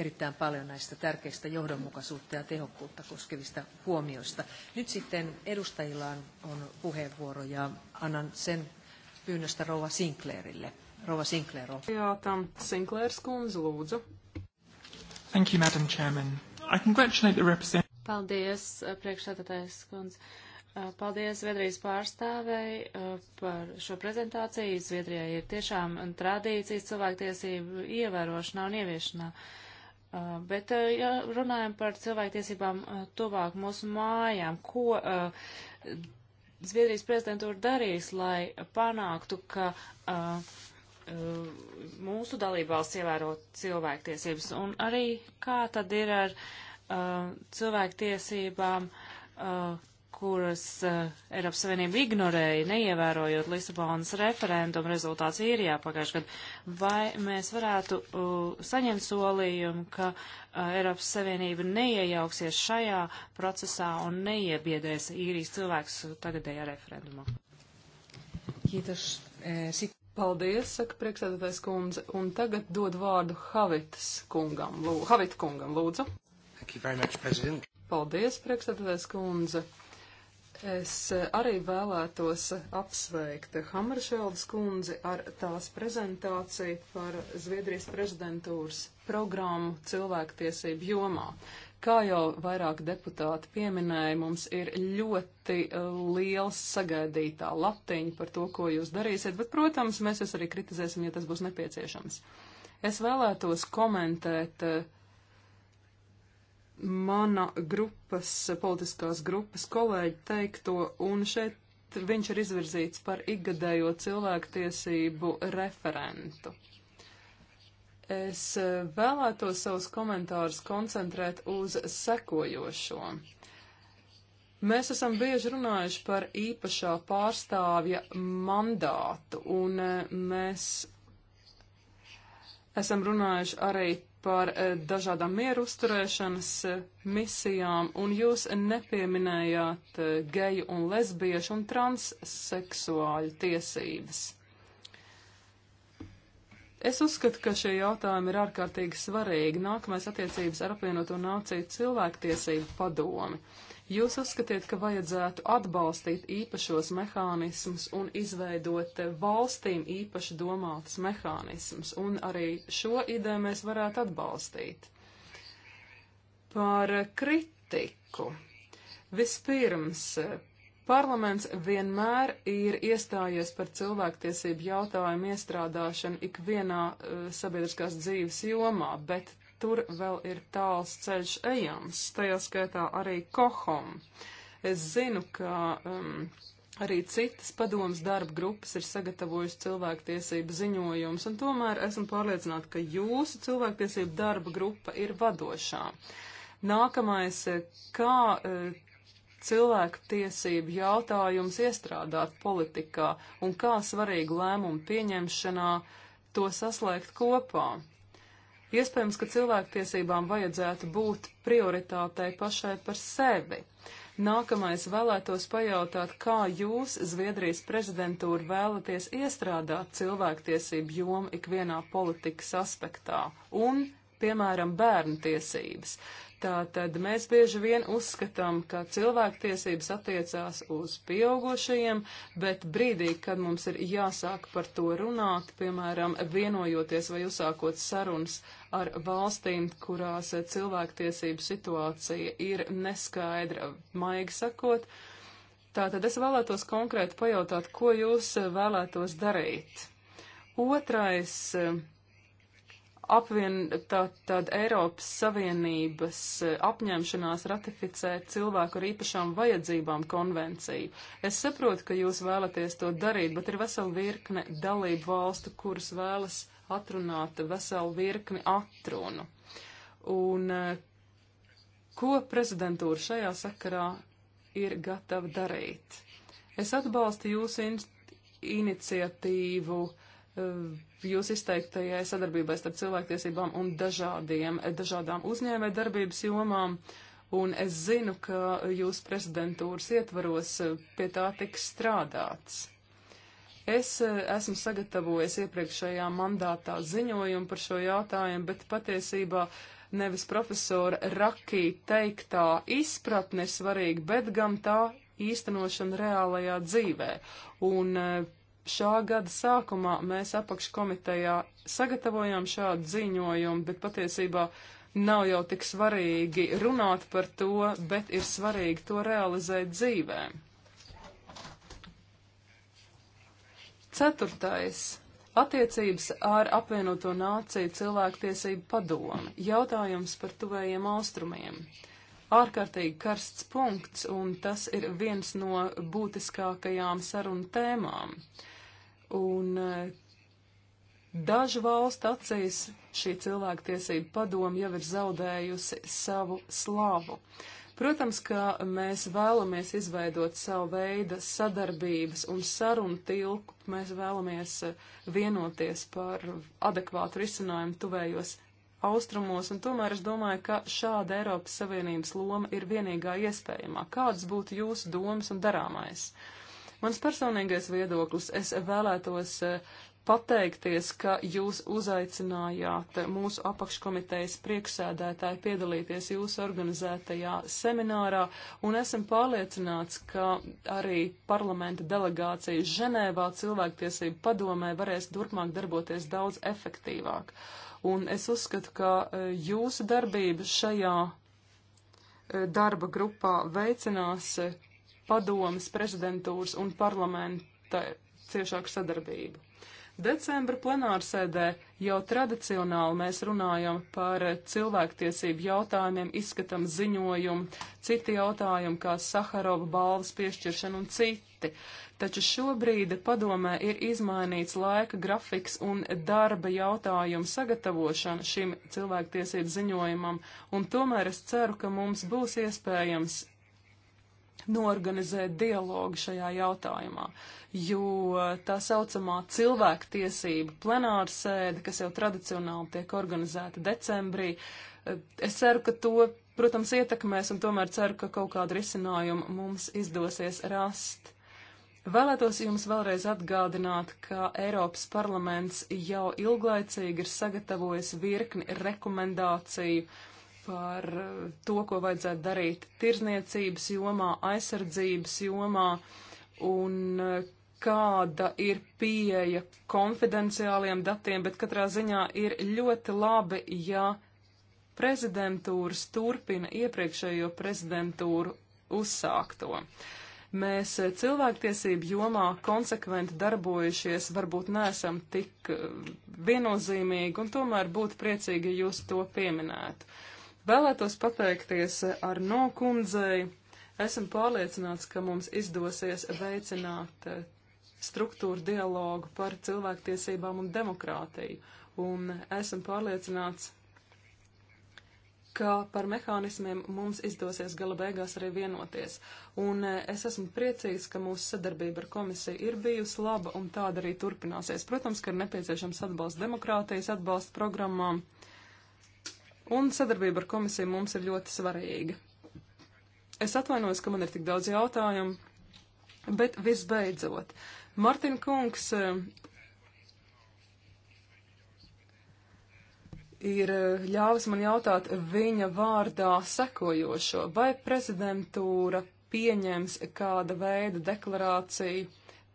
erittäin paljon näistä tärkeistä johdonmukaisuutta ja tehokkuutta koskevista huomioista. Nyt sitten edustajilla on puheenvuoro ja annan sen pyynnöstä Rouva Sinclairille. Rouva Sinclair on. Jaatan Sinclairs kundze, lūdzu. Thank you, Madam Chairman. I congratulate the representative. Paldies, eh, priekšsēdētājs kundze. Eh, paldies Zviedrijas pārstāvei eh, par šo prezentāciju. Zviedrijai ir tiešām tradīcijas cilvēktiesību ievērošanā un ieviešanā. Uh, Uh, bet, uh, ja runājam par cilvēktiesībām uh, tuvāk mūsu mājām, ko Zviedrijas prezidentūra darīs, lai panāktu, ka mūsu dalībvalsts ievēro cilvēktiesības, un arī kā tad ir ar cilvēktiesībām kuras uh, Eiropas Savienība ignorēja, neievērojot Lisabonas referendumu rezultāts īrijā pagājušajā gadā, vai mēs varētu uh, saņemt solījumu, ka uh, Eiropas Savienība neiejauksies šajā procesā un neiebiedēs īrijas cilvēks tagadējā referendumā? Kītaš, e, Paldies, saka priekšsēdētājs kundze, un tagad dod vārdu Havitas kungam, lū, Havita kungam, lūdzu. Much, President. Paldies, priekšsēdētājs kundze. Es arī vēlētos apsveikt Hamaršeldas kundzi ar tās prezentāciju par Zviedrijas prezidentūras programmu cilvēktiesību jomā. Kā jau vairāk deputāti pieminēja, mums ir ļoti uh, liels sagaidītā latiņa par to, ko jūs darīsiet, bet, protams, mēs jūs arī kritizēsim, ja tas būs nepieciešams. Es vēlētos komentēt uh, mana grupas, politiskās grupas kolēģi teikto, un šeit viņš ir izvirzīts par ikgadējo cilvēktiesību referentu. Es e, vēlētos savus komentārus koncentrēt uz sekojošo. Mēs esam bieži runājuši par īpašā pārstāvja mandātu, un e, mēs esam runājuši arī par e, dažādām mieru uzturēšanas e, misijām, un jūs nepieminējāt e, geju un lesbiešu un transseksuāļu tiesības. Es uzskatu, ka šie jautājumi ir ārkārtīgi svarīgi. Nākamais attiecības ar apvienoto nāciju cilvēktiesību padomi. Uh, Jūs uzskatiet, ka vajadzētu atbalstīt īpašos mehānismus un izveidot valstīm īpaši domātas mehānismus, un arī šo ideju mēs varētu atbalstīt. Par kritiku. Vispirms, Parlaments vienmēr ir iestājies par cilvēktiesību jautājumu iestrādāšanu ikvienā uh, sabiedriskās dzīves jomā, bet tur vēl ir tāls ceļš ejams, tajā skaitā arī kohom. Es zinu, ka um, arī citas padomas darba grupas ir sagatavojusi cilvēktiesību ziņojumus, un tomēr esmu pārliecināta, ka jūsu cilvēktiesību darba grupa ir vadošā. Nākamais, kā uh, eh, cilvēku tiesību jautājums iestrādāt politikā un kā svarīgi lēmumu pieņemšanā to saslēgt kopā. Iespējams, ka cilvēktiesībām vajadzētu būt prioritātei pašai par sevi. Nākamais vēlētos pajautāt, kā jūs, Zviedrijas prezidentūra, vēlaties iestrādāt cilvēktiesību jomu ikvienā politikas aspektā un, piemēram, bērnu tiesības. Tātad mēs bieži vien uzskatām, ka cilvēktiesības attiecās uz pieaugušajiem, bet brīdī, kad mums ir jāsāk par to runāt, piemēram, vienojoties vai uzsākot sarunas ar valstīm, kurās cilvēktiesību situācija ir neskaidra, maigi sakot, tātad es vēlētos konkrēti pajautāt, ko jūs vēlētos darīt. Otrais apvien tā, tad Eiropas Savienības eh, apņemšanās ratificēt cilvēku ar īpašām vajadzībām konvenciju. Es saprotu, ka jūs vēlaties to darīt, bet ir vesela virkne dalību valstu, kuras vēlas atrunāt veselu virkni atrunu. Un eh, ko prezidentūra šajā sakarā ir gatava darīt? Es atbalstu jūsu iniciatīvu uh, Eh, jūs izteiktajai sadarbībai starp cilvēktiesībām un dažādiem, eh, dažādām uzņēmē darbības jomām. Un es zinu, ka jūs prezidentūras ietvaros eh, pie tā tiks strādāts. Es esmu sagatavojis iepriekšējā mandātā ziņojumu par šo jautājumu, bet patiesībā nevis profesora Rakī teiktā izpratne ir svarīga, bet gan tā īstenošana reālajā dzīvē. Un Šā gada sākumā mēs apakškomitejā sagatavojām šādu ziņojumu, bet patiesībā nav jau tik svarīgi runāt par to, bet ir svarīgi to realizēt dzīvē. Ceturtais Attiecības ar apvienoto nāciju cilvēktiesību padomi. Jautājums par tuvējiem austrumiem ārkārtīgi karsts punkts, un tas ir viens no būtiskākajām sarunu tēmām. Un eh, dažu valstu acīs šī cilvēktiesība padoma jau ir zaudējusi savu slavu. Protams, ka mēs vēlamies izveidot savu veidu sadarbības un sarunu tilku. Mēs vēlamies eh, vienoties par adekvātu risinājumu tuvējos austrumos, un tomēr es domāju, ka šāda Eiropas Savienības loma ir vienīgā iespējamā. Kādas būtu jūsu domas un darāmais? Mans personīgais viedoklis, es vēlētos eh, pateikties, ka jūs uzaicinājāt mūsu apakškomitejas priekšsēdētāju piedalīties jūsu organizētajā seminārā, un esam pārliecināts, ka arī parlamenta delegācija Ženēvā cilvēktiesību padomē varēs turpmāk darboties daudz efektīvāk. Un es uzskatu, ka e, jūsu darbība šajā e, darba grupā veicinās e, padomas prezidentūras un parlamenta ciešāku sadarbību. Decembra plenārsēdē jau tradicionāli mēs runājam par cilvēktiesību jautājumiem, izskatam ziņojumu, citi jautājumi kā Saharova balvas piešķiršana un citi. Taču šobrīd padomē ir izmainīts laika grafiks un darba jautājumu sagatavošana šim cilvēktiesību ziņojumam, un tomēr es ceru, ka mums būs iespējams noorganizēt dialogu šajā jautājumā, jo tā saucamā cilvēktiesība plenāra sēde, kas jau tradicionāli tiek organizēta decembrī, es ceru, ka to, protams, ietekmēs un tomēr ceru, ka kaut kādu risinājumu mums izdosies rast. Vēlētos jums vēlreiz atgādināt, ka Eiropas parlaments jau ilglaicīgi ir sagatavojis virkni rekomendāciju, par eh, to, ko vajadzētu darīt tirzniecības jomā, aizsardzības jomā un eh, kāda ir pieeja konfidenciāliem datiem, bet katrā ziņā ir ļoti labi, ja prezidentūras turpina iepriekšējo prezidentūru uzsākto. Mēs eh, cilvēktiesību jomā konsekventi darbojušies, varbūt neesam tik viennozīmīgi, un tomēr būtu priecīgi, ja jūs to pieminētu. Vēlētos pateikties ar nokundzei. Esam pārliecināts, ka mums izdosies veicināt eh, struktūru dialogu par cilvēktiesībām un demokrātiju. Un esam pārliecināts, ka par mehānismiem mums izdosies gala beigās arī vienoties. Un eh, es esmu priecīgs, ka mūsu sadarbība ar komisiju ir bijusi laba un tāda arī turpināsies. Protams, ka ir nepieciešams atbalsts demokrātijas atbalsta programmām un sadarbība ar komisiju mums ir ļoti svarīga. Es atvainojos, ka man ir tik daudz jautājumu, bet visbeidzot, Martin Kungs eh, ir eh, ļāvis man jautāt viņa vārdā sekojošo, vai prezidentūra pieņems kāda veida deklarāciju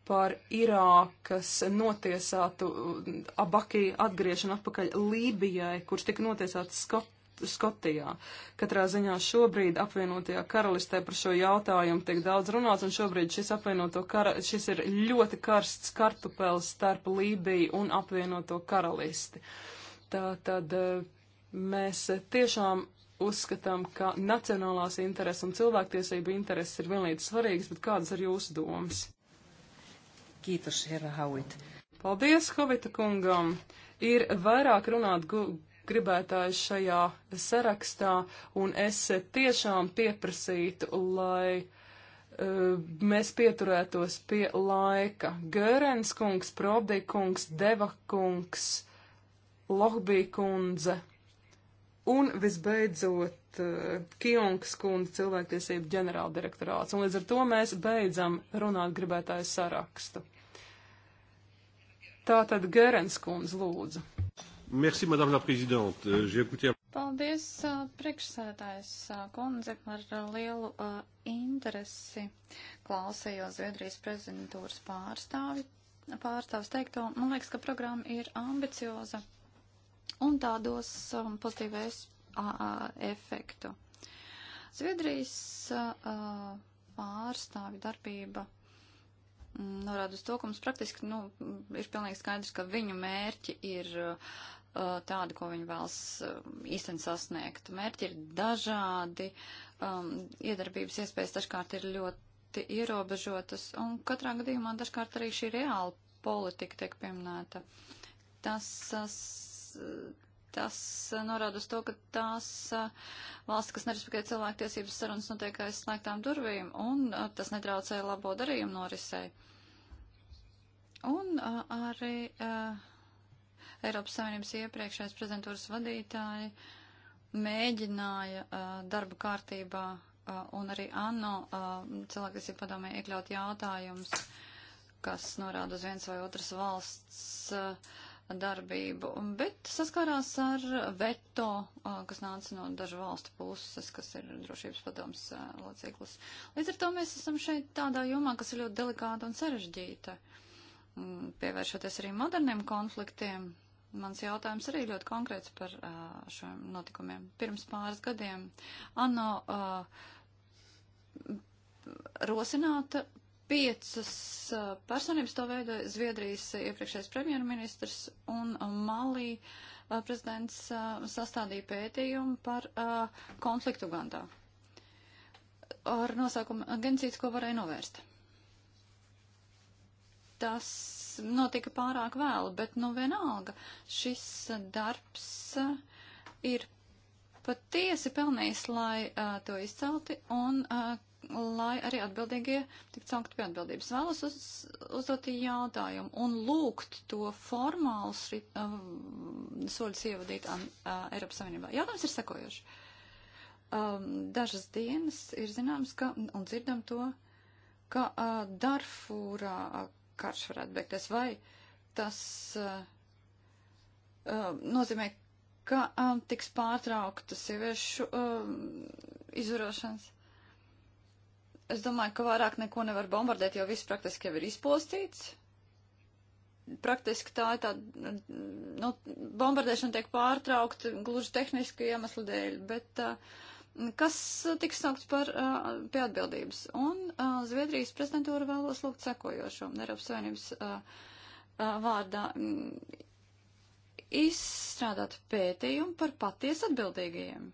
par Irākas notiesātu uh, Abakī atgriešanu atpakaļ Lībijai, kurš tika notiesāts Skot Skotijā. Katrā ziņā šobrīd apvienotajā karalistē par šo jautājumu tiek daudz runāts, un šobrīd šis apvienoto kara, šis ir ļoti karsts kartupels starp Lībiju un apvienoto karalisti. Tā tad uh, mēs tiešām uzskatām, ka nacionālās intereses un cilvēktiesību intereses ir vienlīdz svarīgas, bet kādas ir jūsu domas? Kītus, herra Hauit. Paldies, Hovita kungam! Ir vairāk runāt gribētājs šajā sarakstā, un es tiešām pieprasītu, lai uh, mēs pieturētos pie laika. Gērens kungs, Probdī kungs, Deva kungs, Lohbī kundze, un visbeidzot uh, e, Kionks kundze, cilvēktiesību ģenerāldirektorāts. Un līdz ar to mēs beidzam runāt gribētājs sarakstu. Tātad Gerens kundz lūdzu. Merci, madame la présidente. Euh, j'ai écouté... Paldies, priekšsēdājs kundze, ar lielu uh, interesi klausējos Zviedrijas prezidentūras pārstāvi. Pārstāvs teikto, man liekas, ka programma ir ambicioza un tā dos um, pozitīvais uh, efektu. Zviedrijas uh, pārstāvi darbība norāda uz to, ka mums praktiski nu, ir pilnīgi skaidrs, ka viņu mērķi ir uh, tādi, ko viņi vēlas uh, īstenībā sasniegt. Mērķi ir dažādi, um, iedarbības iespējas dažkārt ir ļoti ierobežotas, un katrā gadījumā dažkārt arī šī reāla politika tiek pieminēta. Tas, tas tas eh, norāda uz to, ka tās eh, valsts, kas nerespektē cilvēktiesības sarunas, notiek aiz slēgtām durvīm, un eh, tas netraucēja labo darījumu norisei. Un arī Eiropas Savienības iepriekšējais prezidentūras vadītāji mēģināja darba kārtībā un arī ANO cilvēktiesību padomē iekļaut jautājumus, kas norāda uz viens vai otras valsts darbību, bet saskārās ar veto, kas nāca no dažu valstu puses, kas ir drošības padoms loceklis. Līdz ar to mēs esam šeit tādā jomā, kas ir ļoti delikāta un sarežģīta. Mm, pievēršoties arī moderniem konfliktiem, mans jautājums arī ļoti konkrēts par šiem notikumiem. Pirms pāris gadiem ANO rosināta Piecas personības to veidoja Zviedrijas iepriekšējais premjerministrs un Malī prezidents sastādīja pētījumu par konfliktu Gandā ar nosaukumu genocīds, ko varēja novērst. Tas notika pārāk vēlu, bet nu vienalga šis darbs ir patiesi pelnījis, lai uh, to izcelti un uh, lai arī atbildīgie tik caukti pie atbildības. Vēlos uz, uzdot jautājumu un lūgt to formālus uh, um, soļus ievadīt um, uh, Eiropas Savienībā. Jautājums ir sekojoši. Um, dažas dienas ir zināms, ka, un dzirdam to, ka uh, Darfūrā uh, karš varētu beigties, vai tas uh, uh, nozīmē, ka um, tiks pārtraukta sieviešu um, izvarošanas Es domāju, ka vairāk neko nevar bombardēt, jo viss praktiski jau ir izpostīts. Praktiski tā ir tā, nu, bombardēšana tiek pārtraukta gluži tehniski iemeslu dēļ, bet uh, kas tiks saukts par uh, pie atbildības. Un uh, Zviedrijas prezidentūra vēlos lūgt sekojošo Eiropas Savienības uh, vārdā izstrādāt pētījumu par patiesi atbildīgajiem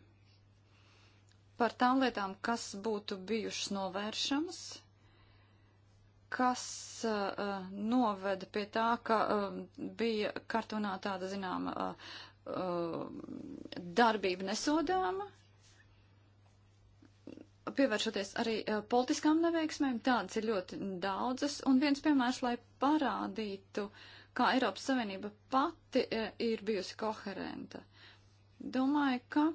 par tām lietām, kas būtu bijušas novēršamas, kas uh, uh noveda pie tā, ka uh, bija kartonā tāda zināma uh, uh, darbība nesodāma, pievēršoties arī uh, politiskām neveiksmēm, tādas ir ļoti daudzas, un viens piemērs, lai parādītu, kā Eiropas Savienība pati uh, ir bijusi koherenta. Domāju, ka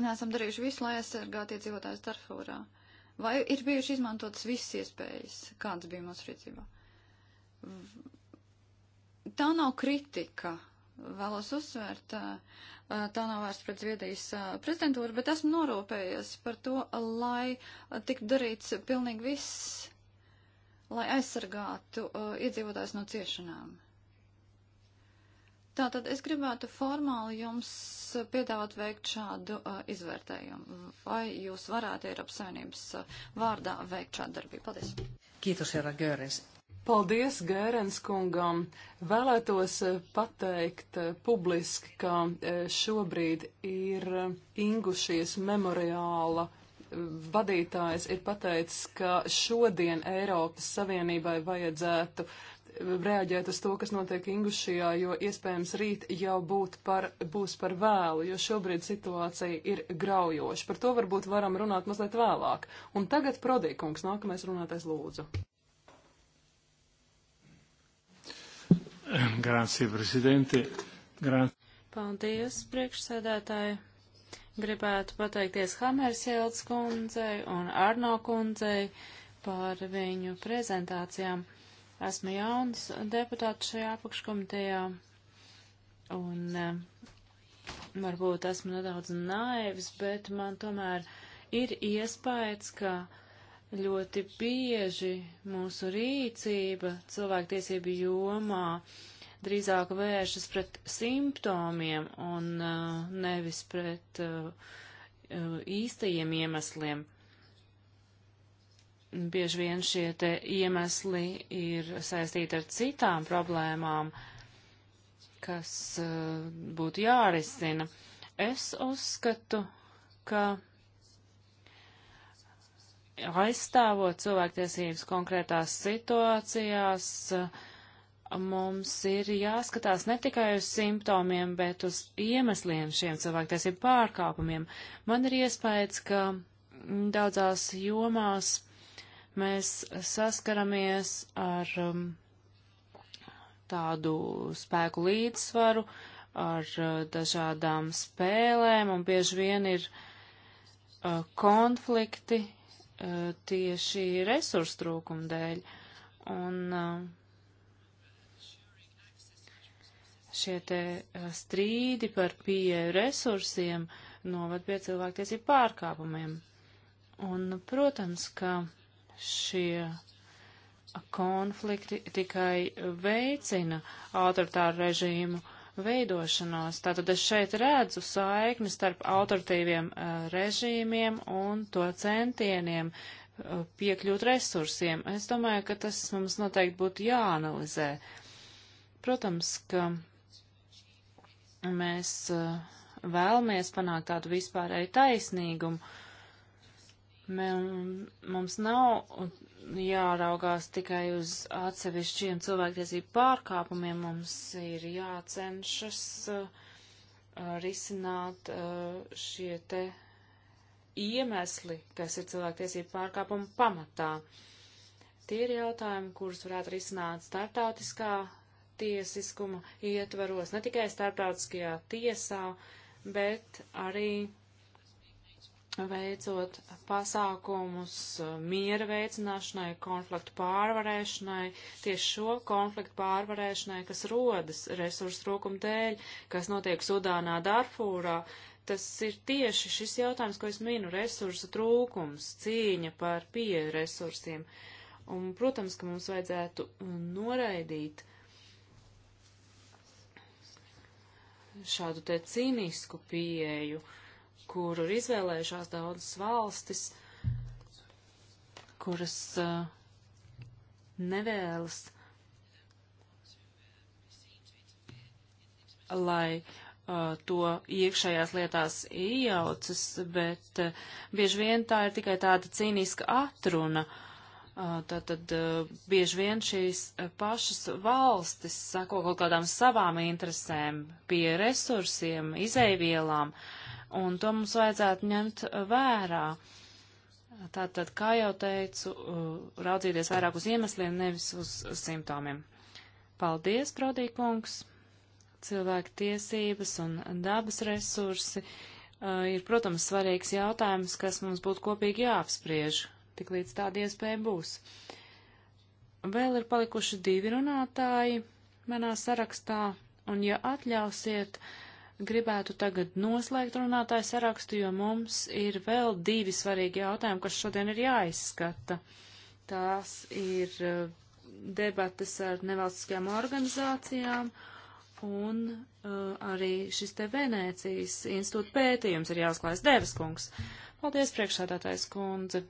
Nesam darījuši visu, lai aizsargātu iedzīvotājus Darfūrā. Vai ir bijuši izmantotas visas iespējas, kādas bija mūsu rīcībā? Tā nav kritika, vēlos uzsvērt, tā nav vērsts pret Zviedrijas prezidentūru, bet esmu norūpējies par to, lai tik darīts pilnīgi viss, lai aizsargātu iedzīvotājs no ciešanām. Tātad es gribētu formāli jums piedāvāt veikt šādu uh, izvērtējumu. Vai jūs varētu Eiropas Savienības uh, vārdā veikt šādu darbību? Paldies. Kītos, Jara Gērens. Paldies Gērens kungam. Vēlētos uh, pateikt uh, publiski, ka uh, šobrīd ir Ingušies memoriāla vadītājs ir pateicis, ka šodien Eiropas Savienībai vajadzētu uh, reaģēt uz to, kas notiek Ingušijā, jo iespējams rīt jau būt par, būs par vēlu, jo šobrīd situācija ir graujoša. Par to varbūt varam runāt mazliet vēlāk. Un tagad Prodīkungs, nākamais runātais lūdzu. Grācija, prezidenti. Grā... Paldies, priekšsēdētāji. Gribētu pateikties Hamersjelds kundzei un Arno kundzei par viņu prezentācijām. Esmu jauns deputāts šajā apakškomitejā un eh, varbūt esmu nedaudz naivs, bet man tomēr ir iespējas, ka ļoti bieži mūsu rīcība cilvēktiesību jomā drīzāk vēršas pret simptomiem un uh, nevis pret uh, īstajiem iemesliem bieži vien šie te iemesli ir saistīti ar citām problēmām, kas uh, būtu jārisina. Es uzskatu, ka aizstāvot cilvēktiesības konkrētās situācijās, eh, mums ir jāskatās ne tikai uz simptomiem, bet uz iemesliem šiem cilvēktiesību pārkāpumiem. Man ir iespējas, ka daudzās jomās Mēs saskaramies ar um, tādu spēku līdzsvaru, ar uh, dažādām spēlēm, un bieži vien ir uh, konflikti uh, tieši resursu trūkuma dēļ. Un, uh, šie te uh, strīdi par pieeju resursiem novad pie cilvēktiesību pārkāpumiem. Un, protams, ka šie konflikti tikai veicina autoritāru režīmu veidošanos. Tātad es šeit redzu saikni starp autoritīviem uh, režīmiem un to centieniem uh, piekļūt resursiem. Es domāju, ka tas mums noteikti būtu jāanalizē. Protams, ka mēs uh, vēlamies panākt tādu vispārēju taisnīgumu, Mums nav jāraugās tikai uz atsevišķiem cilvēktiesību pārkāpumiem, mums ir jācenšas uh, risināt uh, šie te iemesli, kas ir cilvēktiesību pārkāpumu pamatā. Tie ir jautājumi, kurus varētu risināt starptautiskā tiesiskuma ietvaros, ne tikai starptautiskajā tiesā, bet arī veicot pasākumus eh, miera veicināšanai, konfliktu pārvarēšanai, tieši šo konfliktu pārvarēšanai, kas rodas resursu trūkuma dēļ, kas notiek Sudānā, Darfūrā. Tas ir tieši šis jautājums, ko es minu - resursu trūkums, cīņa par pieeja resursiem. Un, protams, ka mums vajadzētu eh, noraidīt šādu te cīnisku pieeju. Uh, kuru ir izvēlējušās daudzas valstis, kuras uh, nevēlas, lai uh, to iekšējās lietās iejaucas, bet uh, bieži vien tā ir tikai tāda cīniska atruna. Uh, tātad uh, bieži vien šīs uh, pašas valstis sako kaut kādām savām interesēm pie resursiem, izēvielām, uh, un to mums vajadzētu ņemt vērā. Tātad, kā jau teicu, uh, raudzīties vairāk uz iemesliem, nevis uz simptomiem. Paldies, Prodīkungs! Cilvēku tiesības un dabas resursi uh, ir, protams, svarīgs jautājums, kas mums būtu kopīgi jāapspriež, tik līdz tāda iespēja būs. Vēl ir palikuši divi runātāji manā sarakstā, un, ja atļausiet, uh, gribētu tagad noslēgt runātāju sarakstu, jo mums ir vēl divi svarīgi jautājumi, kas šodien ir jāizskata. Tās ir eh, debatas ar nevalstiskajām organizācijām un uh, arī šis te Venēcijas institūta pētījums ir jāuzklājas Devas kungs. Paldies, priekšsādātājs kundze.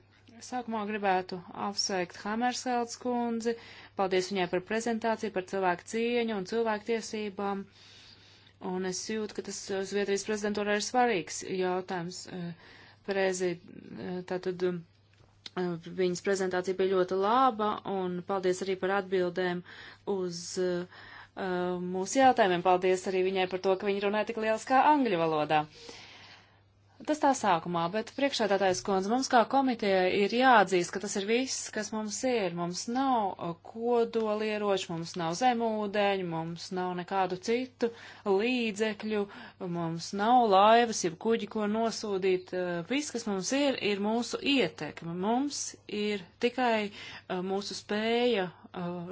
Sākumā gribētu apsveikt Hamershelds kundzi. Paldies viņai par prezentāciju, par cilvēku cieņu un cilvēku tiesībām. Uh, Un es jūtu, ka tas Zviedrijas prezidentūra ir svarīgs jautājums. Eh, Prezi, eh, tātad eh, viņas prezentācija bija ļoti laba, un paldies arī par atbildēm uz uh, mūsu jautājumiem. Paldies arī viņai par to, ka viņa runāja tik lieliskā angļu valodā. Uh, Tas tā sākumā, bet priekšādātais kundze, mums kā komitejai ir jāatzīst, ka tas ir viss, kas mums ir. Mums nav uh, kodolieroču, mums nav zemūdeņu, mums nav nekādu citu līdzekļu, mums nav laivas, jeb kuģi, ko nosūdīt. Uh, viss, kas mums ir, ir mūsu ietekme. Mums ir tikai uh, mūsu spēja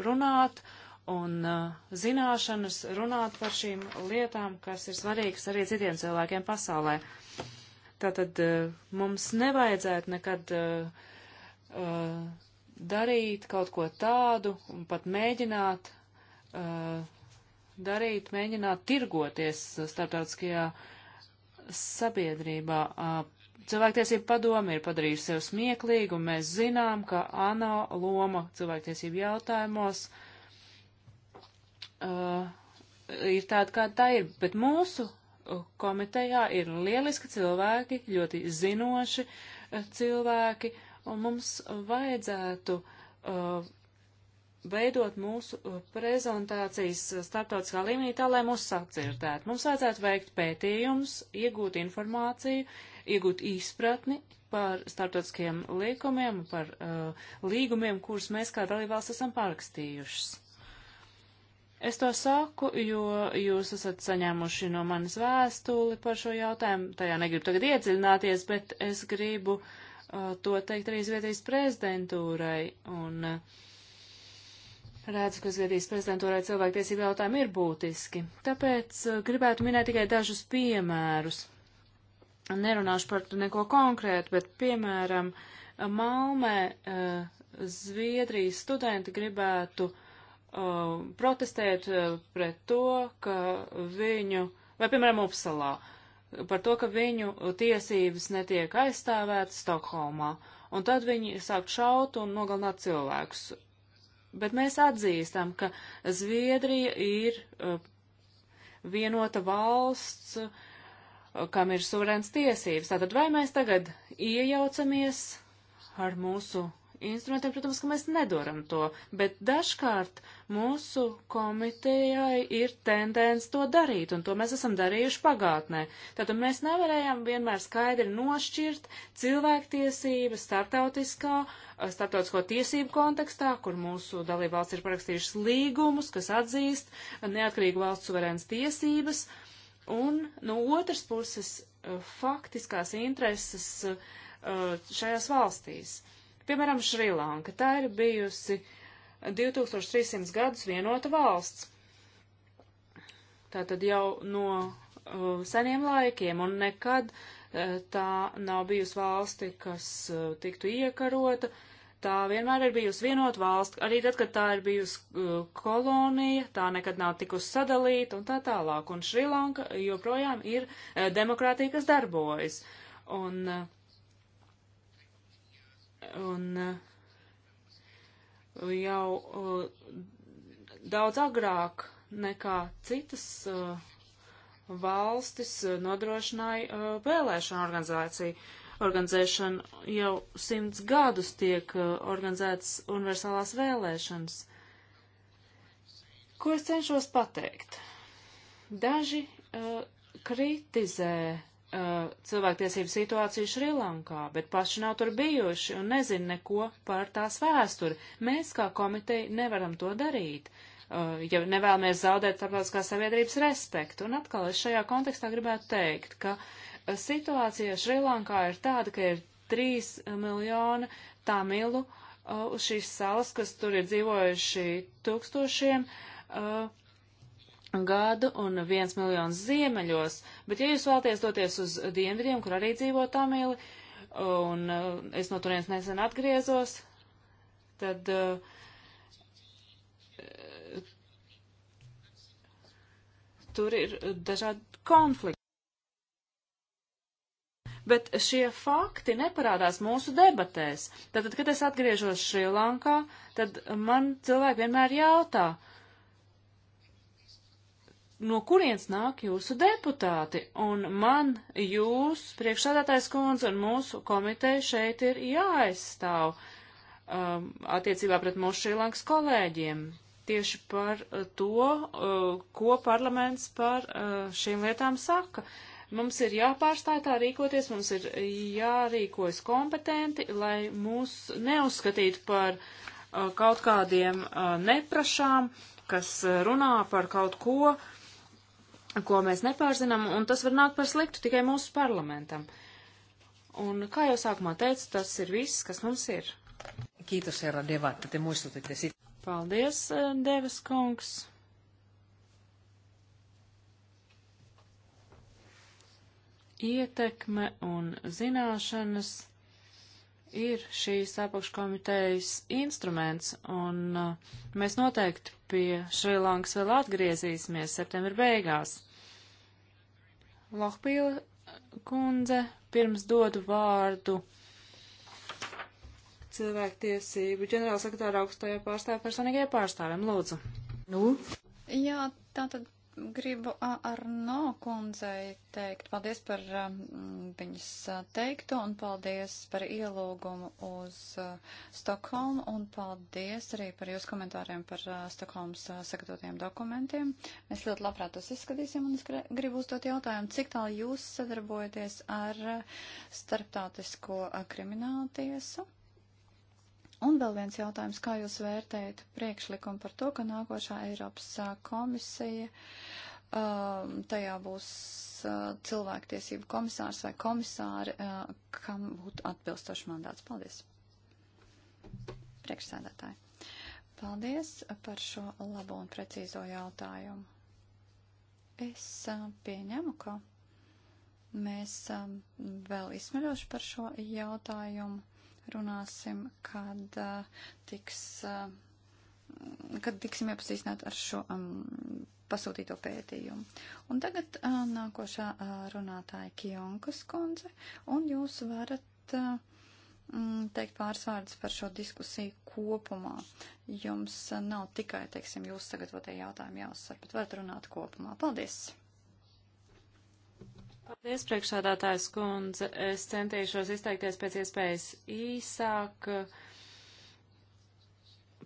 runāt un uh, zināšanas runāt par šīm lietām, kas ir svarīgas arī citiem cilvēkiem pasaulē. Uh, Tātad eh, mums nevajadzētu nekad uh, darīt kaut ko tādu un pat mēģināt uh, darīt, mēģināt tirgoties starptautiskajā sabiedrībā. Uh, cilvēktiesība padome ir padarījusi sev smieklīgu, un mēs zinām, ka ANO loma cilvēktiesību jautājumos ir tāda, kāda tā ir, bet mūsu komitejā ir lieliski cilvēki, ļoti zinoši eh, cilvēki, un mums vajadzētu uh, veidot mūsu eh, prezentācijas starptautiskā līmenī tā, lai mūs sadzirdētu. Mums vajadzētu veikt pētījums, iegūt informāciju, iegūt izpratni par starptautiskiem līkumiem, par uh, līgumiem, kurus mēs kā dalībvalsts esam pārakstījušas. Es to saku, jo jūs esat saņēmuši no manis vēstuli par šo jautājumu. Tajā negribu tagad iedziļināties, bet es gribu uh, to teikt arī Zviedrijas prezidentūrai. Un uh, redzu, ka Zviedrijas prezidentūrai cilvēktiesību jautājumi ir būtiski. Tāpēc uh, gribētu minēt tikai dažus piemērus. Nerunāšu par neko konkrētu, bet piemēram, Malmē uh, Zviedrijas studenti gribētu uh, protestēt uh, pret to, ka viņu, vai piemēram Upsalā, par to, ka viņu tiesības netiek aizstāvētas Stokholmā, un tad viņi sāk šaut un nogalināt cilvēkus. Bet mēs atzīstam, ka Zviedrija ir uh, vienota valsts, uh, kam ir suverēns tiesības. Tātad vai mēs tagad iejaucamies ar mūsu instrumentiem, protams, ka mēs nedaram to, bet dažkārt mūsu komitejai ir tendence to darīt, un to mēs esam darījuši pagātnē. Tātad mēs nevarējām vienmēr skaidri nošķirt cilvēktiesības starptautiskā, starptautisko tiesību kontekstā, kur mūsu dalībvalsts ir parakstījušas līgumus, kas atzīst neatkarīgu valsts suverēnas tiesības, un no otras puses faktiskās intereses uh, šajās valstīs. Uh, Piemēram, Šrilanka. Tā ir bijusi 2300 gadus vienota valsts. Tātad jau no uh, seniem laikiem un nekad uh, tā nav bijusi valsti, kas uh, tiktu iekarota. Tā vienmēr ir bijusi vienota valsts, arī tad, kad tā ir bijusi uh, kolonija, tā nekad nav tikusi sadalīta un tā tālāk. Un Šrilanka joprojām ir uh, demokrātija, kas darbojas. Un uh, Un uh, jau uh, daudz agrāk nekā citas uh, valstis nodrošināja vēlēšanu organizāciju. Organizēšana jau simts gadus tiek organizētas universālās vēlēšanas. Ko es cenšos pateikt? Daži uh, kritizē uh, cilvēktiesību situāciju Šrilankā, bet paši nav tur bijuši un nezina neko par tās vēsturi. Mēs kā komiteja nevaram to darīt, uh, ja nevēlamies zaudēt starptautiskā sabiedrības respektu. Un atkal es šajā kontekstā gribētu teikt, ka uh, situācija Šrilankā ir tāda, ka ir 3 miljoni tamilu uh, uz šīs salas, kas tur ir dzīvojuši tūkstošiem. Uh, gadu un viens miljons ziemeļos, bet ja jūs vēlaties doties uz dienvidiem, kur arī dzīvo tamili, un uh, es no turienes nesen atgriezos, tad uh, tur ir dažādi konflikti. Bet šie fakti neparādās mūsu debatēs. Tātad, kad es atgriežos Šrilankā, tad man cilvēki vienmēr jautā, uh, no kurienes nāk jūsu deputāti, un man jūs, priekšsādātājs kundze, un mūsu komiteja šeit ir jāaizstāv um, attiecībā pret mūsu Šrilankas kolēģiem tieši par uh, to, uh, ko parlaments par uh, šīm lietām saka. Mums ir jāpārstāj tā rīkoties, mums ir jārīkojas kompetenti, lai mūs neuzskatītu par uh, kaut kādiem uh, neprašām, kas uh, runā par kaut ko, uh, ko mēs nepārzinām, un tas var nākt par sliktu tikai mūsu parlamentam. Un kā jau sākumā teicu, tas ir viss, kas mums ir. Kītos, Herra Deva, te muistutitte sit. Paldies, eh, Devas kungs. Ietekme un zināšanas ir šīs apakškomitejas instruments, un eh, mēs noteikti pie Šrilankas vēl atgriezīsimies septembra beigās. Lohpīla kundze, pirms dodu vārdu cilvēktiesību ģenerālsekretāra augstajā pārstāvja personīgajā pārstāvim, lūdzu. Nu? Jā, tā tad gribu Arno kundzei teikt paldies par um, viņas uh, teikto un paldies par ielūgumu uz uh, Stokholmu un paldies arī par jūsu komentāriem par uh, Stokholmas sagatavotiem dokumentiem. Mēs ļoti labprāt tos izskatīsim un es gribu uzdot jautājumu, cik tālu jūs sadarbojaties ar starptautisko kriminālu tiesu? Un vēl viens jautājums, kā jūs vērtējat priekšlikumu par to, ka nākošā Eiropas komisija, tajā būs cilvēktiesību komisārs vai komisāri, kam būtu atbilstošs mandāts. Paldies! Priekšsēdētāji. Paldies par šo labo un precīzo jautājumu. Es pieņemu, ka mēs vēl izsmeļošu par šo jautājumu runāsim, kad eh, tiks, eh, kad tiksim iepazīstināt ar šo um, pasūtīto pētījumu. Un tagad uh, nākošā uh, runātāja Kionkas kundze, un jūs varat uh, teikt pāris vārdus par šo diskusiju kopumā. Jums nav tikai, teiksim, jūs sagatavotie jautājumi jāuzsver, bet varat runāt kopumā. Paldies! Paldies, priekšādātājs kundze. Es centīšos izteikties pēc iespējas īsāk.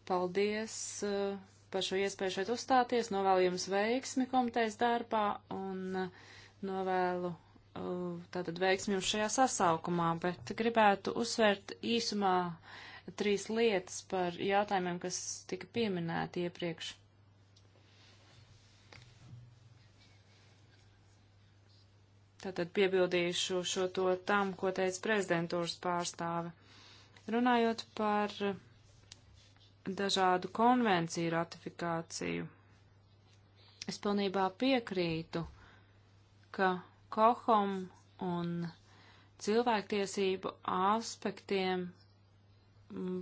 Paldies eh, par šo iespēju šeit uzstāties. Novēlu jums veiksmi komitejas darbā un eh, novēlu eh, tātad veiksmi jums šajā sasaukumā, bet gribētu uzsvērt īsumā trīs lietas par jautājumiem, kas tika pieminēti iepriekš. Tātad piebildīšu šo to tam, ko teica prezidentūras pārstāve. Runājot par dažādu konvenciju ratifikāciju, es pilnībā piekrītu, ka kohom un cilvēktiesību aspektiem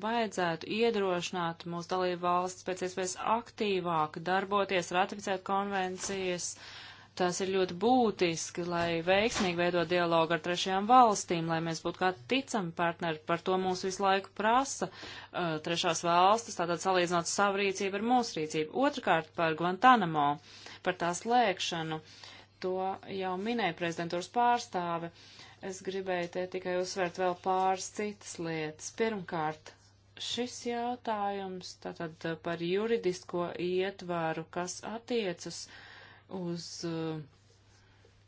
vajadzētu iedrošināt mūsu dalību valsts pēc iespējas aktīvāk darboties, ratificēt konvencijas, uh, Tas ir ļoti būtiski, lai veiksmīgi veidot dialogu ar trešajām valstīm, lai mēs būtu kā ticami partneri. Par to mūs visu laiku prasa uh, trešās valstis, tātad salīdzinot savu rīcību ar mūsu rīcību. Otrakārt par Guantanamo, par tā slēgšanu. To jau minēja prezidentūras pārstāve. Es gribēju te tikai uzsvērt vēl pāris citas lietas. Pirmkārt, šis jautājums tātad uh, par juridisko ietvaru, kas attiecas uz uz uh,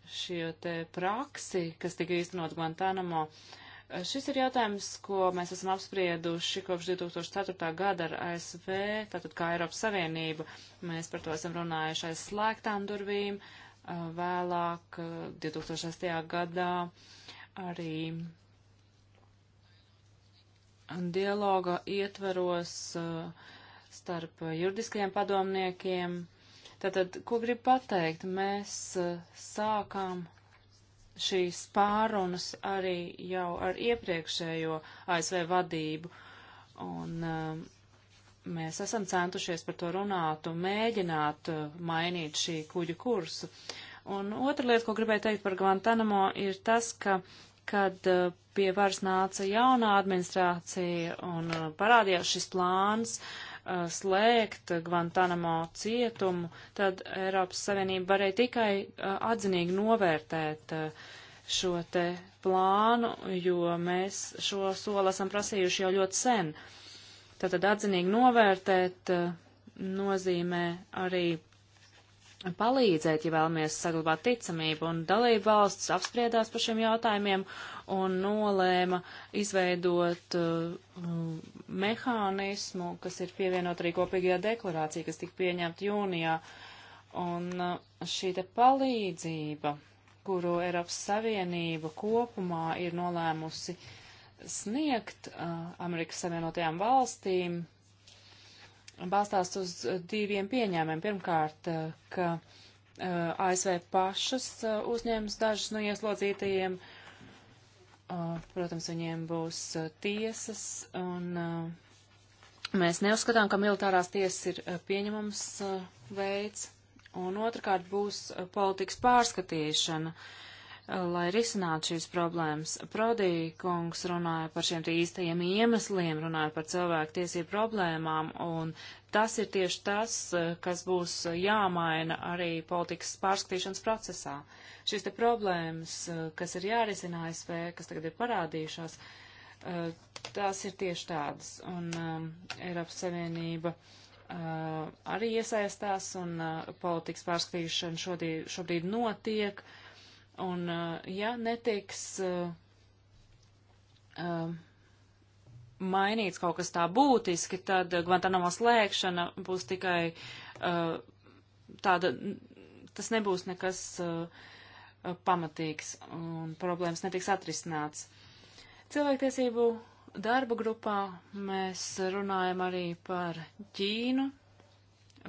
šie te praksi, kas tika īstenot Guantanamo. Uh, šis ir jautājums, ko mēs esam apsprieduši kopš 2004. gada ar ASV, tātad kā Eiropas Savienība. Mēs par to esam runājuši aiz slēgtām durvīm, uh, vēlāk 2006. gadā arī dialoga ietvaros starp juridiskajiem padomniekiem Tātad, ko gribu pateikt, mēs eh, sākām šīs pārunas arī jau ar iepriekšējo ASV vadību, un eh, mēs esam centušies par to runāt un mēģināt eh, mainīt šī kuģa kursu. Un otra lieta, ko gribēju teikt par Guantanamo, ir tas, ka, kad pie varas nāca jaunā administrācija un parādījās šis plāns, uh, Uh, slēgt Guantanamo cietumu, tad Eiropas Savienība varēja tikai uh, atzinīgi novērtēt uh, šo te plānu, jo mēs šo soli esam prasījuši jau ļoti sen. Tātad atzinīgi novērtēt nozīmē arī palīdzēt, ja vēlamies saglabāt ticamību, un dalība valsts apspriedās par šiem jautājumiem un nolēma izveidot uh, mehānismu, kas ir pievienot arī kopīgajā deklarācija, kas tika pieņemta jūnijā. Un uh, šī te palīdzība, kuru Eiropas Savienība kopumā ir nolēmusi sniegt uh, Amerikas Savienotajām valstīm, balstās uz eh, diviem pieņēmiem. Pirmkārt, eh, ka eh, ASV pašas uzņēmas dažas no ieslodzītajiem. Protams, viņiem būs tiesas, un mēs neuzskatām, ka militārās tiesas ir pieņemams veids. Un otrkārt būs politikas pārskatīšana. Uh, lai risinātu šīs problēmas. Prodī kungs runāja par šiem īstajiem iemesliem, runāja par cilvēku tiesību problēmām, un tas ir tieši tas, eh, kas būs jāmaina arī politikas pārskatīšanas procesā. Šīs te problēmas, eh, kas ir jārisina ASV, kas tagad ir parādījušās, eh, tās ir tieši tādas, un um, Eiropas Savienība uh, arī iesaistās, un uh, politikas pārskatīšana šodī, šobrīd notiek. Uh, Un, uh, ja netiks uh, uh, mainīts kaut kas tā būtiski, tad Guantanamo slēgšana būs tikai tāda, tas nebūs nekas pamatīgs un problēmas netiks atrisināts. Cilvēktiesību darba grupā mēs runājam arī par Ķīnu.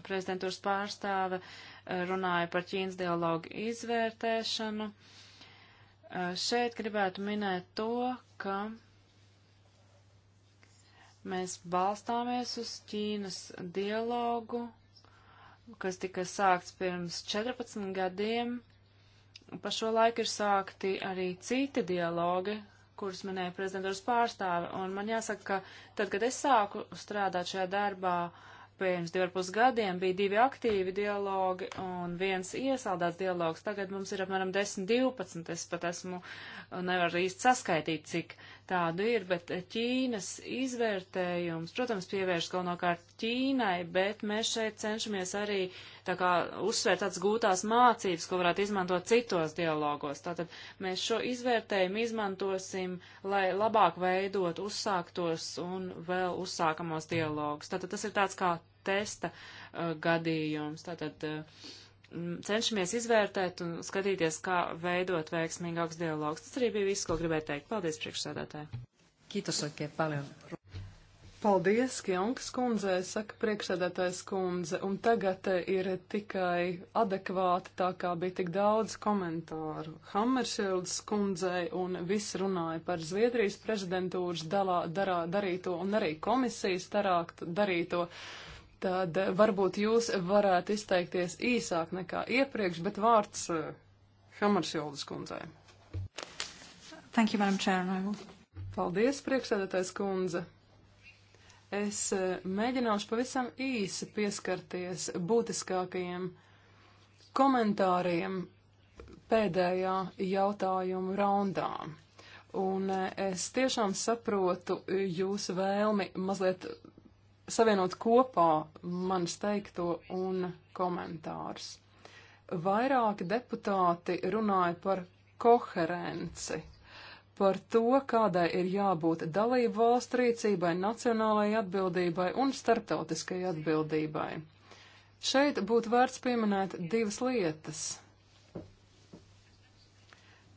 Prezidentūras pārstāve uh, runāja par Ķīnas dialogu izvērtēšanu. Šeit gribētu minēt to, ka mēs balstāmies uz Ķīnas dialogu, kas tika sākts pirms 14 gadiem. Pa šo laiku ir sākti arī citi dialogi, kurus minēja prezidentūras pārstāve, un man jāsaka, ka tad, kad es sāku strādāt šajā darbā, uh, Pirms divi ar pus gadiem bija divi aktīvi dialogi un viens iesaldāts dialogs. Tagad mums ir apmēram 10-12. Es pat esmu, nevaru īsti saskaitīt, cik uh, tādu ir, bet Ķīnas izvērtējums, protams, pievērš galvenokārt Ķīnai, bet mēs šeit cenšamies arī tā kā uzsvērt tādas gūtās mācības, ko varētu izmantot citos dialogos. Tātad mēs šo izvērtējumu izmantosim, lai labāk veidot uzsāktos un vēl uzsākamos dialogus. Tātad tas ir tāds kā testa uh, gadījums. Tātad, uh, cenšamies izvērtēt un skatīties, kā veidot veiksmīgāks dialogs. Tas arī bija viss, ko gribēju teikt. Paldies, priekšsēdētāji. Kītos, ok, paliem. Paldies, Kjonkas kundze, saka priekšsēdētājs kundze, un tagad eh, ir tikai adekvāti tā kā bija tik daudz komentāru. Hammershilds kundzei un viss runāja par Zviedrijas prezidentūras dalā, darā, darīto un arī komisijas darākt, darīto. darīto Tad eh, varbūt jūs varētu izteikties īsāk nekā iepriekš, bet vārds uh, eh, Hamaršildes kundzei. Thank you, Madam Chair. Paldies, priekšsēdētājs kundze. Es uh, mēģināšu pavisam īsi pieskarties būtiskākajiem komentāriem pēdējā jautājuma raundā. Un es tiešām saprotu jūsu vēlmi mazliet savienot kopā manis teikto un komentārus. Vairāki deputāti runāja par koherenci, par to, kādai ir jābūt dalību valstu rīcībai, nacionālajai atbildībai un starptautiskajai atbildībai. Šeit būtu vērts pieminēt divas lietas.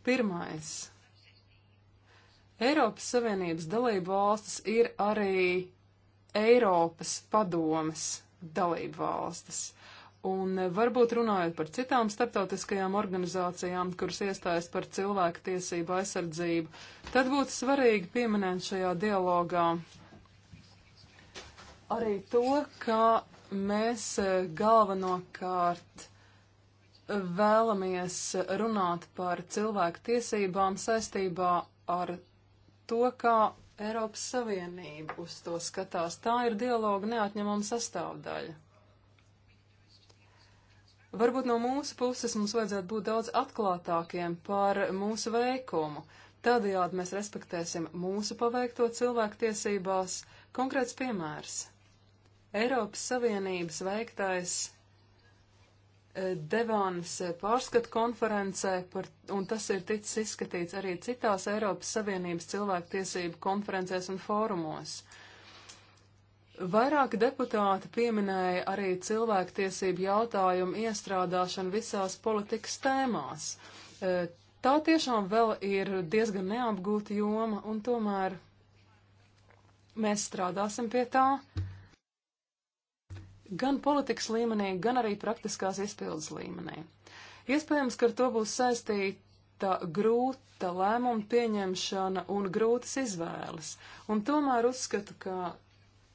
Pirmais. Eiropas Savienības dalību valstis ir arī Eiropas padomes dalību valstis. Un varbūt runājot par citām starptautiskajām organizācijām, kuras iestājas par cilvēku tiesību aizsardzību, tad būtu svarīgi pieminēt šajā dialogā arī to, ka mēs e, galvenokārt e, vēlamies runāt par cilvēku tiesībām saistībā ar to, kā Eiropas Savienība uz to skatās. Tā ir dialoga neatņemama sastāvdaļa. Varbūt no mūsu puses mums vajadzētu būt daudz atklātākiem par mūsu veikumu. Tādējādi mēs respektēsim mūsu paveikto cilvēktiesībās. Konkrēts piemērs. Eiropas Savienības veiktais Devānas eh, pārskatu konferencē, par, un tas ir ticis izskatīts arī citās Eiropas Savienības cilvēktiesību konferencēs un fórumos. Vairāki deputāti pieminēja arī cilvēktiesību jautājumu iestrādāšanu visās politikas tēmās. Eh, tā tiešām vēl ir diezgan neapgūta joma, un tomēr mēs strādāsim pie tā gan politikas līmenī, gan arī praktiskās izpildes līmenī. Iespējams, ka ar to būs saistīta grūta lēmuma pieņemšana un grūtas izvēles, un tomēr uzskatu, ka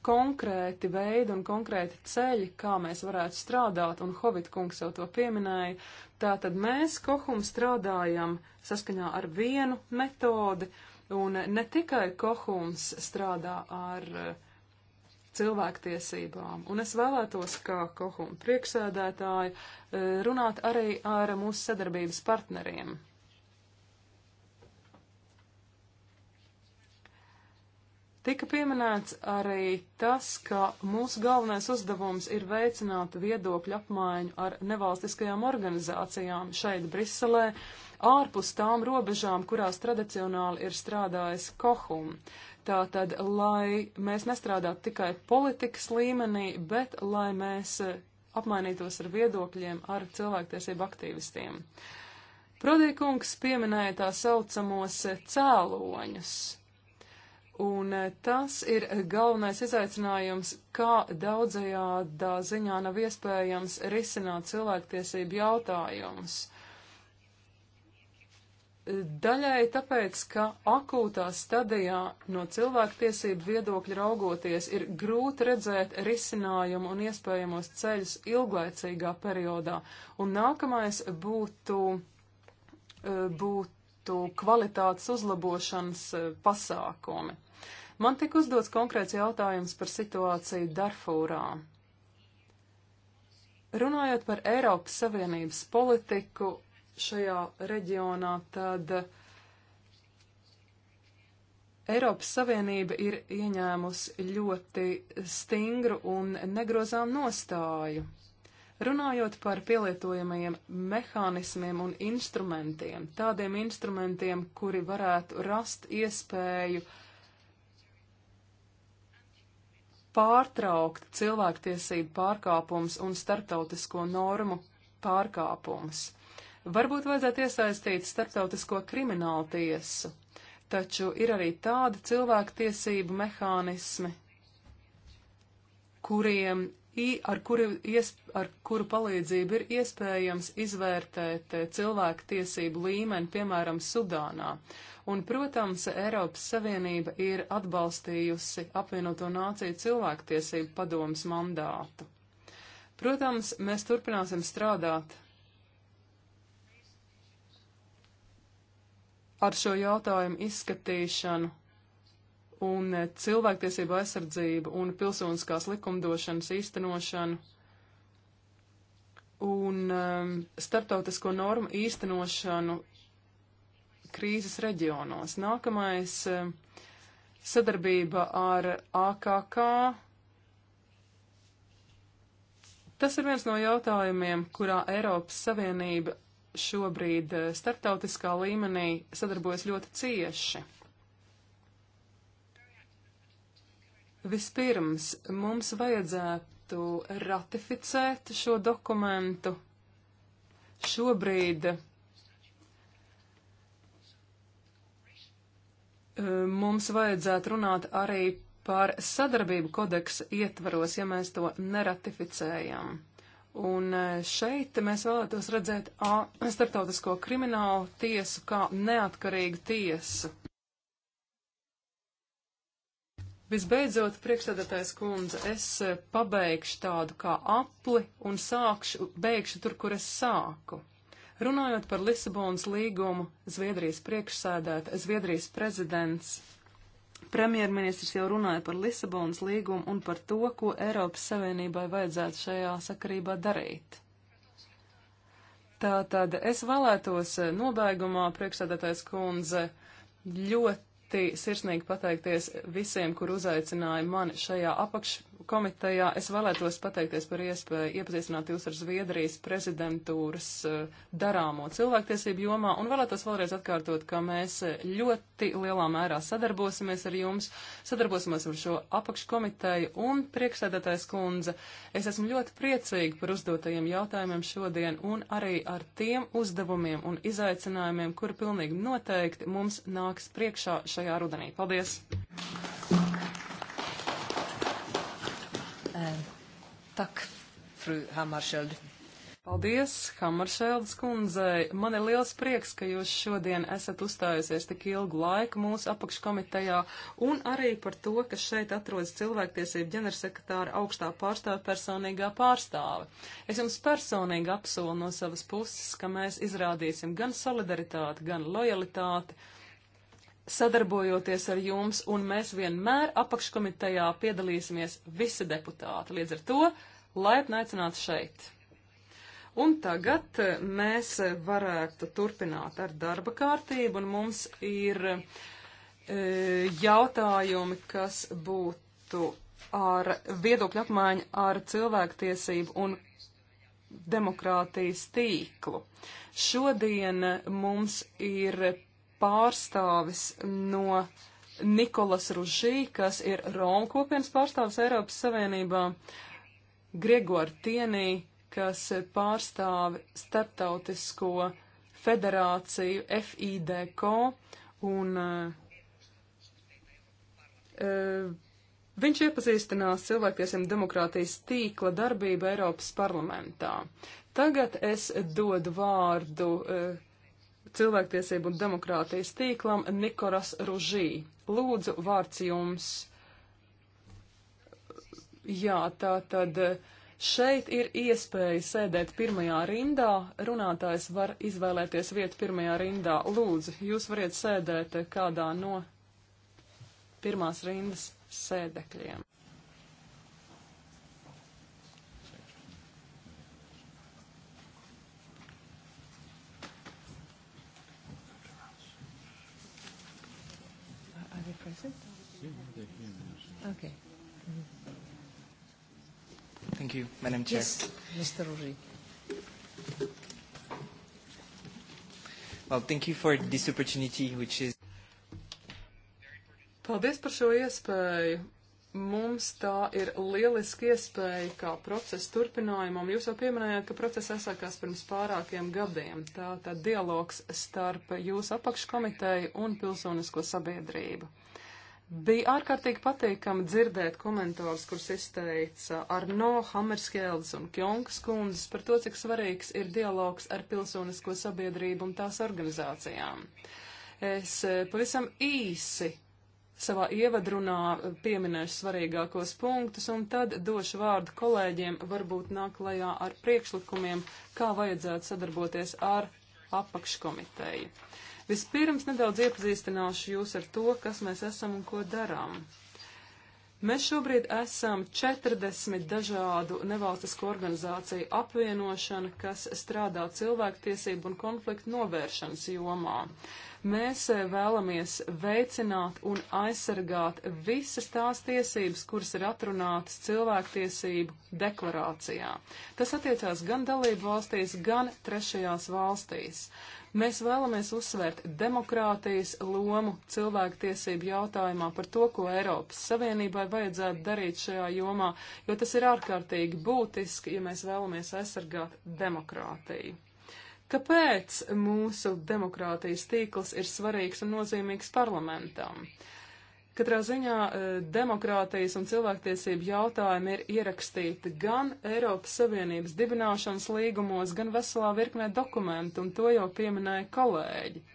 konkrēti veidi un konkrēti ceļi, kā mēs varētu strādāt, un Hovita kungs jau to pieminēja. Tātad mēs kohum strādājam saskaņā ar vienu metodi, un ne tikai kohums strādā ar uh, cilvēktiesībām. Un es vēlētos, kā Kohuma priekšsēdētāji, eh, runāt arī ar mūsu sadarbības partneriem. Tika pieminēts arī tas, ka mūsu galvenais uzdevums ir veicināt viedokļu apmaiņu ar nevalstiskajām organizācijām šeit, Briselē, ārpus tām robežām, kurās tradicionāli ir strādājis Kohum. Tātad, lai mēs nestrādātu tikai politikas līmenī, bet lai mēs eh, apmainītos ar viedokļiem ar cilvēktiesību aktīvistiem. Prodīkungs pieminēja tā saucamos eh, cēloņus. Un eh, tas ir galvenais izaicinājums, kā daudzajādā ziņā nav iespējams risināt cilvēktiesību jautājumus. Uh, Daļai tāpēc, ka akūtā stadijā no cilvēktiesību viedokļa raugoties ir grūti redzēt risinājumu un iespējamos ceļus ilglaicīgā periodā. Un nākamais būtu, eh, būtu kvalitātes uzlabošanas eh, pasākumi. Man tika uzdots konkrēts jautājums par situāciju Darfūrā. Runājot par Eiropas Savienības politiku šajā reģionā, tad Eiropas Savienība ir ieņēmusi ļoti stingru un negrozām nostāju. Runājot par pielietojamajiem mehānismiem un instrumentiem, tādiem instrumentiem, kuri varētu rast iespēju pārtraukt cilvēktiesību pārkāpums un starptautisko normu pārkāpums. Varbūt vajadzētu iesaistīt starptautisko kriminālu tiesu, taču ir arī tādi cilvēktiesību mehānismi, kuriem, ar, kuru, iesp, ar kuru palīdzību ir iespējams izvērtēt eh, cilvēktiesību līmeni, piemēram, Sudānā. Un, protams, Eiropas Savienība ir atbalstījusi apvienoto nāciju cilvēktiesību padomas mandātu. Protams, mēs turpināsim strādāt ar šo jautājumu izskatīšanu un eh, cilvēktiesību aizsardzību un pilsoniskās likumdošanas īstenošanu un um, starptautisko normu īstenošanu krīzes reģionos. Nākamais um, sadarbība ar AKK. Tas ir viens no jautājumiem, kurā Eiropas Savienība šobrīd eh, starptautiskā līmenī sadarbojas ļoti cieši. Vispirms mums vajadzētu ratificēt šo dokumentu. Šobrīd eh, mums vajadzētu runāt arī par sadarbību kodeksa ietvaros, ja mēs to neratificējam. Un e, šeit mēs vēlētos redzēt A, starptautisko kriminālu tiesu kā neatkarīgu tiesu. Visbeidzot, priekšstādātais kundze, es e, pabeigšu tādu kā apli un sākšu, beigšu tur, kur es sāku. Runājot par Lisabonas līgumu, Zviedrijas priekšsēdētājs, Zviedrijas prezidents Premjerministrs jau runāja par Lisabonas līgumu un par to, ko Eiropas Savienībai vajadzētu šajā sakarībā darīt. Tātad es vēlētos eh, nobeigumā priekšsēdētājs kundze ļoti sirsnīgi pateikties visiem, kur uzaicināja mani šajā apakš komitejā es vēlētos pateikties par iespēju iepazīstināt jūs ar Zviedrijas prezidentūras eh, darāmo cilvēktiesību jomā un vēlētos vēlreiz atkārtot, ka mēs eh, ļoti lielā mērā sadarbosimies ar jums, sadarbosimies ar šo apakškomiteju un priekšsēdētājs kundze. Es esmu ļoti priecīga par uzdotajiem jautājumiem šodien un arī ar tiem uzdevumiem un izaicinājumiem, kuri pilnīgi noteikti mums nāks priekšā šajā rudenī. Paldies! Tak, fru Hamaršeld. Paldies, Hamaršeldas kundzei. Man ir liels prieks, ka jūs šodien esat uzstājusies tik ilgu laiku mūsu apakškomitejā un arī par to, ka šeit atrodas cilvēktiesību ģenersekretāra augstā pārstāve personīgā pārstāve. Es jums personīgi apsolu no savas puses, ka mēs izrādīsim gan solidaritāti, gan lojalitāti sadarbojoties ar jums, un mēs vienmēr apakškomitejā piedalīsimies visi deputāti. Līdz ar to laipni aicināts šeit. Un tagad eh, mēs varētu turpināt ar darba kārtību, un mums ir e, jautājumi, kas būtu ar viedokļu apmaiņu ar cilvēktiesību un demokrātijas tīklu. Šodien eh, mums ir pārstāvis no Nikolas Ružī, kas ir Roma kopienas pārstāvis Eiropas Savienībā, Gregor Tienī, kas pārstāvi starptautisko federāciju FIDCO un uh, Viņš iepazīstinās cilvēktiesiem demokrātijas tīkla darbību Eiropas parlamentā. Tagad es dodu vārdu uh, cilvēktiesību un demokrātijas tīklam Nikoras Ružī. Lūdzu, vārds jums. Jā, tā tad eh, šeit ir iespēja sēdēt pirmajā rindā. Runātājs var izvēlēties vietu pirmajā rindā. Lūdzu, jūs variet sēdēt eh, kādā no pirmās rindas sēdekļiem. you, Madam Chair. Yes, Mr. Uri. Well, thank you for this opportunity, which is... Paldies par šo iespēju. Mums tā ir lieliski iespēja kā procesa turpinājumam. Jūs jau pieminējāt, ka process aizsākās pirms pārākiem gadiem. Tā tad dialogs starp jūsu apakškomiteju un pilsonisko sabiedrību. Bija ārkārtīgi patīkami dzirdēt komentārus, kurus izteica Arno Hammerskjēls un Kjonkas kundzes par to, cik svarīgs ir dialogs ar pilsonisko sabiedrību un tās organizācijām. Es e, pavisam īsi savā ievadrunā e, pieminēšu svarīgākos punktus un tad došu vārdu kolēģiem varbūt nāk lajā ar priekšlikumiem, kā vajadzētu sadarboties ar apakškomiteju. Vispirms nedaudz iepazīstināšu jūs ar to, kas mēs esam un ko darām. Mēs šobrīd esam 40 dažādu nevalstisko organizāciju apvienošana, kas strādā cilvēktiesību un konfliktu novēršanas jomā. Mēs eh, vēlamies veicināt un aizsargāt visas tās tiesības, kuras ir atrunātas cilvēktiesību deklarācijā. Tas attiecās gan dalību valstīs, gan trešajās valstīs. Mēs vēlamies uzsvērt demokrātijas lomu cilvēktiesību jautājumā par to, ko Eiropas Savienībai vajadzētu darīt šajā jomā, jo tas ir ārkārtīgi būtiski, ja mēs vēlamies aizsargāt demokrātiju. Kāpēc mūsu demokrātijas tīkls ir svarīgs un nozīmīgs parlamentam? Katrā ziņā eh, demokrātijas un cilvēktiesību jautājumi ir ierakstīti gan Eiropas Savienības dibināšanas līgumos, gan veselā virknē dokumentu, un to jau pieminēja kolēģi.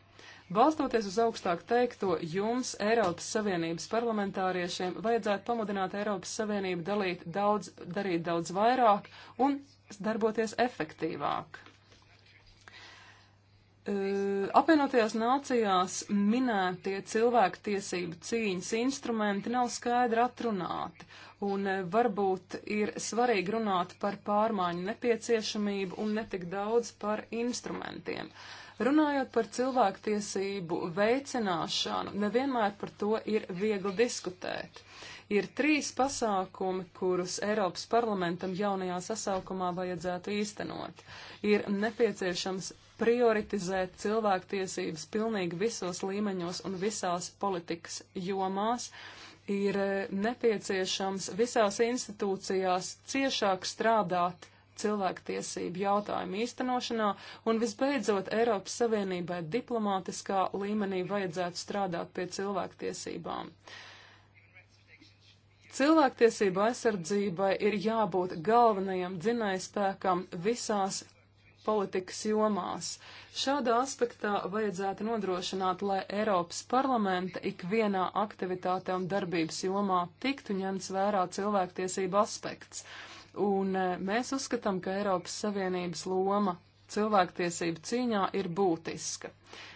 Balstoties uz augstāk teikto, jums, Eiropas Savienības parlamentāriešiem, vajadzētu pamudināt Eiropas Savienību dalīt daudz, darīt daudz vairāk un darboties efektīvāk apvienotajās nācijās minētie cilvēku tiesību cīņas instrumenti nav skaidri atrunāti, un varbūt ir svarīgi runāt par pārmaiņu nepieciešamību un netik daudz par instrumentiem. Runājot par cilvēktiesību veicināšanu, nevienmēr par to ir viegli diskutēt. Ir trīs pasākumi, kurus Eiropas parlamentam jaunajā sasaukumā vajadzētu īstenot. Ir nepieciešams prioritizēt cilvēktiesības pilnīgi visos līmeņos un visās politikas jomās. Ir e, nepieciešams visās institūcijās ciešāk strādāt cilvēktiesību jautājumu īstenošanā, un visbeidzot Eiropas Savienībai diplomātiskā līmenī vajadzētu strādāt pie cilvēktiesībām. Cilvēktiesība aizsardzībai ir jābūt galvenajam dzinējspēkam visās politikas jomās. Šādā aspektā vajadzētu nodrošināt, lai Eiropas parlamenta ikvienā aktivitātē un darbības jomā tiktu ņemts vērā cilvēktiesība aspekts. Un e, mēs uzskatām, ka Eiropas Savienības loma cilvēktiesību cīņā ir būtiska.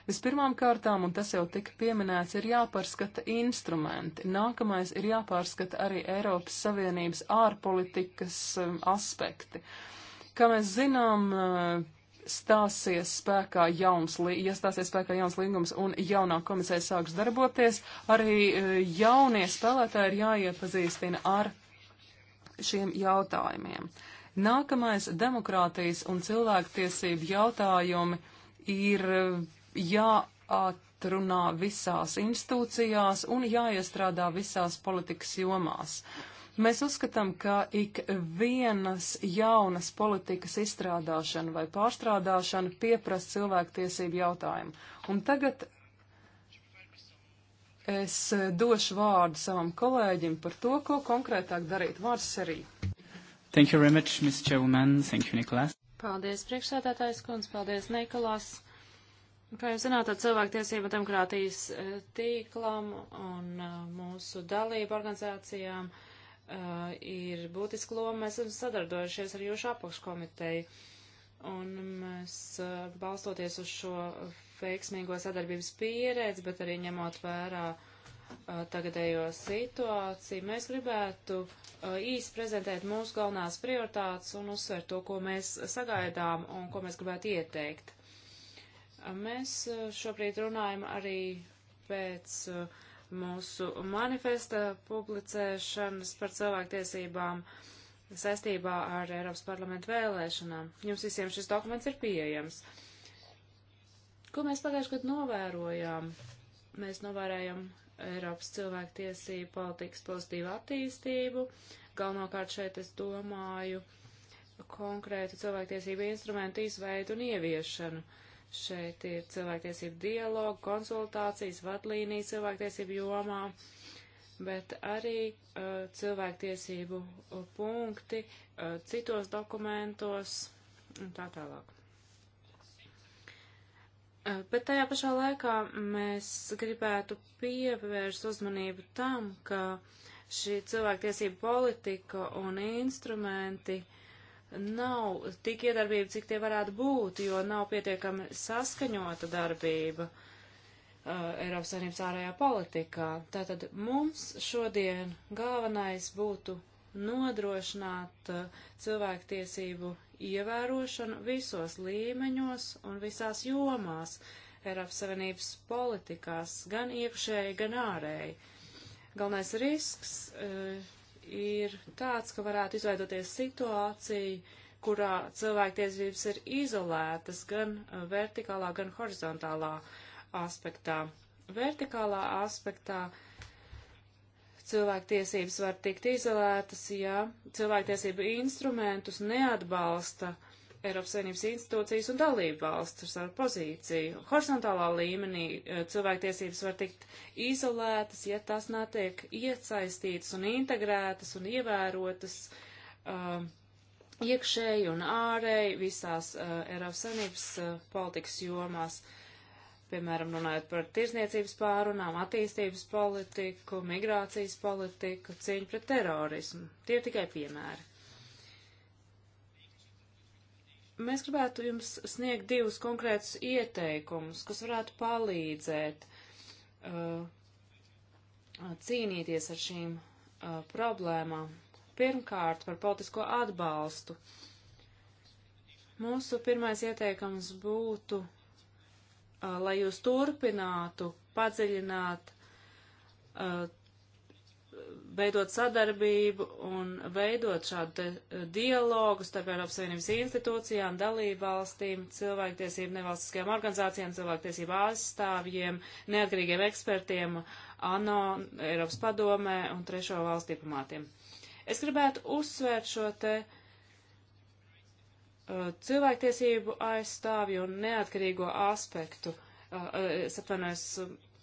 Vispirmām kārtām, un tas jau tika pieminēts, ir jāpārskata instrumenti. Nākamais ir jāpārskata arī Eiropas Savienības ārpolitikas um, aspekti. Uh, Kā mēs zinām, eh, stāsies spēkā jauns, ja stāsies spēkā jauns līgums un jaunā komisija sāks darboties, arī eh, jaunie spēlētāji ir jāiepazīstina ar šiem jautājumiem. Nākamais demokrātijas un cilvēktiesību jautājumi ir eh, jāatrunā visās institūcijās un jāiestrādā visās politikas jomās. Uh, Mēs uzskatām, ka ik vienas jaunas politikas izstrādāšana vai pārstrādāšana pieprasa cilvēktiesību jautājumu. Un tagad es došu vārdu savam kolēģim par to, ko konkrētāk darīt. Vārds arī. Thank you very much, Ms. Chairwoman. Thank you, Nikolās. Paldies, priekšsēdētājs kundze. Paldies, Nikolās. Kā jūs zināt, tad cilvēktiesība demokrātijas eh, tīklam un eh, mūsu dalību organizācijām uh, ir būtiska loma. Mēs esam sadarbojušies ar jūsu apakškomiteju. Un mēs uh, balstoties uz šo veiksmīgo sadarbības pieredzi, bet arī ņemot vērā uh, tagadējo situāciju, mēs gribētu uh, īsi prezentēt mūsu galvenās prioritātes un uzsvērt to, ko mēs sagaidām un ko mēs gribētu ieteikt. Uh, mēs uh, šobrīd runājam arī pēc uh, mūsu manifesta publicēšanas par cilvēktiesībām saistībā ar Eiropas parlamentu vēlēšanām. Jums visiem šis dokuments ir pieejams. Ko mēs pagājušajā gadā novērojām? Mēs novērējam Eiropas cilvēktiesību politikas pozitīvu attīstību. Galvenokārt šeit es domāju konkrētu cilvēktiesību instrumentu izveidu un ieviešanu. Uh, Šeit ir cilvēktiesību dialogu, konsultācijas, vadlīnijas cilvēktiesību jomā, bet arī uh, cilvēktiesību uh, punkti uh, citos dokumentos un tā tālāk. Uh, bet tajā pašā laikā mēs gribētu pievērst uzmanību tam, ka šī cilvēktiesība politika un instrumenti uh, nav tik iedarbība, cik tie varētu būt, jo nav pietiekami saskaņota darbība uh, Eiropas Savienības ārējā politikā. Tātad mums šodien galvenais būtu nodrošināt uh, cilvēktiesību ievērošanu visos līmeņos un visās jomās Eiropas Savienības politikās, gan iekšēji, gan ārēji. Galvenais risks uh, ir tāds, ka varētu izveidoties situācija, kurā cilvēktiesības ir izolētas gan uh, vertikālā, gan horizontālā aspektā. Vertikālā aspektā cilvēktiesības var tikt izolētas, ja cilvēktiesību instrumentus neatbalsta uh, Eiropas Savienības institūcijas un dalību valsts ar savu pozīciju. Horizontālā līmenī eh, cilvēktiesības var tikt izolētas, ja tās netiek iesaistītas un integrētas un ievērotas uh, iekšēji un ārēji visās uh, Eiropas Savienības uh, politikas jomās. Piemēram, runājot par tirzniecības pārunām, attīstības politiku, migrācijas politiku, cīņu pret terorismu. Tie ir tikai piemēri. Mēs gribētu jums sniegt divus konkrētus ieteikumus, kas varētu palīdzēt uh, cīnīties ar šīm uh, problēmām. Pirmkārt, par politisko atbalstu. Mūsu pirmais ieteikums būtu, uh, lai jūs turpinātu padziļināt uh, veidot sadarbību un veidot šādu e, dialogu starp Eiropas Savienības institūcijām, dalībvalstīm, cilvēktiesību nevalstiskajām organizācijām, cilvēktiesību aizstāvjiem, neatkarīgiem ekspertiem, ANO, Eiropas padomē un trešo valstu diplomātiem. Es gribētu uzsvērt šo te uh, cilvēktiesību aizstāvju un neatkarīgo aspektu. Uh, es atvainojos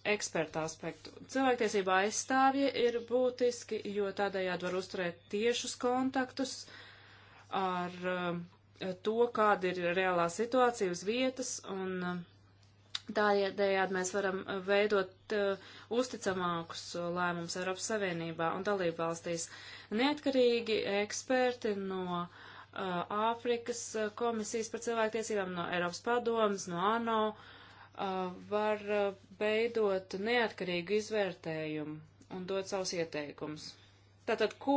eksperta aspektu. Cilvēktiesība aizstāvji ir būtiski, jo tādējādi var uzturēt tiešus kontaktus ar eh, to, kāda ir reālā situācija uz vietas, un eh, tādējādi mēs varam eh, veidot uh, uzticamākus lēmumus Eiropas Savienībā un dalību valstīs. Neatkarīgi eksperti no Āfrikas uh, komisijas par cilvēktiesībām, no Eiropas padomas, no ANO uh, var veidot neatkarīgu izvērtējumu un dot savus ieteikumus. Tātad, ko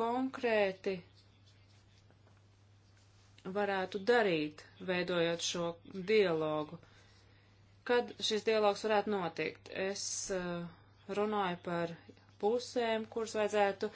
konkrēti varētu darīt, veidojot šo dialogu? Kad šis dialogs varētu notikt? Es uh, runāju par pusēm, kuras vajadzētu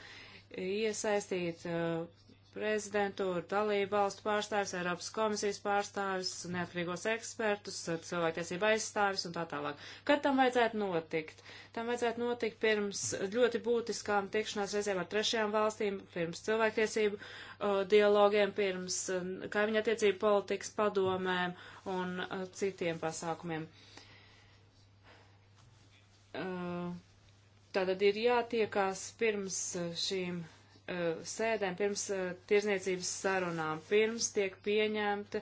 iesaistīt uh, prezidentūru, dalību valstu pārstāvis, Eiropas komisijas pārstāvis, neatkarīgos ekspertus, cilvēktiesība aizstāvis un tā tālāk. Kad tam vajadzētu notikt? Tam vajadzētu notikt pirms ļoti būtiskām tikšanās reizēm ar trešajām valstīm, pirms cilvēktiesību uh, dialogiem, pirms uh, kaimiņa attiecību politikas padomēm un uh, citiem pasākumiem. Tātad ir jātiekās pirms šīm Eh, sēdēm, pirms eh, tirzniecības sarunām, pirms tiek pieņemta,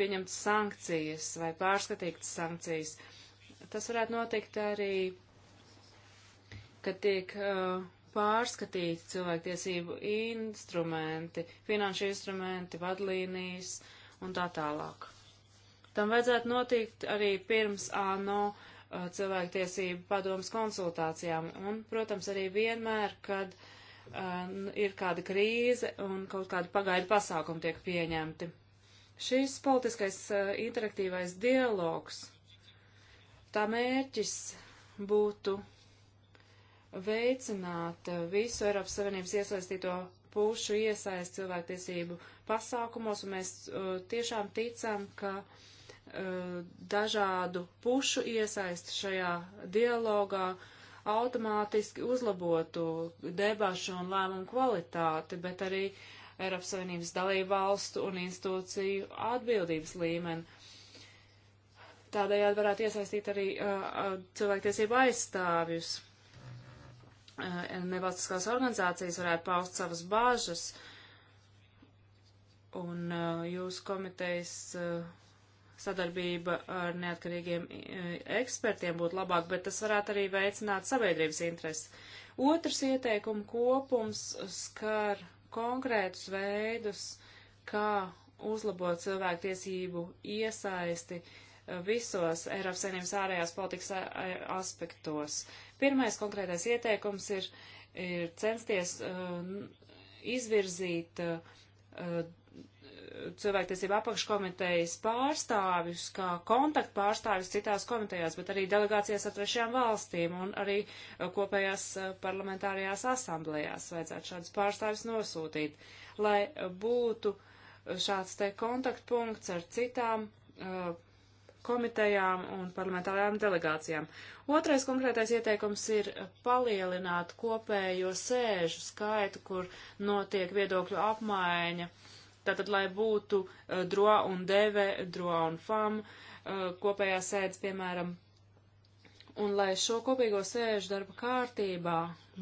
pieņemtas sankcijas vai pārskatītas sankcijas. Tas varētu notikt arī, kad tiek eh, pārskatīti cilvēktiesību instrumenti, finanšu instrumenti, vadlīnijas un tā tālāk. Tam vajadzētu notikt arī pirms ANO cilvēktiesību padomas konsultācijām un, protams, arī vienmēr, kad uh, ir kāda krīze un kaut kāda pagaidu pasākuma tiek pieņemti. Šis politiskais e, interaktīvais dialogs, tā mērķis būtu veicināt e, visu Eiropas Savienības iesaistīto pušu iesaist cilvēktiesību pasākumos, un mēs uh, tiešām ticam, ka uh, dažādu pušu iesaist šajā dialogā uh, automātiski uzlabotu debašu un lēmumu kvalitāti, bet arī Eiropas Savienības dalību valstu un institūciju atbildības līmeni. Tādējādi varētu iesaistīt arī uh, uh cilvēktiesību aizstāvjus. Uh, Nevalstiskās organizācijas varētu paust savas bāžas, un uh, jūsu komitejas uh, sadarbība ar neatkarīgiem eh, ekspertiem būtu labāk, bet tas varētu arī veicināt sabiedrības intereses. Otrs ieteikumu kopums skar konkrētus veidus, kā uzlabot cilvēktiesību iesaisti eh, visos Eiropas saimnības ārējās politikas eh, aspektos. Pirmais konkrētais ieteikums ir, ir censties uh, izvirzīt uh, cilvēktiesība apakškomitejas pārstāvjus, kā kontaktpārstāvjus citās komitejās, bet arī delegācijās ar trešajām valstīm un arī uh, kopējās uh, parlamentārajās asamblējās vajadzētu šādus pārstāvjus nosūtīt, lai uh, būtu šāds te kontaktpunkts ar citām uh, komitejām un parlamentārajām delegācijām. Otrais konkrētais ieteikums ir palielināt kopējo sēžu skaitu, kur notiek viedokļu apmaiņa uh, Tātad, lai būtu uh, droa un deve, droa un fam, uh, kopējā sēdes, piemēram, un lai šo kopīgo sēžu darba kārtībā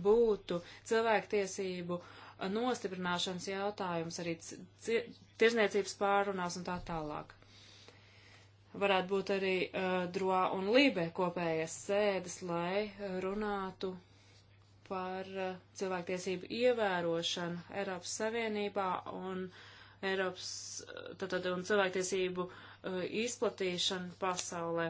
būtu cilvēktiesību eh, nostiprināšanas jautājums arī tirzniecības pārunās un tā tālāk. Varētu būt arī uh, droa un libe kopējas sēdes, lai runātu par uh, cilvēktiesību ievērošanu Eiropas Savienībā un uh, Eiropas tātad, un cilvēktiesību uh, izplatīšanu pasaulē.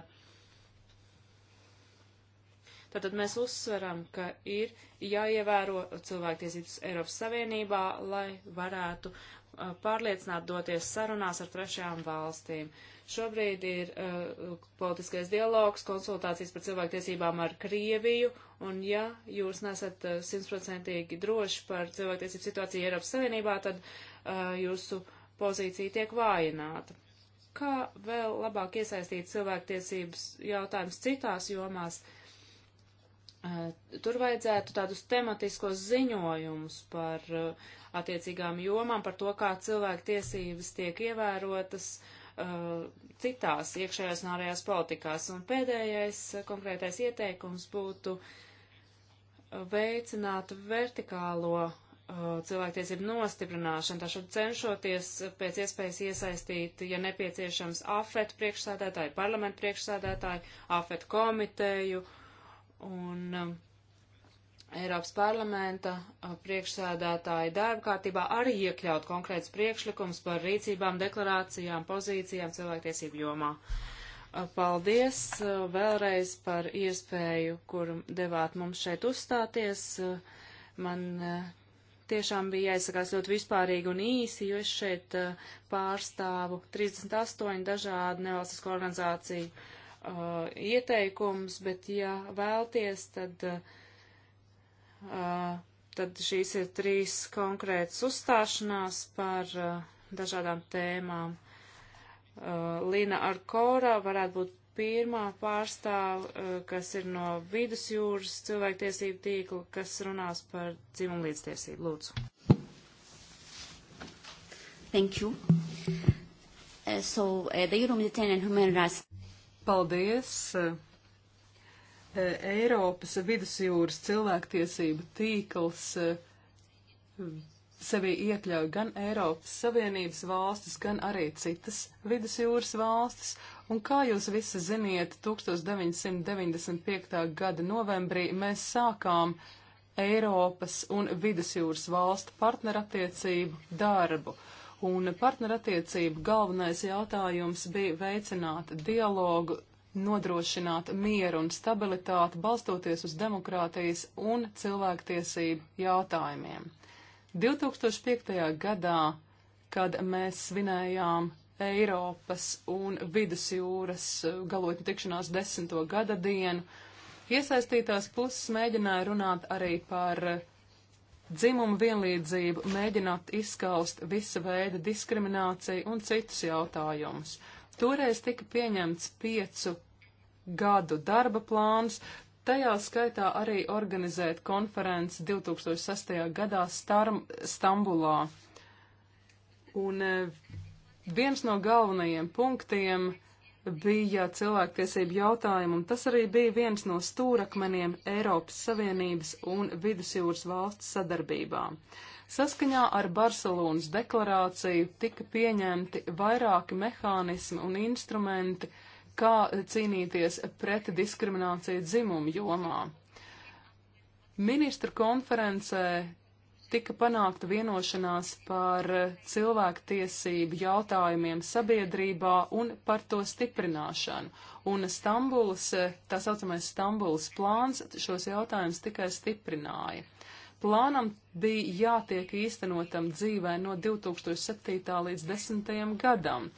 Tātad mēs uzsveram, ka ir jāievēro cilvēktiesības Eiropas Savienībā, lai varētu uh, pārliecināt doties sarunās ar trešajām valstīm. Šobrīd ir uh, politiskais dialogs, konsultācijas par cilvēktiesībām ar Krieviju, un ja jūs nesat uh, simtprocentīgi uh, droši par cilvēktiesību situāciju Eiropas Savienībā, tad jūsu pozīcija tiek vājināta. Kā vēl labāk iesaistīt cilvēktiesības jautājumus citās jomās? Tur vajadzētu tādus tematiskos ziņojumus par attiecīgām jomām, par to, kā cilvēktiesības tiek ievērotas, citās iekšējās un ārējās politikās. Un pēdējais konkrētais ieteikums būtu veicināt vertikālo Uh, cilvēktiesību nostiprināšanu, tāšot cenšoties pēc iespējas iesaistīt, ja nepieciešams, AFET priekšsādātāju, parlamentu priekšsādātāju, AFET komiteju un uh, Eiropas parlamenta uh, priekšsēdētāja darba kārtībā arī iekļaut konkrēts priekšlikums par rīcībām, deklarācijām, pozīcijām cilvēktiesību jomā. Uh, paldies vēlreiz par iespēju, kuru devāt mums šeit uzstāties. Man tiešām bija jāizsakās ļoti vispārīgi un īsi, jo es šeit uh, pārstāvu 38 dažādu nevalstisko organizāciju uh, eh, ieteikumus, bet ja vēlties, tad, uh, tad šīs ir trīs konkrētas uzstāšanās par dažādām tēmām. Lina Arkora varētu būt Pirmā pārstāv, eh, kas ir no vidusjūras cilvēktiesību tīkla, kas runās par dzimumu līdztiesību. Lūdzu. Thank you. Uh, so, uh, the European Human Rights. Paldies. Uh, Eiropas vidusjūras cilvēktiesība tīkls sevī iekļauj gan Eiropas Savienības valstis, gan arī citas vidusjūras valstis, Un kā jūs visi ziniet, 1995. gada novembrī mēs sākām Eiropas un Vidusjūras valstu partnerattiecību darbu. Un partnerattiecību galvenais jautājums bija veicināt dialogu, nodrošināt mieru un stabilitāti, balstoties uz demokrātijas un cilvēktiesību jautājumiem. 2005. gadā, kad mēs svinējām Eiropas un Vidusjūras eh, galotņu tikšanās desmito gada dienu. Iesaistītās puses mēģināja runāt arī par eh, dzimumu vienlīdzību, mēģināt izskaust visa veida diskrimināciju un citus jautājumus. Toreiz tika pieņemts piecu gadu darba plāns, tajā skaitā arī organizēt konferenci 2006. gadā Starm, Stambulā. Un eh, Viens no galvenajiem punktiem bija cilvēktiesību jautājumi, un tas arī bija viens no stūrakmeniem Eiropas Savienības un Vidusjūras valsts sadarbībām. Saskaņā ar Barcelonas deklarāciju tika pieņemti vairāki mehānismi un instrumenti, kā cīnīties pret diskrimināciju dzimumu jomā. Ministru konferencē tika panākta vienošanās par cilvēktiesību jautājumiem sabiedrībā un par to stiprināšanu. Un Stambuls, tā saucamais Stambuls plāns šos jautājumus tikai stiprināja. Plānam bija jātiek īstenotam dzīvē no 2007. līdz 2010. gadam.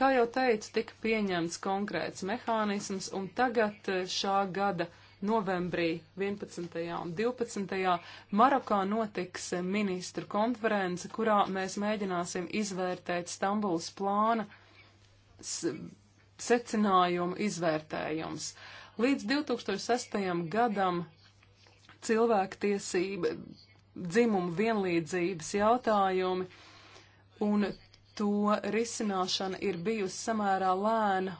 Kā jau teicu, tika pieņemts konkrēts mehānisms, un tagad šā gada novembrī 11. un 12. Marokā notiks ministru konference, kurā mēs mēģināsim izvērtēt Stambuls plāna secinājumu izvērtējums. Līdz 2006. gadam cilvēktiesība, dzimumu vienlīdzības jautājumi un to risināšana ir bijusi samērā lēna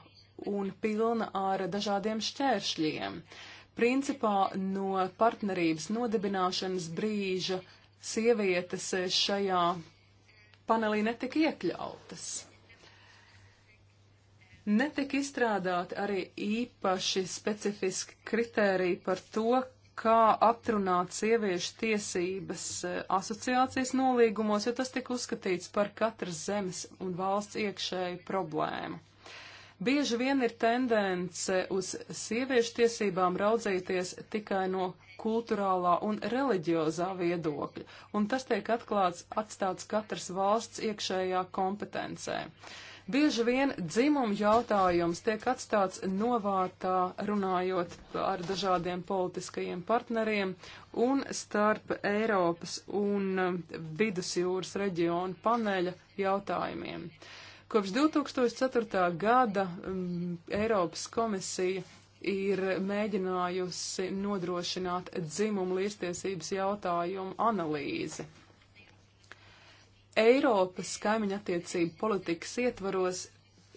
un pilna ar dažādiem šķēršļiem. Uh, Principā no partnerības nodibināšanas brīža sievietes šajā panelī netika iekļautas. Netika izstrādāti arī īpaši specifiski kritēriji par to, kā aptrunāt sieviešu tiesības eh, asociācijas nolīgumos, jo tas tika uzskatīts par katras zemes un valsts iekšēju problēmu. Bieži vien ir tendence uz sieviešu tiesībām raudzīties tikai no kultūrālā un reliģiozā viedokļa, un tas tiek atklāts atstāts katras valsts iekšējā kompetencē. Bieži vien dzimumu jautājums tiek atstāts novārtā runājot ar dažādiem politiskajiem partneriem un starp Eiropas un Vidusjūras reģionu paneļa jautājumiem. Uh, Kopš 2004. gada um, Eiropas komisija ir mēģinājusi nodrošināt dzimumu līdztiesības jautājumu analīzi. Eiropas kaimiņa attiecību politikas ietvaros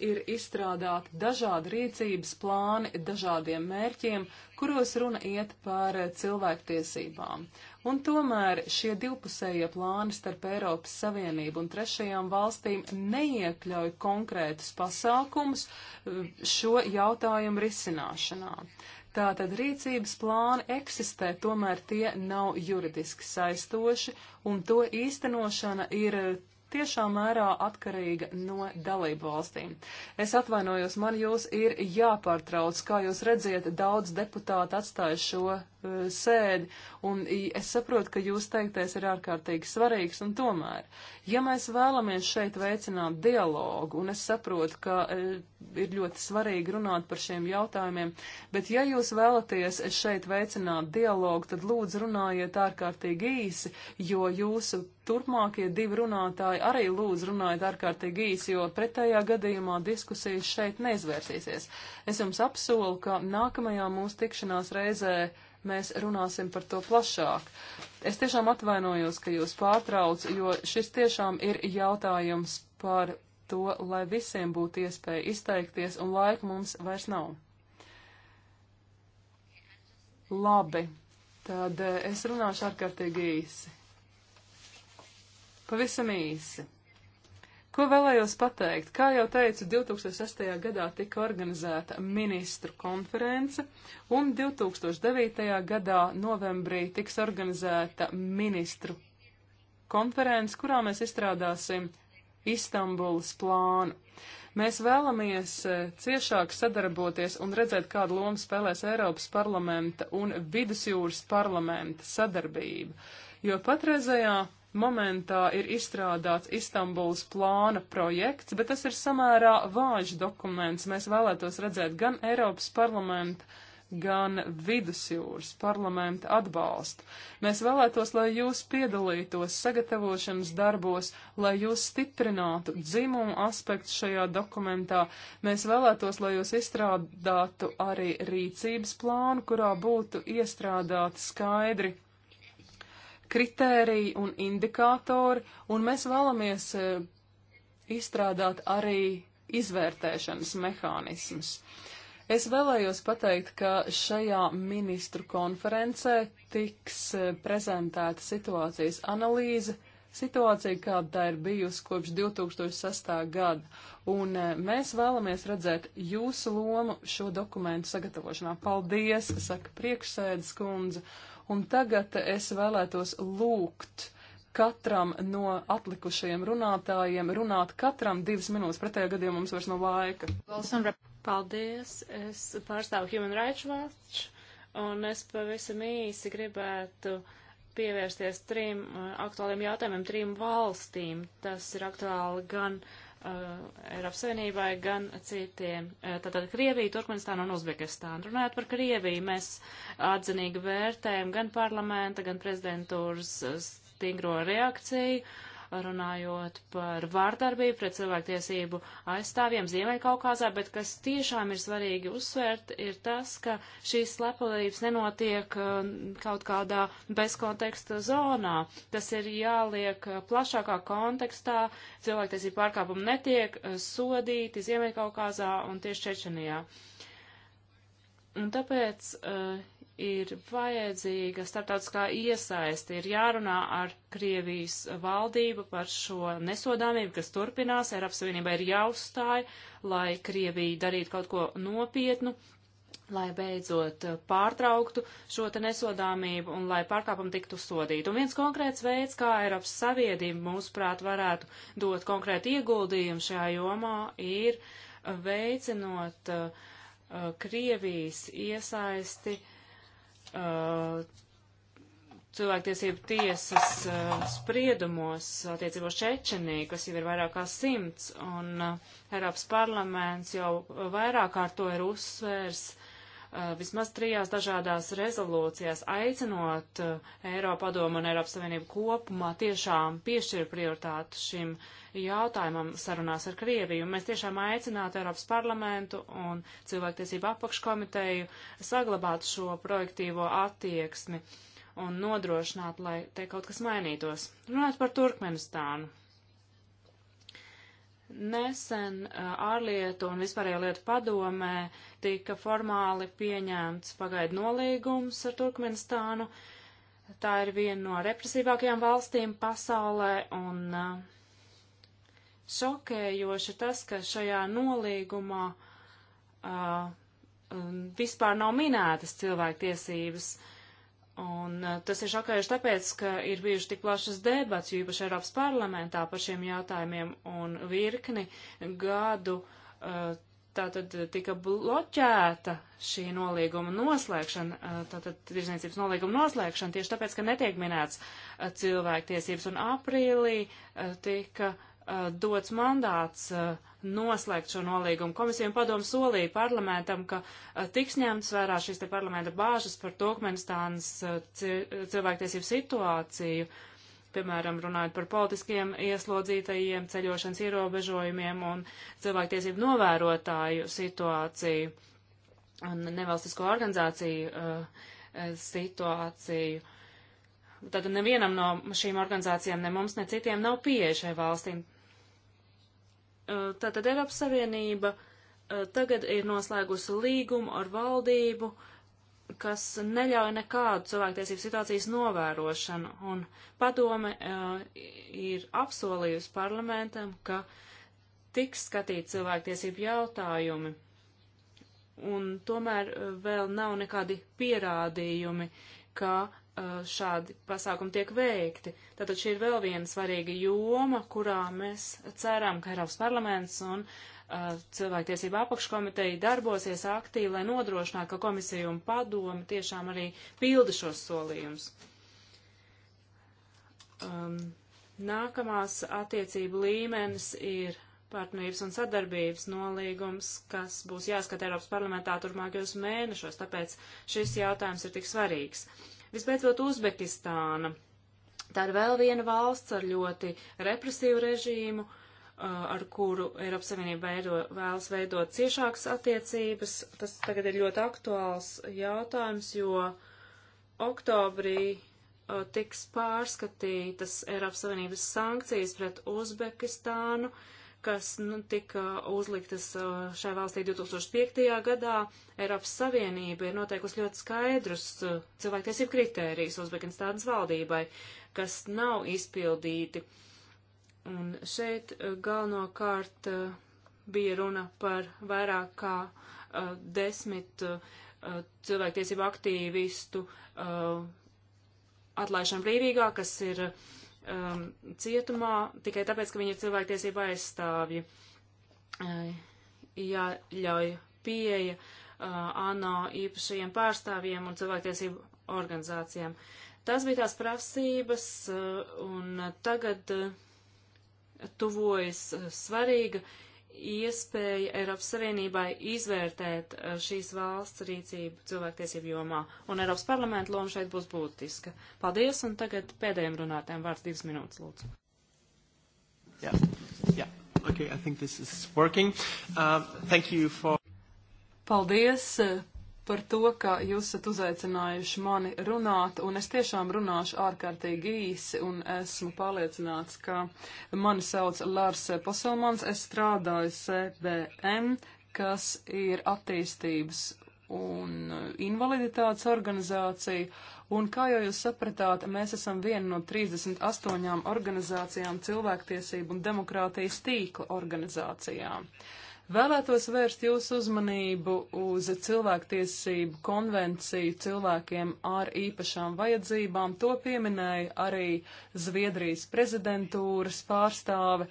ir izstrādāti dažādi rīcības plāni dažādiem mērķiem, kuros runa iet par cilvēktiesībām. Un tomēr šie divpusējie plāni starp Eiropas Savienību un trešajām valstīm neiekļauj konkrētus pasākumus eh, šo jautājumu risināšanā. Tātad rīcības plāni eksistē, tomēr tie nav juridiski saistoši, un to īstenošana ir tiešā mērā atkarīga no dalību valstīm. Es atvainojos, man jūs ir jāpārtrauc, kā jūs redziet, daudz deputāti atstāja šo uh, sēdi, Un es saprotu, ka jūs teiktais ir ārkārtīgi svarīgs, un tomēr, ja mēs vēlamies šeit veicināt dialogu, un es saprotu, ka e, ir ļoti svarīgi runāt par šiem jautājumiem, bet ja jūs vēlaties šeit veicināt dialogu, tad lūdzu runājiet ārkārtīgi īsi, jo jūsu turpmākie divi runātāji arī lūdzu runājiet ārkārtīgi īsi, jo pretējā gadījumā diskusijas šeit neizvērsīsies. Es jums apsolu, ka nākamajā mūsu tikšanās reizē mēs runāsim par to plašāk. Es tiešām atvainojos, ka jūs pārtrauc, jo šis tiešām ir jautājums par to, lai visiem būtu iespēja izteikties, un laika mums vairs nav. Labi, tad eh, es runāšu ārkārtīgi īsi. Pavisam īsi. Ko vēlējos pateikt? Kā jau teicu, 2008. gadā tika organizēta ministru konference, un 2009. gadā novembrī tiks organizēta ministru konference, kurā mēs izstrādāsim Istambulas plānu. Mēs vēlamies eh, ciešāk sadarboties un redzēt, kādu lomu spēlēs Eiropas parlamenta un Vidusjūras parlamenta sadarbība, jo patreizējā Momentā ir izstrādāts Istanbuls plāna projekts, bet tas ir samērā vāžs dokuments. Mēs vēlētos redzēt gan Eiropas parlamenta, gan vidusjūras parlamenta atbalstu. Mēs vēlētos, lai jūs piedalītos sagatavošanas darbos, lai jūs stiprinātu dzimumu aspektu šajā dokumentā. Mēs vēlētos, lai jūs izstrādātu arī rīcības plānu, kurā būtu iestrādāti skaidri kritēriji un indikātori, un mēs vēlamies e, izstrādāt arī izvērtēšanas mehānismus. Es vēlējos pateikt, ka šajā ministru konferencē tiks e, prezentēta situācijas analīze, situācija, kāda tā ir bijusi kopš 2006. gada, un e, mēs vēlamies redzēt jūsu lomu šo dokumentu sagatavošanā. Paldies, saka priekšsēdes kundze. Uh, Un tagad es vēlētos lūgt katram no atlikušajiem runātājiem runāt katram divas minūtes, pretējā gadījumā mums vairs nav no laika. Paldies, es pārstāvu Human Rights Watch, un es pavisam īsi gribētu pievērsties trim uh, aktuāliem jautājumiem, trim valstīm. Tas ir aktuāli gan uh, Uh, Eiropas Savienībai, gan citiem. Uh, tātad Krievija, Turkmenistāna un Uzbekistāna. Runājot par Krieviju, mēs atzinīgi vērtējam gan parlamenta, gan prezidentūras uh, stingro reakciju runājot par vārdarbību pret cilvēktiesību aizstāvjiem Ziemeļkaukāzā, bet kas tiešām ir svarīgi uzsvērt, ir tas, ka šīs slepalības nenotiek uh, kaut kādā bezkonteksta zonā. Tas ir jāliek uh, plašākā kontekstā, cilvēktiesību pārkāpumi netiek uh, sodīti Ziemeļkaukāzā un tieši Čečenijā. Un tāpēc uh, ir vajadzīga starptautiskā iesaiste, ir jārunā ar Krievijas valdību par šo nesodāmību, kas turpinās, Eiropas Savienībā ir jāuzstāj, lai Krievija darītu kaut ko nopietnu, lai beidzot pārtrauktu šo te nesodāmību un lai pārkāpumi tiktu sodīti. Un viens konkrēts veids, kā Eiropas Savienība, mūsuprāt, varētu dot konkrētu ieguldījumu šajā jomā, ir veicinot uh, uh Krievijas iesaisti uh, uh, cilvēktiesību tiesas uh, spriedumos attiecībā uz Čečeniju, kas jau ir vairāk kā simts, un uh, Eiropas parlaments jau vairāk kārt to ir uzsvērs, uh, Uh, vismaz trijās dažādās rezolūcijās aicinot uh, Eiropadomu un Eiropas Savienību kopumā tiešām piešķir prioritātu šim jautājumam sarunās ar Krieviju. Mēs tiešām aicinātu Eiropas parlamentu un cilvēktiesību apakškomiteju saglabāt šo projektīvo attieksmi un nodrošināt, lai te kaut kas mainītos. Runāt par Turkmenistānu. Nesen ārlietu un vispārējo lietu padomē tika formāli pieņemts pagaidu nolīgums ar Turkmenistānu. Tā ir viena no represīvākajām valstīm pasaulē un šokējoši tas, ka šajā nolīgumā uh, vispār nav minētas cilvēktiesības. Uh, Un eh, tas ir šokējuši tāpēc, ka ir bijuši tik plašas debats, jo īpaši Eiropas parlamentā par šiem jautājumiem un virkni gadu eh, tātad tika bloķēta šī nolīguma noslēgšana, eh, tātad tirzniecības nolīguma noslēgšana tieši tāpēc, ka netiek minēts cilvēktiesības un aprīlī tika Eh, dots mandāts eh, noslēgt šo nolīgumu. Komisija un padomu solīja parlamentam, ka eh, tiks ņemts vērā šīs te parlamenta bāžas par Turkmenistānas cilvēktiesību situāciju, piemēram, runājot par politiskiem ieslodzītajiem, ceļošanas ierobežojumiem un cilvēktiesību novērotāju situāciju un nevalstisko organizāciju uh, situāciju. Uh, Tātad nevienam no šīm organizācijām, ne mums, ne citiem nav pieeja šai valstīm. Uh, tātad Eiropas Savienība uh, tagad ir noslēgusi līgumu ar valdību, kas neļauj nekādu cilvēktiesību situācijas novērošanu, un padome uh, ir apsolījusi parlamentam, ka tiks skatīt cilvēktiesību jautājumi, un tomēr vēl nav nekādi pierādījumi, ka Uh, šādi pasākumi tiek veikti. Tātad šī ir vēl viena svarīga joma, kurā mēs ceram, ka Eiropas parlaments un uh, cilvēktiesība apakškomiteja darbosies aktīvi, lai nodrošinātu, ka komisija un padome tiešām arī pilda šos solījumus. Um, nākamās attiecību līmenis ir partnerības un sadarbības nolīgums, kas būs jāskata Eiropas parlamentā turpmākajos mēnešos, tāpēc šis jautājums ir tik svarīgs. Uh, Visbeidzot, Uzbekistāna. Tā ir vēl viena valsts ar ļoti represīvu režīmu, uh, ar kuru Eiropas Savienība veido, vēlas veidot ciešākas attiecības. Tas tagad ir ļoti aktuāls jautājums, jo oktobrī uh, tiks pārskatītas Eiropas Savienības sankcijas pret Uzbekistānu. Uh, kas nu, tika uzliktas šai valstī 2005. gadā. Eiropas Savienība ir noteikusi ļoti skaidrus cilvēktiesību kritērijus Uzbekistānas valdībai, kas nav izpildīti. Un šeit galvenokārt bija runa par vairāk kā uh, desmit uh, cilvēktiesību aktīvistu uh, atlaišanu brīvīgā, kas ir uh, um, cietumā tikai tāpēc, ka viņi ir cilvēktiesība aizstāvji. Uh, jāļauj pieeja uh, ANO īpašajiem pārstāvjiem un cilvēktiesību organizācijām. Tas bija tās prasības, uh, un tagad uh, tuvojas uh, svarīga iespēja Eiropas Savienībai izvērtēt eh, šīs valsts rīcību cilvēktiesību jomā, un Eiropas parlamenta loma šeit būs būtiska. Paldies, un tagad pēdējiem runātēm vārds divas minūtes, lūdzu. Yeah. Yeah. Okay, I think this is working. Uh, thank you for... Paldies par to, ka jūs esat uzaicinājuši mani runāt, un es tiešām runāšu ārkārtīgi īsi, un esmu pārliecināts, ka mani sauc Lārs Poselmans, es strādāju CBM, kas ir attīstības un invaliditātes organizācija, un kā jau jūs sapratāt, mēs esam viena no 38 organizācijām cilvēktiesību un demokrātijas tīkla organizācijām. Uh, Vēlētos vērst jūsu uzmanību uz cilvēktiesību konvenciju cilvēkiem ar īpašām vajadzībām. To pieminēja arī Zviedrijas prezidentūras pārstāve.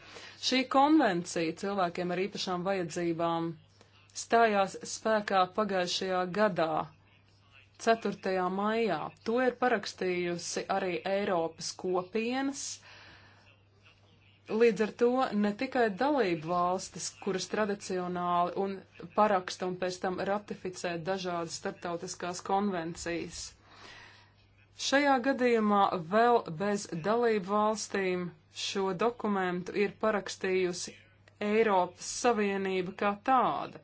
Šī konvencija cilvēkiem ar īpašām vajadzībām stājās spēkā pagājušajā gadā. 4. maijā. To ir parakstījusi arī Eiropas kopienas, Līdz ar to ne tikai dalību valstis, kuras tradicionāli un paraksta un pēc tam ratificē dažādas starptautiskās konvencijas. Šajā gadījumā vēl bez dalību valstīm šo dokumentu ir parakstījusi Eiropas Savienība kā tāda.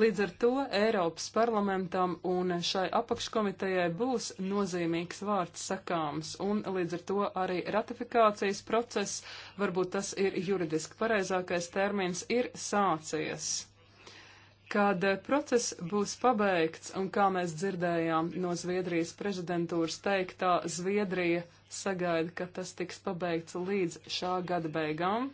Līdz ar to Eiropas parlamentam un šai apakškomitejai būs nozīmīgs vārds sakāms, un līdz ar to arī ratifikācijas process, varbūt tas ir juridiski pareizākais termins, ir sācies. Kad process būs pabeigts, un kā mēs dzirdējām no Zviedrijas prezidentūras teiktā, Zviedrija sagaida, ka tas tiks pabeigts līdz šā gada beigām.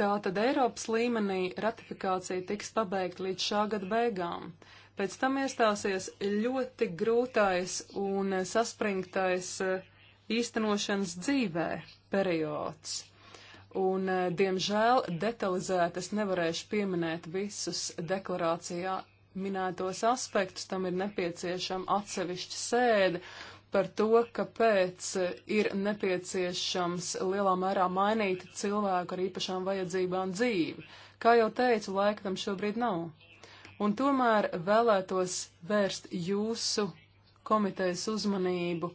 Tātad Eiropas līmenī ratifikācija tiks pabeigta līdz šā gada beigām. Pēc tam iestāsies ļoti grūtais un saspringtais eh, īstenošanas dzīvē periods. Un, eh, diemžēl, detalizēti es nevarēšu pieminēt visus deklarācijā minētos aspektus, tam ir nepieciešama atsevišķa sēde, par to, kāpēc ir nepieciešams lielā mērā mainīt cilvēku ar īpašām vajadzībām dzīvi. Kā jau teicu, laika tam šobrīd nav. Un tomēr vēlētos vērst jūsu komitejas uzmanību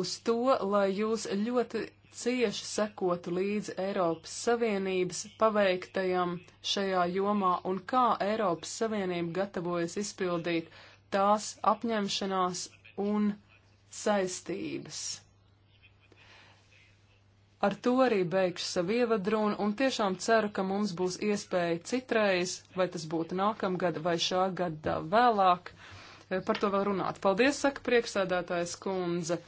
uz to, lai jūs ļoti cieši sekotu līdzi Eiropas Savienības paveiktajam šajā jomā un kā Eiropas Savienība gatavojas izpildīt tās apņemšanās un saistības. Ar to arī beigšu savu ievadrunu un tiešām ceru, ka mums būs iespēja citreiz, vai tas būtu nākamgad vai šā gada vēlāk, par to vēl runāt. Paldies, saka priekšsēdētājs kundze.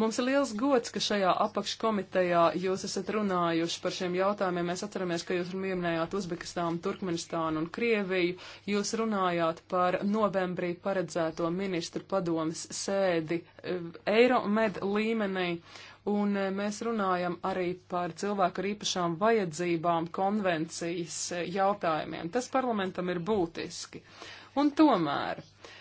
Mums ir liels gods, ka šajā apakškomitejā jūs esat runājuši par šiem jautājumiem. Mēs atceramies, ka jūs minējāt Uzbekistānu, Turkmenistānu un Krieviju. Jūs runājāt par novembrī paredzēto ministru padomas sēdi e, Eiromed līmenī. Un e, mēs runājam arī par cilvēku ar īpašām vajadzībām konvencijas e, jautājumiem. Tas parlamentam ir būtiski. Un tomēr. Uh,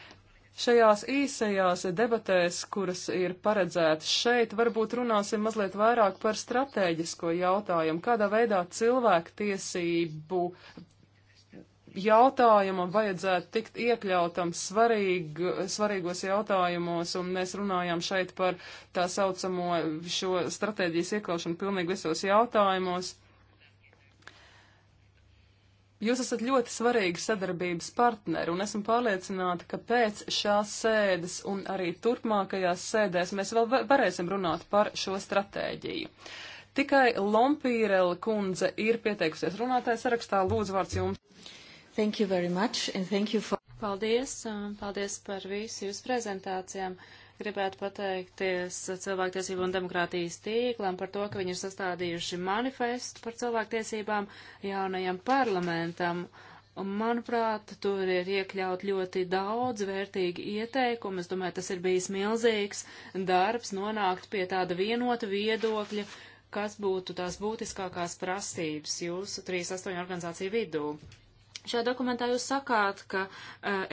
Šajās īsajās debatēs, kuras ir paredzētas šeit, varbūt runāsim mazliet vairāk par strateģisko jautājumu, kādā veidā cilvēku tiesību jautājumam vajadzētu tikt iekļautam svarīg, svarīgos jautājumos, un mēs runājām šeit par tā saucamo šo stratēģijas iekļaušanu pilnīgi visos jautājumos. Jūs esat ļoti svarīgi sadarbības partneri, un esmu pārliecināta, ka pēc šās sēdes un arī turpmākajās sēdēs mēs vēl varēsim runāt par šo stratēģiju. Tikai Lompīrela kundze ir pieteikusies runātāja sarakstā. Lūdzu, vārds jums. Thank you very much and thank you for. Paldies, um, paldies par visu jūsu prezentācijām. Uh, gribētu pateikties cilvēktiesību un demokrātijas tīklam par to, ka viņi ir sastādījuši manifestu par cilvēktiesībām jaunajam parlamentam. Un, manuprāt, tur ir iekļaut ļoti daudz vērtīgi ieteikumi. Es domāju, tas ir bijis milzīgs darbs nonākt pie tāda vienota viedokļa, kas būtu tās būtiskākās prasības jūsu 3-8 organizāciju vidū. Šajā dokumentā jūs sakāt, ka uh,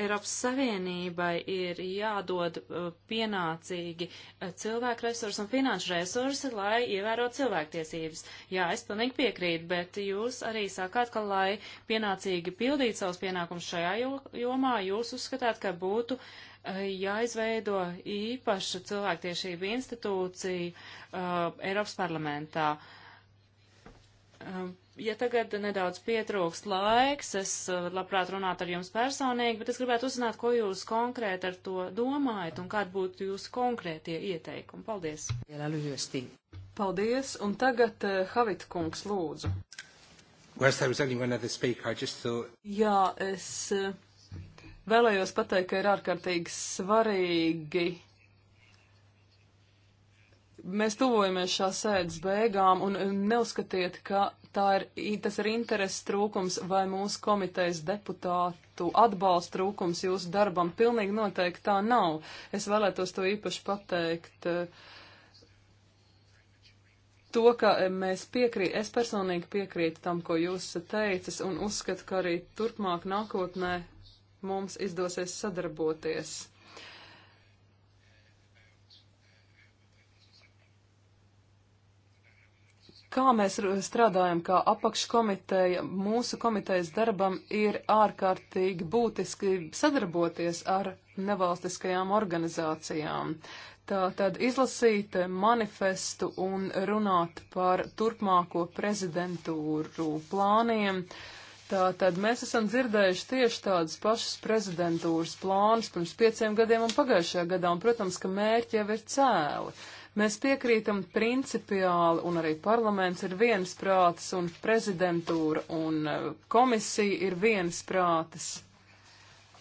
Eiropas Savienībai ir jādod uh, pienācīgi uh, cilvēku resursi un finanšu resursi, lai ievērot cilvēktiesības. Jā, es pilnīgi piekrītu, bet jūs arī sakāt, ka, lai pienācīgi pildītu savus pienākumus šajā jomā, jūs uzskatāt, ka būtu uh, jāizveido īpaša cilvēktiesība institūcija uh, Eiropas parlamentā. Uh, ja tagad nedaudz pietrūkst laiks, es uh, labprāt runātu ar jums personīgi, bet es gribētu uzzināt, ko jūs konkrēti ar to domājat un kādi būtu jūsu konkrētie ieteikumi. Paldies! Paldies, un tagad uh, Havita kungs lūdzu. Jā, es uh, vēlējos pateikt, ka ir ārkārtīgi svarīgi mēs tuvojamies šā sēdes beigām, un uh, neuzskatiet, ka ir, tas ir interesi trūkums vai mūsu komitejas deputātu atbalsta trūkums jūsu darbam. Pilnīgi noteikti tā nav. Es vēlētos to īpaši pateikt. Eh, to, ka eh, mēs piekrīt, es personīgi piekrītu tam, ko jūs teicis, un uzskatu, ka arī turpmāk nākotnē mums izdosies sadarboties. kā mēs strādājam kā apakškomiteja, mūsu komitejas darbam ir ārkārtīgi būtiski sadarboties ar nevalstiskajām organizācijām. Tātad izlasīt manifestu un runāt par turpmāko prezidentūru plāniem. Tātad mēs esam dzirdējuši tieši tādas pašas prezidentūras plānus pirms pieciem gadiem un pagājušajā gadā, un, protams, ka mērķi jau ir cēli. Uh, Mēs piekrītam principiāli, un arī parlaments ir viens prātis, un prezidentūra un eh, komisija ir viens prātis.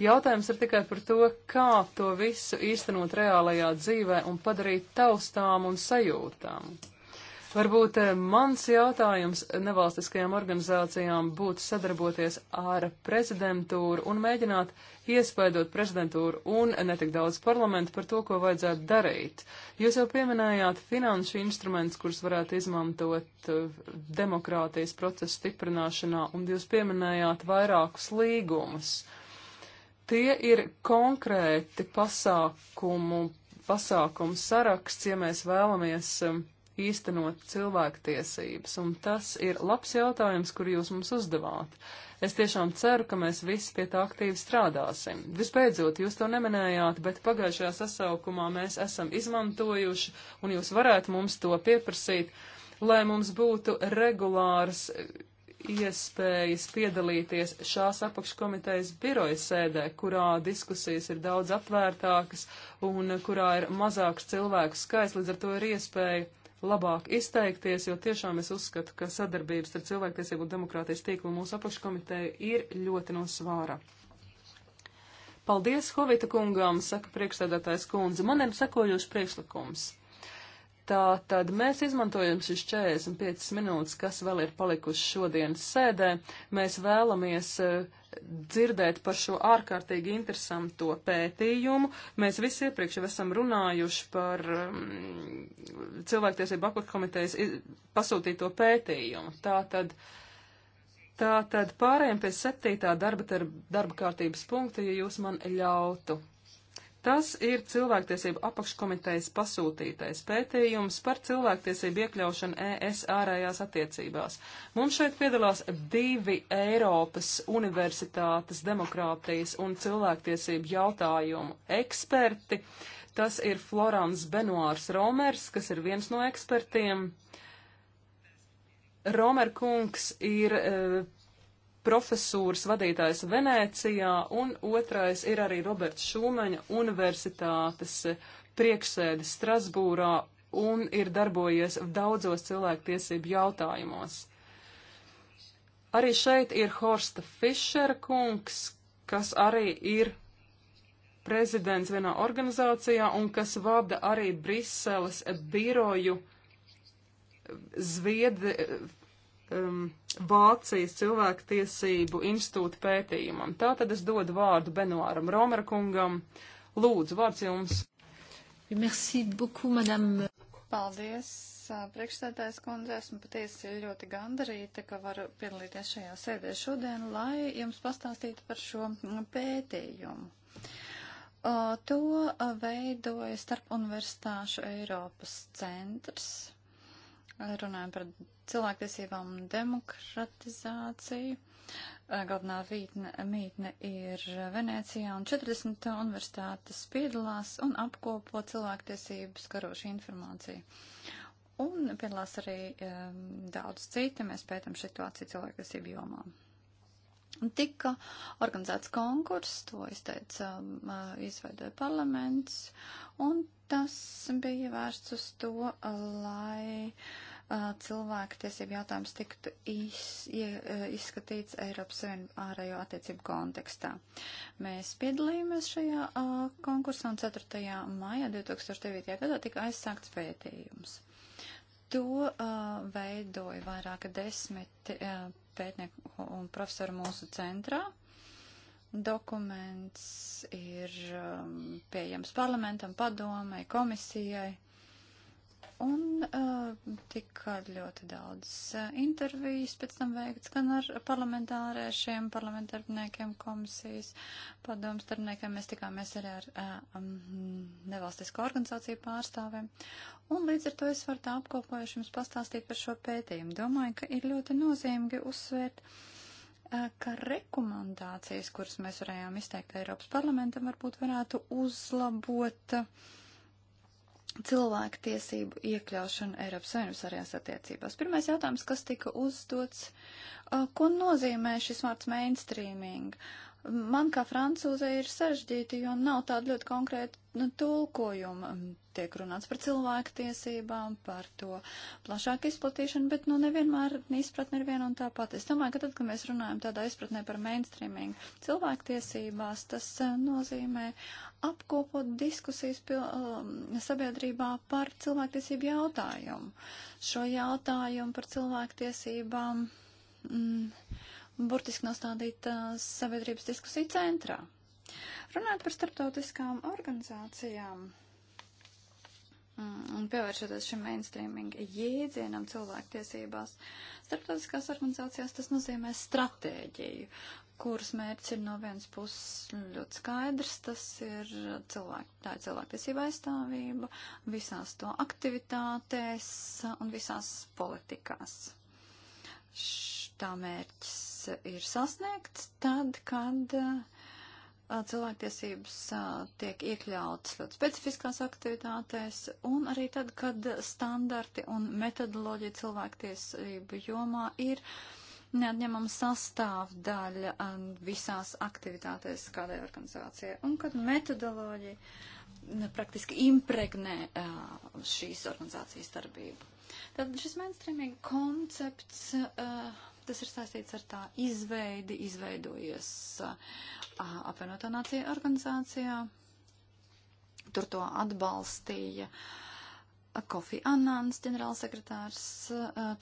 Jautājums ir tikai par to, kā to visu īstenot reālajā dzīvē un padarīt taustām un sajūtām. Varbūt eh, mans jautājums nevalstiskajām organizācijām būtu sadarboties ar prezidentūru un mēģināt iespaidot prezidentūru un netik daudz parlamentu par to, ko vajadzētu darīt. Jūs jau pieminējāt finanšu instruments, kurus varētu izmantot eh, demokrātijas procesu stiprināšanā, un jūs pieminējāt vairākus līgumus. Tie ir konkrēti pasākumu, pasākumu saraksts, ja mēs vēlamies eh, īstenot cilvēktiesības, un tas ir labs jautājums, kur jūs mums uzdevāt. Es tiešām ceru, ka mēs visi pie tā aktīvi strādāsim. Visbeidzot, jūs to neminējāt, bet pagājušajā sasaukumā mēs esam izmantojuši, un jūs varētu mums to pieprasīt, lai mums būtu regulāras iespējas piedalīties šās apakškomitejas biroja sēdē, kurā diskusijas ir daudz atvērtākas un kurā ir mazāks cilvēku skaits, līdz ar to ir iespēja labāk izteikties, jo tiešām es uzskatu, ka sadarbības ar cilvēktiesību un demokrātijas tīklu mūsu apakškomiteju ir ļoti nosvāra. Paldies, Hovita kungām, saka priekšstādātājs kundze. Man ir sekojošs priekšlikums. Tā tad mēs izmantojam šis 45 minūtes, kas vēl ir palikuši šodienas sēdē. Mēs vēlamies uh, dzirdēt par šo ārkārtīgi interesanto pētījumu. Mēs visi iepriekš jau esam runājuši par um, cilvēktiesību apakškomitejas pasūtīto pētījumu. Tā tad, tā tad pārējiem pie septītā darba, darba kārtības punkta, ja jūs man ļautu. Tas ir cilvēktiesību apakškomitejas pasūtītais pētījums par cilvēktiesību iekļaušanu ES ārējās attiecībās. Mums šeit piedalās divi Eiropas universitātes demokrātijas un cilvēktiesību jautājumu eksperti. Tas ir Florans Benoārs Romers, kas ir viens no ekspertiem. Romer kungs ir eh, profesūras vadītājs Venēcijā, un otrais ir arī Roberts Šūmeņa universitātes priekšsēdis Strasbūrā un ir darbojies daudzos cilvēktiesību jautājumos. Arī šeit ir Horsta Fischera kungs, kas arī ir prezidents vienā organizācijā un kas vada arī Briseles biroju Zviedri, um, Vācijas cilvēktiesību institūta pētījumam. Tā tad es dodu vārdu Benoāram Romera kungam. Lūdzu, vārds jums. Merci beaucoup, madame. Paldies, priekšstādājas kundze. Esmu patiesi ļoti gandarīta, ka varu piedalīties šajā sēdē šodien, lai jums pastāstītu par šo pētījumu. To veidoja starp universitāšu Eiropas centrs runājam par cilvēktiesībām un demokratizāciju. Galvenā vītne, mītne ir Venecijā, un 40 universitātes piedalās un apkopo cilvēktiesības karošu informāciju. Un piedalās arī um, daudz citi, mēs pētam situāciju cilvēktiesību jomā. Tika organizēts konkurss, to izteica, um, izveidoja parlaments, un tas bija vērsts uz to, lai uh, cilvēku tiesību jautājums tiktu iz, izskatīts Eiropas Savienību ārējo attiecību kontekstā. Mēs piedalījāmies šajā konkursā un 4. maijā 2009. gadā tika aizsākts pētījums. To veidoja vairāka desmit pētnieku un profesoru mūsu centrā. Dokuments ir pieejams parlamentam, padomai, komisijai Un uh, tika ļoti daudz uh, intervijas pēc tam veikts gan ar parlamentāriešiem, parlamentarniekiem, komisijas, padomus starpniekiem. Mēs tikāmies arī ar uh, um, nevalstisko organizāciju pārstāvēm. Un līdz ar to es varu tā apkopojuši jums pastāstīt par šo pētījumu. Domāju, ka ir ļoti nozīmīgi uzsvērt uh, ka rekomendācijas, kuras mēs varējām izteikt Eiropas parlamentam, varbūt varētu uzlabot uh, cilvēku tiesību iekļaušanu Eiropas Savienības arējās attiecībās. Pirmais jautājums, kas tika uzdots, uh, ko nozīmē šis vārds mainstreaming? Uh, Man kā francūzai ir sarežģīti, jo nav tāda ļoti konkrēta nu, tulkojuma. Tiek runāts par cilvēku tiesībām, par to plašāku izplatīšanu, bet nu nevienmēr izpratne ir viena un tā pati. Es domāju, ka tad, kad mēs runājam tādā izpratnē par mainstreaming cilvēku tiesībās, tas eh, nozīmē apkopot diskusijas pil, um, sabiedrībā par cilvēktiesību jautājumu. Šo jautājumu par cilvēktiesībām. Mm, burtiski nostādīt uh, sabiedrības diskusiju centrā. Runājot par starptautiskām organizācijām mm, un pievēršoties šim mainstreaming jēdzienam cilvēktiesībās, starptautiskās organizācijās tas nozīmē stratēģiju, kuras mērķis ir no vienas puses ļoti skaidrs, tas ir cilvēku, tā ir cilvēktiesība aizstāvība visās to aktivitātēs un visās politikās. Š, tā mērķis ir sasniegts tad, kad uh, cilvēktiesības uh, tiek iekļautas ļoti specifiskās aktivitātēs un arī tad, kad standarti un metodoloģija cilvēktiesību jomā ir neatņemama sastāvdaļa uh, visās aktivitātēs kādai organizācijai. Un kad metodoloģija praktiski impregnē šīs organizācijas darbību. Tad šis mainstreaming koncepts uh, Tas ir saistīts ar tā izveidi, izveidojies apvienotā nācija organizācijā. Tur to atbalstīja Kofi Anans, ģenerālsekretārs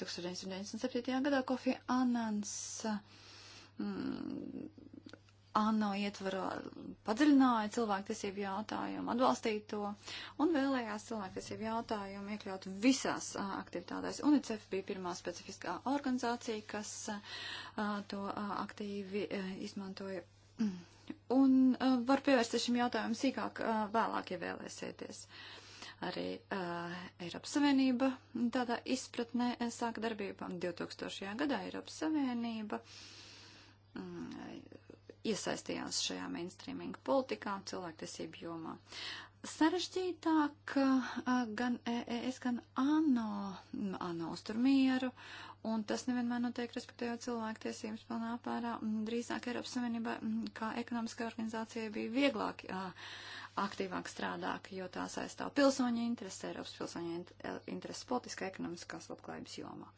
1997. gadā. Kofi Anans. Mm, ANO ietvarā padziļināja cilvēktiesību jautājumu, atbalstīja to un vēlējās cilvēktiesību jautājumu iekļaut visās a, aktivitātēs. UNICEF bija pirmā specifiskā organizācija, kas a, to a, aktīvi izmantoja. Un var pievērsties šim jautājumam sīkāk vēlāk, ja vēlēsieties. Arī uh, Eiropas Savienība tādā izpratnē sāka darbību 2000. gadā Eiropas Savienība. Mm, iesaistījās šajā mainstreaming politikā un cilvēktiesību jomā. Sarežģītāk gan es, e gan ANO, ANO uztur mieru, un tas nevienmēr notiek respektējot cilvēktiesības pilnā apērā. Mm, drīzāk Eiropas Savienībā mm, kā ekonomiskai organizācijai bija vieglāk aktīvāk strādāt, jo tās aizstāv pilsoņu intereses, Eiropas pilsoņu e, intereses politiskā, ekonomiskās labklājības jomā.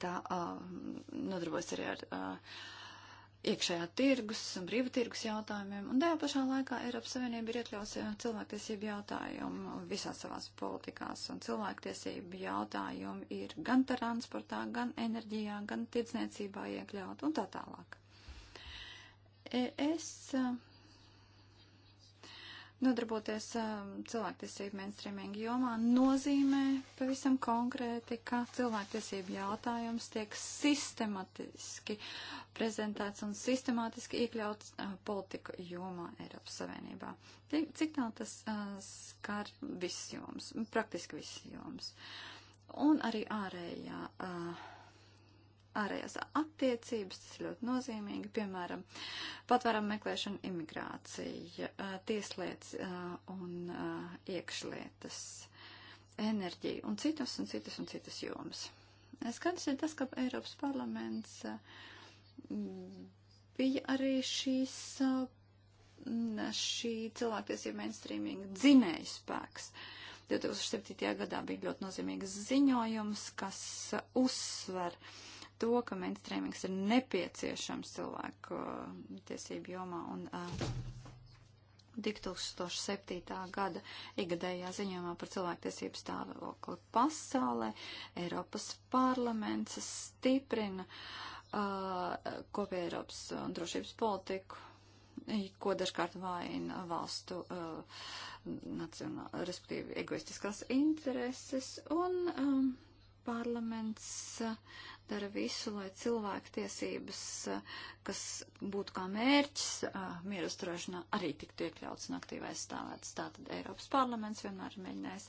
Tā uh, nodarbojas arī ar uh, iekšējā tirgus un brīva tirgus jautājumiem, un tajā pašā laikā Eiropas Savienība ir iekļausi cilvēktiesību jautājumu visās savās politikās, un cilvēktiesību jautājumi ir gan transportā, gan enerģijā, gan tirdzniecībā iekļaut un tā tālāk. E, es Nodarboties um, cilvēktiesību mainstreaming jomā nozīmē pavisam konkrēti, ka cilvēktiesību jautājums tiek sistematiski prezentēts un sistematiski iekļauts uh, politiku jomā Eiropas Savienībā. Tiek, cik tā tas uh, skar viss joms, praktiski viss joms. Un arī ārējā. Uh, ārējās attiecības, tas ir ļoti nozīmīgi, piemēram, patvēram meklēšana, imigrācija, tieslietas un iekšlietas, enerģija un citas un citas un citas jomas. Skats ir tas, ka Eiropas parlaments bija arī šīs, šī cilvēktiesība mainstreaming dzinēja spēks. 2007. gadā bija ļoti nozīmīgs ziņojums, kas uzsver uh, to, ka mainstreamings ir nepieciešams cilvēku uh, tiesību jomā un 2007. Uh, gada igadējā ziņojumā par cilvēktiesību stāvokli pasaulē Eiropas parlaments stiprina uh, kopie Eiropas un uh, drošības politiku, ko dažkārt vaina valstu uh, nacionāla, respektīvi egoistiskās intereses un um, parlaments dara visu, lai cilvēku tiesības, kas būtu kā mērķis mieru uzturēšanā, arī tiktu iekļauts un aktīvi aizstāvēts. Tātad Eiropas parlaments vienmēr mēģinājis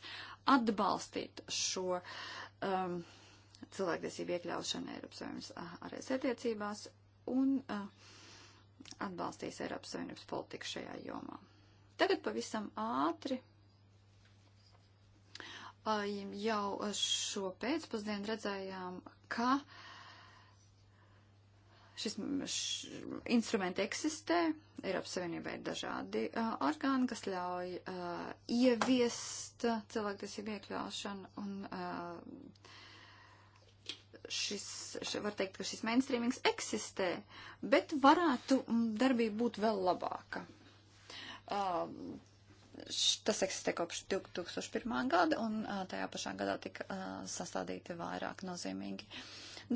atbalstīt šo um, cilvēktiesību iekļaušanu Eiropas Savienības ārēs attiecībās un uh, atbalstīs Eiropas Savienības politiku šajā jomā. Tagad pavisam ātri jau šo pēcpusdienu redzējām, ka šis š, instrumenti eksistē, Eiropas Savienībā ir dažādi uh, orgāni, kas ļauj uh, ieviest cilvēktiesību iekļaušanu un uh, šis, še, var teikt, ka šis mainstreamings eksistē, bet varētu darbība būt vēl labāka. Uh, Tas eksistē kopš 2001. gada, un tajā pašā gadā tika sastādīti vairāk nozīmīgi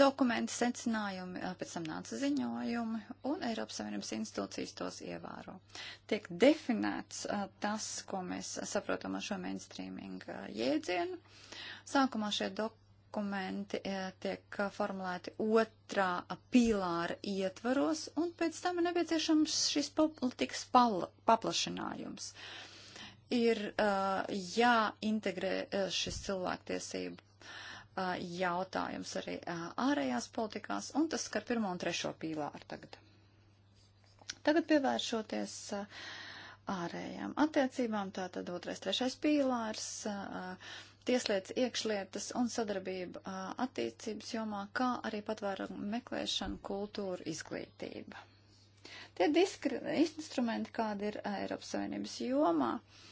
dokumenti, secinājumi, pēc tam nāca ziņojumi, un Eiropas Savienības institūcijas tos ievēro. Tiek definēts tas, ko mēs saprotam ar šo mainstreaming jēdzienu. Sākumā šie dokumenti tiek formulēti otrā pīlāra ietvaros, un pēc tam ir nepieciešams šis politikas paplašinājums. Uh, ir uh, jāintegrē uh, šis cilvēktiesību uh, jautājums arī uh, ārējās politikās, un tas skar pirmo un trešo pīlāru tagad. Tagad pievēršoties uh, ārējām attiecībām, tātad otrais, trešais pīlārs, uh, tieslietas, iekšlietas un sadarbība uh, attīstības jomā, kā arī patvērumu meklēšana, kultūra, izglītība. Tie diskri, instrumenti, kādi ir uh, Eiropas Savienības jomā, uh,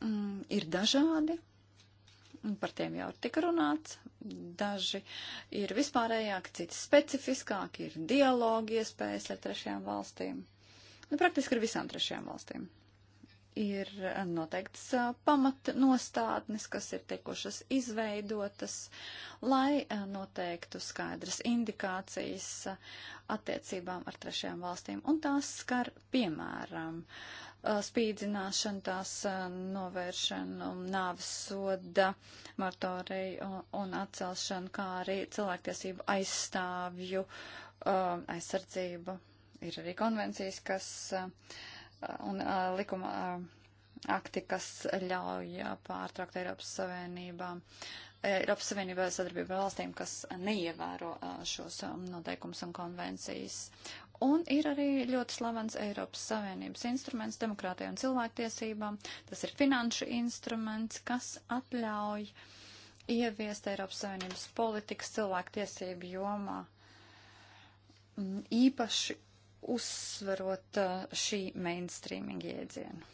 mm, ir dažādi. Par tiem jau tika runāts. Daži ir vispārējāki, citi specifiskāki, ir dialogi iespējas ar trešajām valstīm. Nu, praktiski ar visām trešajām valstīm. Ir eh, noteikts uh, pamatnostādnes, kas ir tikušas izveidotas, lai uh, noteiktu skaidras indikācijas uh, attiecībām ar trešajām valstīm. Un tās skar, piemēram, uh, Uh, spīdzināšanu, tās uh, novēršanu, nāves soda, martoriju un atcelšanu, kā arī cilvēktiesību aizstāvju uh, aizsardzību. Ir arī konvencijas, kas un likuma akti, kas ļauj pārtraukt Eiropas Savienībā. Eiropas Savienībā sadarbība ar valstīm, kas neievēro šos um, noteikumus un konvencijas. Un ir arī ļoti slavens Eiropas Savienības instruments demokrātijai un cilvēktiesībām. Tas ir finanšu instruments, kas atļauj ieviest Eiropas Savienības politikas cilvēktiesību jomā. Mm, īpaši uzsverot uh, šī mainstreaming iedzienu.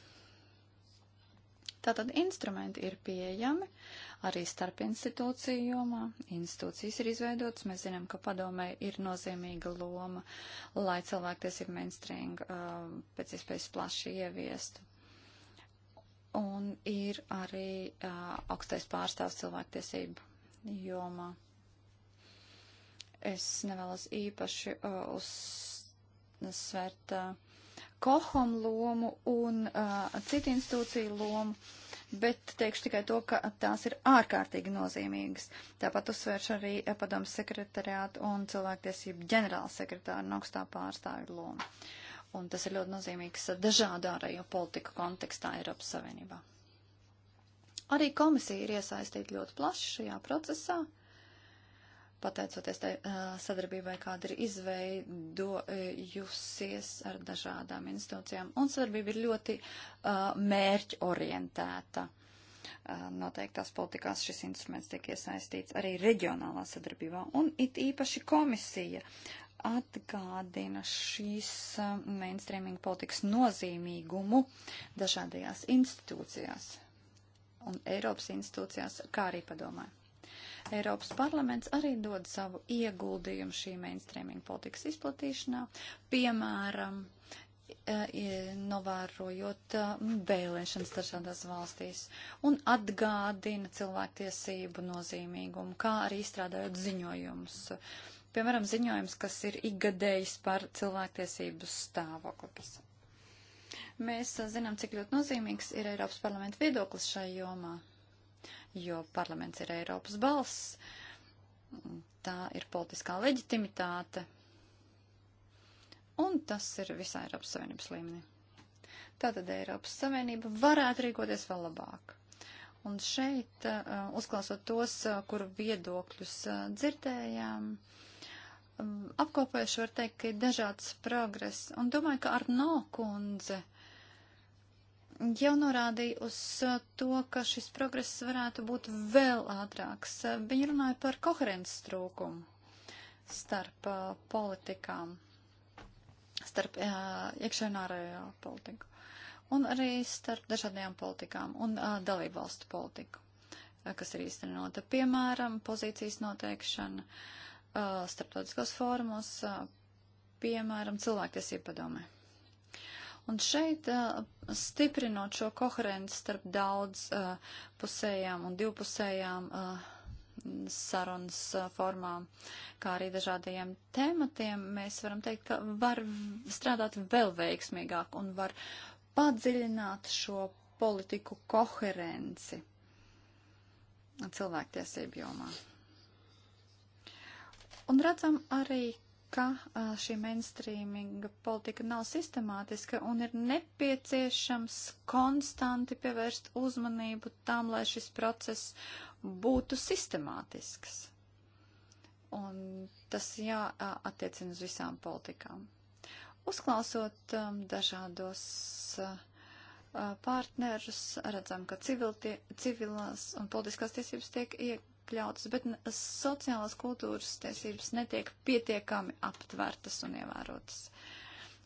Tātad instrumenti ir pieejami arī starp institūciju jomā. Institūcijas ir izveidotas, mēs zinām, ka padomē ir nozīmīga loma, lai cilvēktiesību mainstream uh, pēc iespējas plaši ieviestu. Un ir arī uh, augstais pārstāvs cilvēktiesību jomā. Es nevēlas īpaši uh, uzsvērt. Uh, Kohom lomu un uh, citu institūciju lomu, bet teikšu tikai to, ka tās ir ārkārtīgi nozīmīgas. Tāpat uzsvērš arī uh, padomu sekretariātu un cilvēktiesību ģenerāla sekretāra un augstā pārstāvju lomu. Un tas ir ļoti nozīmīgs uh, dažādu ārējo politiku kontekstā Eiropas Savienībā. Arī komisija ir iesaistīta ļoti plaši šajā procesā. Uh, pateicoties tai sadarbībai, kāda ir izveidojusies ar dažādām institūcijām. Un sadarbība ir ļoti mērķorientēta. Noteiktās politikās šis instruments tiek iesaistīts arī reģionālā sadarbībā, un it īpaši komisija atgādina šīs mainstreaming politikas nozīmīgumu dažādajās institūcijās un Eiropas institūcijās, kā arī padomāju. Eiropas parlaments arī dod savu ieguldījumu šī mainstreaming politikas izplatīšanā, piemēram, e, e, novērojot e, vēlēšanas dažādās valstīs un atgādina cilvēktiesību nozīmīgumu, kā arī izstrādājot ziņojumus. Piemēram, ziņojums, kas ir ikgadējs par cilvēktiesību stāvokli. Mēs zinām, cik ļoti nozīmīgs ir Eiropas parlamenta viedoklis šai jomā jo parlaments ir Eiropas balss, tā ir politiskā leģitimitāte, un tas ir visā Eiropas Savienības līmenī. Tātad Eiropas Savienība varētu rīkoties vēl labāk. Un šeit, uh, uzklausot tos, uh, kuru viedokļus uh, dzirdējām, um, apkopojuši var teikt, ka ir dažāds progress. Un domāju, ka Arno kundze uh, jau norādīja uz uh, to, ka šis progress varētu būt vēl ātrāks. Uh, viņi runāja par koherences trūkumu starp uh, politikām, starp uh, iekšējā un ārējā politiku, un arī starp dažādajām politikām un uh, dalībvalstu politiku, uh, kas ir īstenota, piemēram, pozīcijas noteikšana starptautiskos fórumos, piemēram, cilvēktiesību padomē. Un šeit stiprinot šo koherenci starp daudz pusējām un divpusējām sarunas formām, kā arī dažādajiem tematiem, mēs varam teikt, ka var strādāt vēl veiksmīgāk un var padziļināt šo politiku koherenci cilvēktiesību jomā. Un redzam arī, ka šī mainstreaminga politika nav sistemātiska un ir nepieciešams konstanti pievērst uzmanību tam, lai šis process būtu sistemātisks. Un tas jāattiecina uz visām politikām. Uzklausot um, dažādos uh, partnerus, redzam, ka civiltie, civilās un politiskās tiesības tiek iekļautas iekļautas, bet sociālās kultūras tiesības netiek pietiekami aptvertas un ievērotas.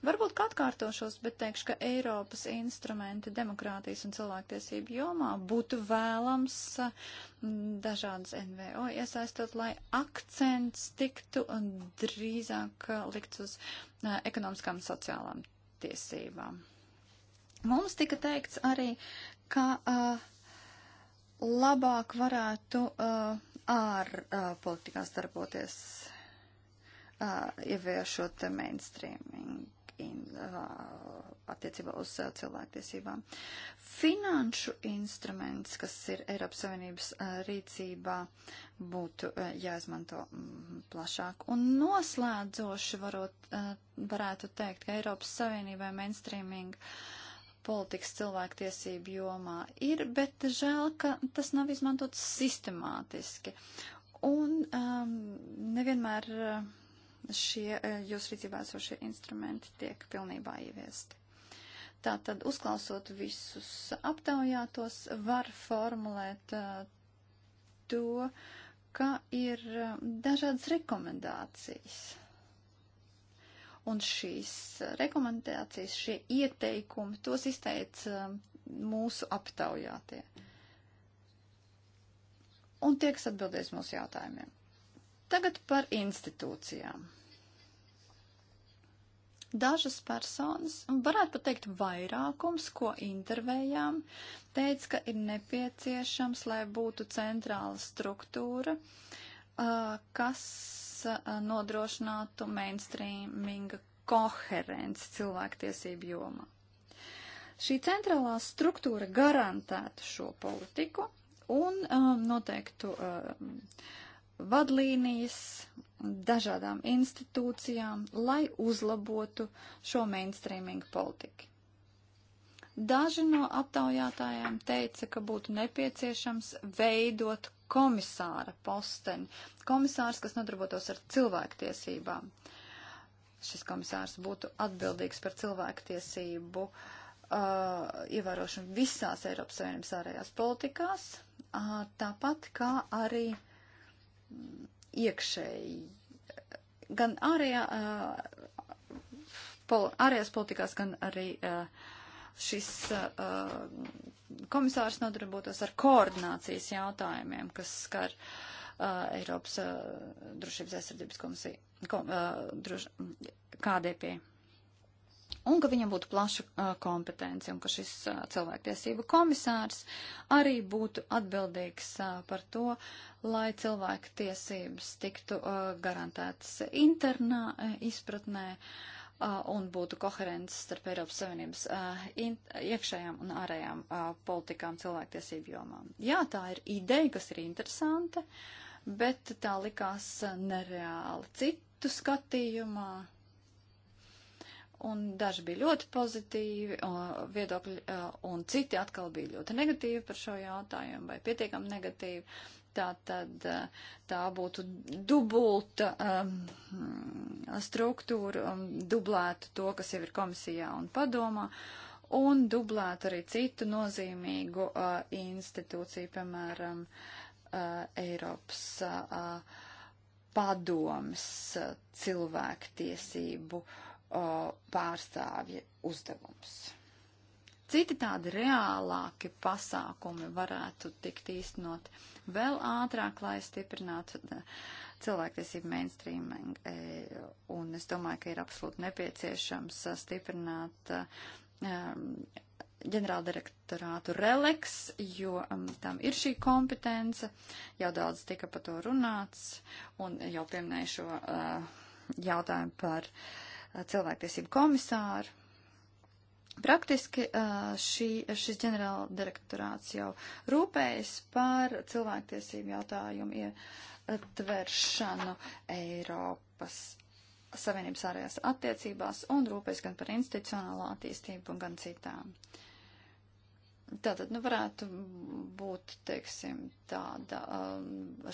Varbūt kā atkārtošos, bet teikšu, ka Eiropas instrumenti demokrātijas un cilvēktiesību jomā būtu vēlams dažādas NVO iesaistot, lai akcents tiktu drīzāk likts uz ekonomiskām un sociālām tiesībām. Mums tika teikts arī, ka uh, labāk varētu uh, ārpolitikās uh, darboties, uh, ieviešot mainstreaming in, uh, attiecībā uz uh, cilvēktiesībām. Finanšu instruments, kas ir Eiropas Savienības uh, rīcībā, būtu uh, jāizmanto mm, plašāk. Un noslēdzoši varot, uh, varētu teikt, ka Eiropas Savienībai mainstreaming uh, politikas cilvēktiesību jomā ir, bet žēl, ka tas nav izmantots sistemātiski. Un um, nevienmēr uh, šie uh, jūs rīcībā esošie instrumenti tiek pilnībā ieviesti. Tātad, uzklausot visus aptaujātos, var formulēt uh, to, ka ir uh, dažādas rekomendācijas Un šīs rekomendācijas, šie ieteikumi, tos izteica um, mūsu aptaujātie. Un tie, kas atbildēs mūsu jautājumiem. Tagad par institūcijām. Dažas personas, varētu pat teikt vairākums, ko intervējām, teica, ka ir nepieciešams, lai būtu centrāla struktūra, uh, kas nodrošinātu mainstreaminga koherenci cilvēktiesību jomā. Šī centrālā struktūra garantētu šo politiku un um, noteiktu um, vadlīnijas dažādām institūcijām, lai uzlabotu šo mainstreaminga politiku. Daži no aptaujātājiem teica, ka būtu nepieciešams veidot komisāra posteni. Komisārs, kas nodarbotos ar cilvēktiesībām. Šis komisārs būtu atbildīgs par cilvēktiesību uh, ievērošanu visās Eiropas Savienības ārējās politikās, uh, tāpat kā arī mm, iekšēji, gan ārējā, uh, pol, ārējās politikās, gan arī uh, šis uh, komisārs nodarbotos ar koordinācijas jautājumiem, kas skar uh, Eiropas uh, drošības aizsardzības komisiju, kom, uh, droš, KDP. Un ka viņam būtu plaša uh, kompetence, un ka šis uh, cilvēktiesību komisārs arī būtu atbildīgs uh, par to, lai cilvēku tiesības tiktu uh, garantētas internā uh, izpratnē. Uh, un būtu koherents starp Eiropas Savienības iekšējām un ārējām politikām cilvēktiesību jomā. Jā, tā ir ideja, kas ir interesanta, bet tā likās nereāli citu skatījumā. Un daži bija ļoti pozitīvi viedokļi, un citi atkal bija ļoti negatīvi par šo jautājumu vai pietiekami negatīvi. Tā tad eh, tā būtu dubulta um, struktūra, um, dublētu to, kas jau ir komisijā un padomā, un dublētu arī citu nozīmīgu uh, institūciju, piemēram, uh, Eiropas uh, padomas cilvēktiesību uh, pārstāvja uzdevums. Citi tādi reālāki pasākumi varētu tikt īstenot vēl ātrāk, lai stiprinātu eh, cilvēktiesību mainstreaming. Eh, un es domāju, ka ir absolūti nepieciešams stiprināt eh, ģenerāldirektorātu releks, jo um, tam ir šī kompetence, jau daudz tika par to runāts, un jau pieminēju šo uh, jautājumu par uh, cilvēktiesību komisāru. Praktiski šī, šis ģenerāla direktorāts jau rūpējas par cilvēktiesību jautājumu ietveršanu Eiropas Savienības ārējās attiecībās un rūpēs gan par institucionālo attīstību, gan citām. Tātad, nu, varētu būt, teiksim, tāda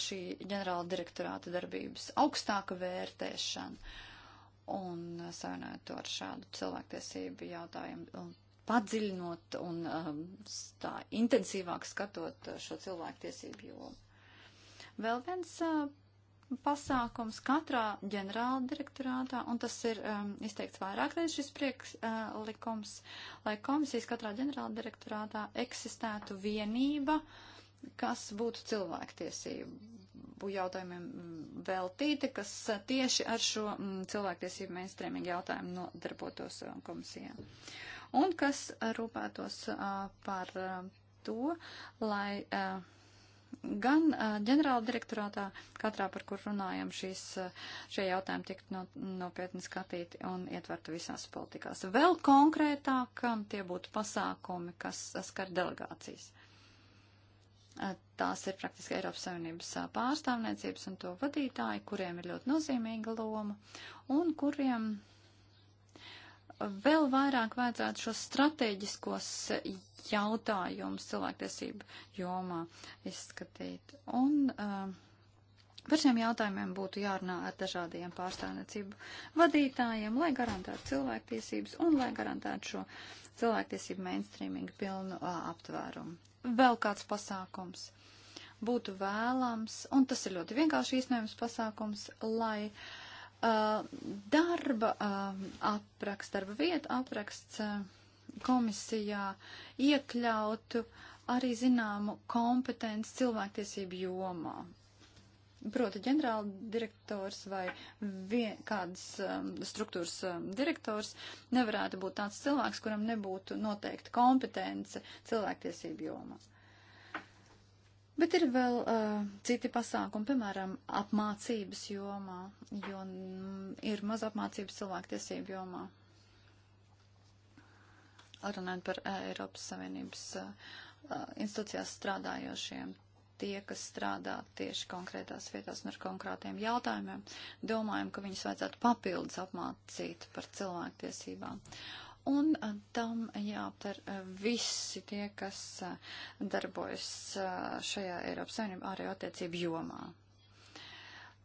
šī ģenerāla direktorāta darbības augstāka vērtēšana un savienojot to ar šādu cilvēktiesību jautājumu, padziļinot un um, tā intensīvāk skatot uh, šo cilvēktiesību jomu. Vēl viens uh, pasākums katrā ģenerāla direktorātā, un tas ir um, izteikts vairāk reiz šis priekšlikums, uh, lai komisijas katrā ģenerāla direktorātā eksistētu vienība, kas būtu cilvēktiesību abu jautājumiem mm, veltīti, kas e, tieši ar šo mm, cilvēktiesību mainstreaming jautājumu nodarbotos e, komisijā. Un kas e, rūpētos par to, lai gan ģenerāla direktorātā, katrā par kur runājam, šīs, šie jautājumi tikt no, nopietni skatīti un ietvert visās politikās. Vēl konkrētāk, tie būtu pasākumi, kas skar delegācijas. Eh, tās ir praktiski Eiropas Savienības eh, pārstāvniecības un to vadītāji, kuriem ir ļoti nozīmīga loma un kuriem vēl vairāk vajadzētu šos strateģiskos eh, jautājumus cilvēktiesību jomā izskatīt. Un uh, par šiem jautājumiem būtu jārunā ar dažādiem pārstāvniecību vadītājiem, lai garantētu cilvēktiesības un lai garantētu šo cilvēktiesību mainstreamingu pilnu uh, aptvērumu vēl kāds pasākums būtu vēlams, un tas ir ļoti vienkārši īstenojams pasākums, lai uh, darba uh, apraksts, darba vieta apraksts uh, komisijā iekļautu arī zināmu kompetenci cilvēktiesību jomā proti ģenerāla direktors vai vien, kādas um, struktūras um, direktors nevarētu būt tāds cilvēks, kuram nebūtu noteikta kompetence cilvēktiesību jomā. Bet ir vēl uh, citi pasākumi, piemēram, apmācības jomā, jo mm, ir maz apmācības cilvēktiesību jomā. Runājot par uh, Eiropas Savienības uh, uh institūcijās strādājošiem, tie, kas strādā tieši konkrētās vietās un ar konkrētiem jautājumiem, domājam, ka viņus vajadzētu papildus apmācīt par cilvēktiesībām. Un tam jāaptver visi tie, kas darbojas šajā Eiropas Savienībā ārējo attiecību jomā.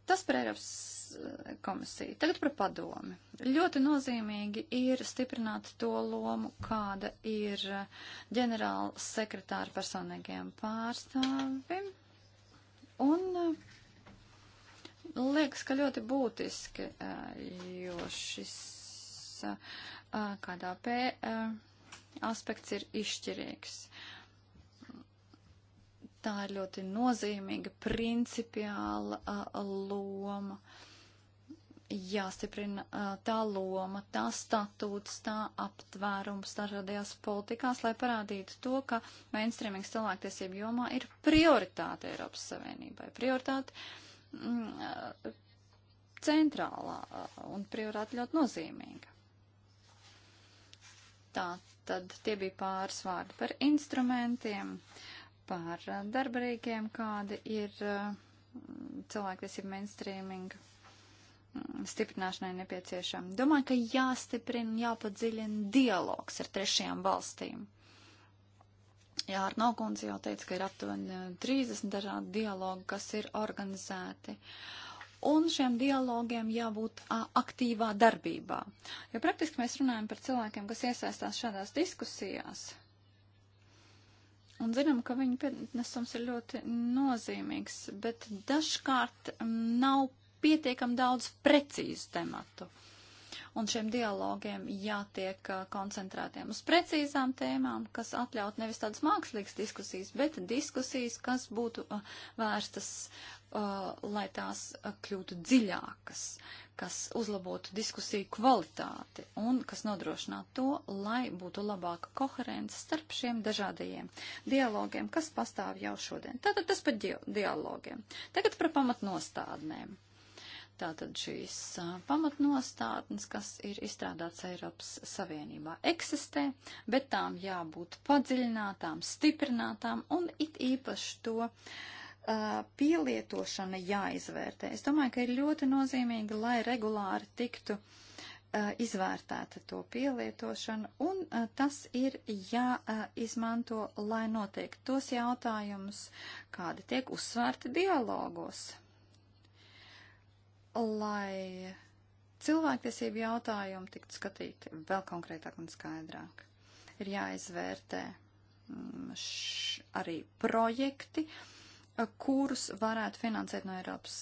Tas par Eiropas eh, komisiju. Tagad par padomi. Ļoti nozīmīgi ir stiprināt to lomu, kāda ir eh, ģenerāla sekretāra personīgajiem pārstāvim. Un eh, liekas, ka ļoti būtiski, jo šis KDP aspekts ir izšķirīgs. Uh, Tā ir ļoti nozīmīga, principiāla a, loma. Jāstiprina a, tā loma, tā statūts, tā aptvērums dažādajās politikās, lai parādītu to, ka mainstreamings cilvēktiesību jomā ir prioritāte Eiropas Savienībai. Prioritāte mm, centrālā un prioritāte ļoti nozīmīga. Tā tad tie bija pāris vārdi par instrumentiem. Uh, par eh, darbarīkiem, kādi ir eh, cilvēktiesību mainstreaming mm, stiprināšanai nepieciešami. Domāju, ka jāstiprina, jāpadziļina dialogs ar trešajām valstīm. Jā, ar Nokundzi jau teica, ka ir aptuveni 30 eh, dažādi dialogi, kas ir organizēti. Un šiem dialogiem jābūt a, aktīvā darbībā. Jo praktiski mēs runājam par cilvēkiem, kas iesaistās šādās diskusijās, Un zinām, ka viņa pienesums ir ļoti nozīmīgs, bet dažkārt nav pietiekam daudz precīzu tematu. Un šiem dialogiem jātiek koncentrētiem uz precīzām tēmām, kas atļaut nevis tādas mākslīgas diskusijas, bet diskusijas, kas būtu vērstas Uh, lai tās uh, kļūtu dziļākas, kas uzlabotu diskusiju kvalitāti un kas nodrošinātu to, lai būtu labāka koherence starp šiem dažādajiem dialogiem, kas pastāv jau šodien. Tātad tas par dialogiem. Tagad par pamatnostādnēm. Tātad šīs uh, pamatnostādnes, kas ir izstrādāts Eiropas Savienībā, eksistē, bet tām jābūt padziļinātām, stiprinātām un it īpaši to uh, uh, pielietošana jāizvērtē. Es domāju, ka ir ļoti nozīmīgi, lai regulāri tiktu uh, izvērtēta to pielietošana, un uh, tas ir jāizmanto, lai notiek tos jautājumus, kādi tiek uzsvērti dialogos. Lai cilvēktiesību jautājumi tiktu skatīti vēl konkrētāk un skaidrāk. Ir jāizvērtē mm, arī projekti, uh, kurus varētu finansēt no Eiropas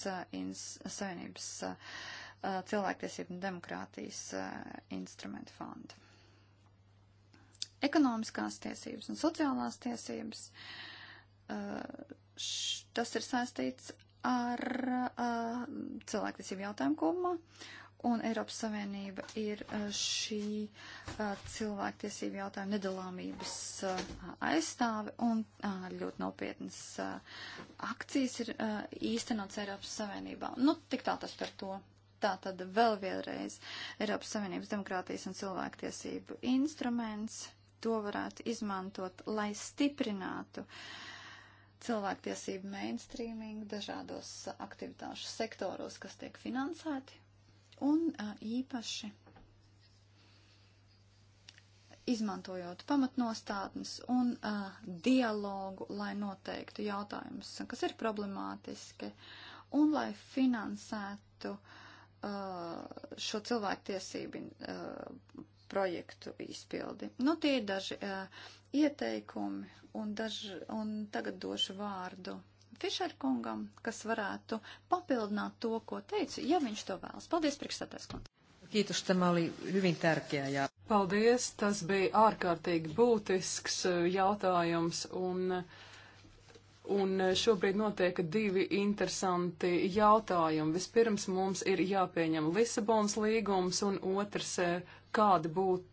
Savienības cilvēktiesību un demokrātijas instrumentu fonda. Ekonomiskās tiesības un sociālās tiesības, tas ir saistīts ar cilvēktiesību jautājumu kopumā Un Eiropas Savienība ir eh, šī eh, cilvēktiesība jautājuma nedalāmības eh, aizstāve un ļoti nopietnas akcijas ir īstenots Eiropas Savienībā. Nu, tik tā tas par to. Tā tad vēl vienreiz Eiropas Savienības demokrātijas un cilvēktiesību instruments to varētu izmantot, lai stiprinātu cilvēktiesību mainstreaming dažādos aktivitāšu sektoros, kas tiek finansēti un īpaši izmantojot pamatnostādnes un uh, dialogu, lai noteiktu jautājumus, kas ir problemātiski, un lai finansētu uh, šo cilvēktiesību uh, projektu izpildi. Nu, tie ir daži uh, ieteikumi, un, daži, un tagad došu vārdu Fišerkungam, kas varētu papildināt to, ko teicu, ja viņš to vēlas. Paldies, priekšstādājs kundze. Kītus, tämä oli hyvin tärkeä. Ja... Paldies, tas bija ārkārtīgi būtisks eh, jautājums un. Un eh, šobrīd notiek divi interesanti jautājumi. Vispirms mums ir jāpieņem Lisabonas līgums, un otrs, eh, kāda būtu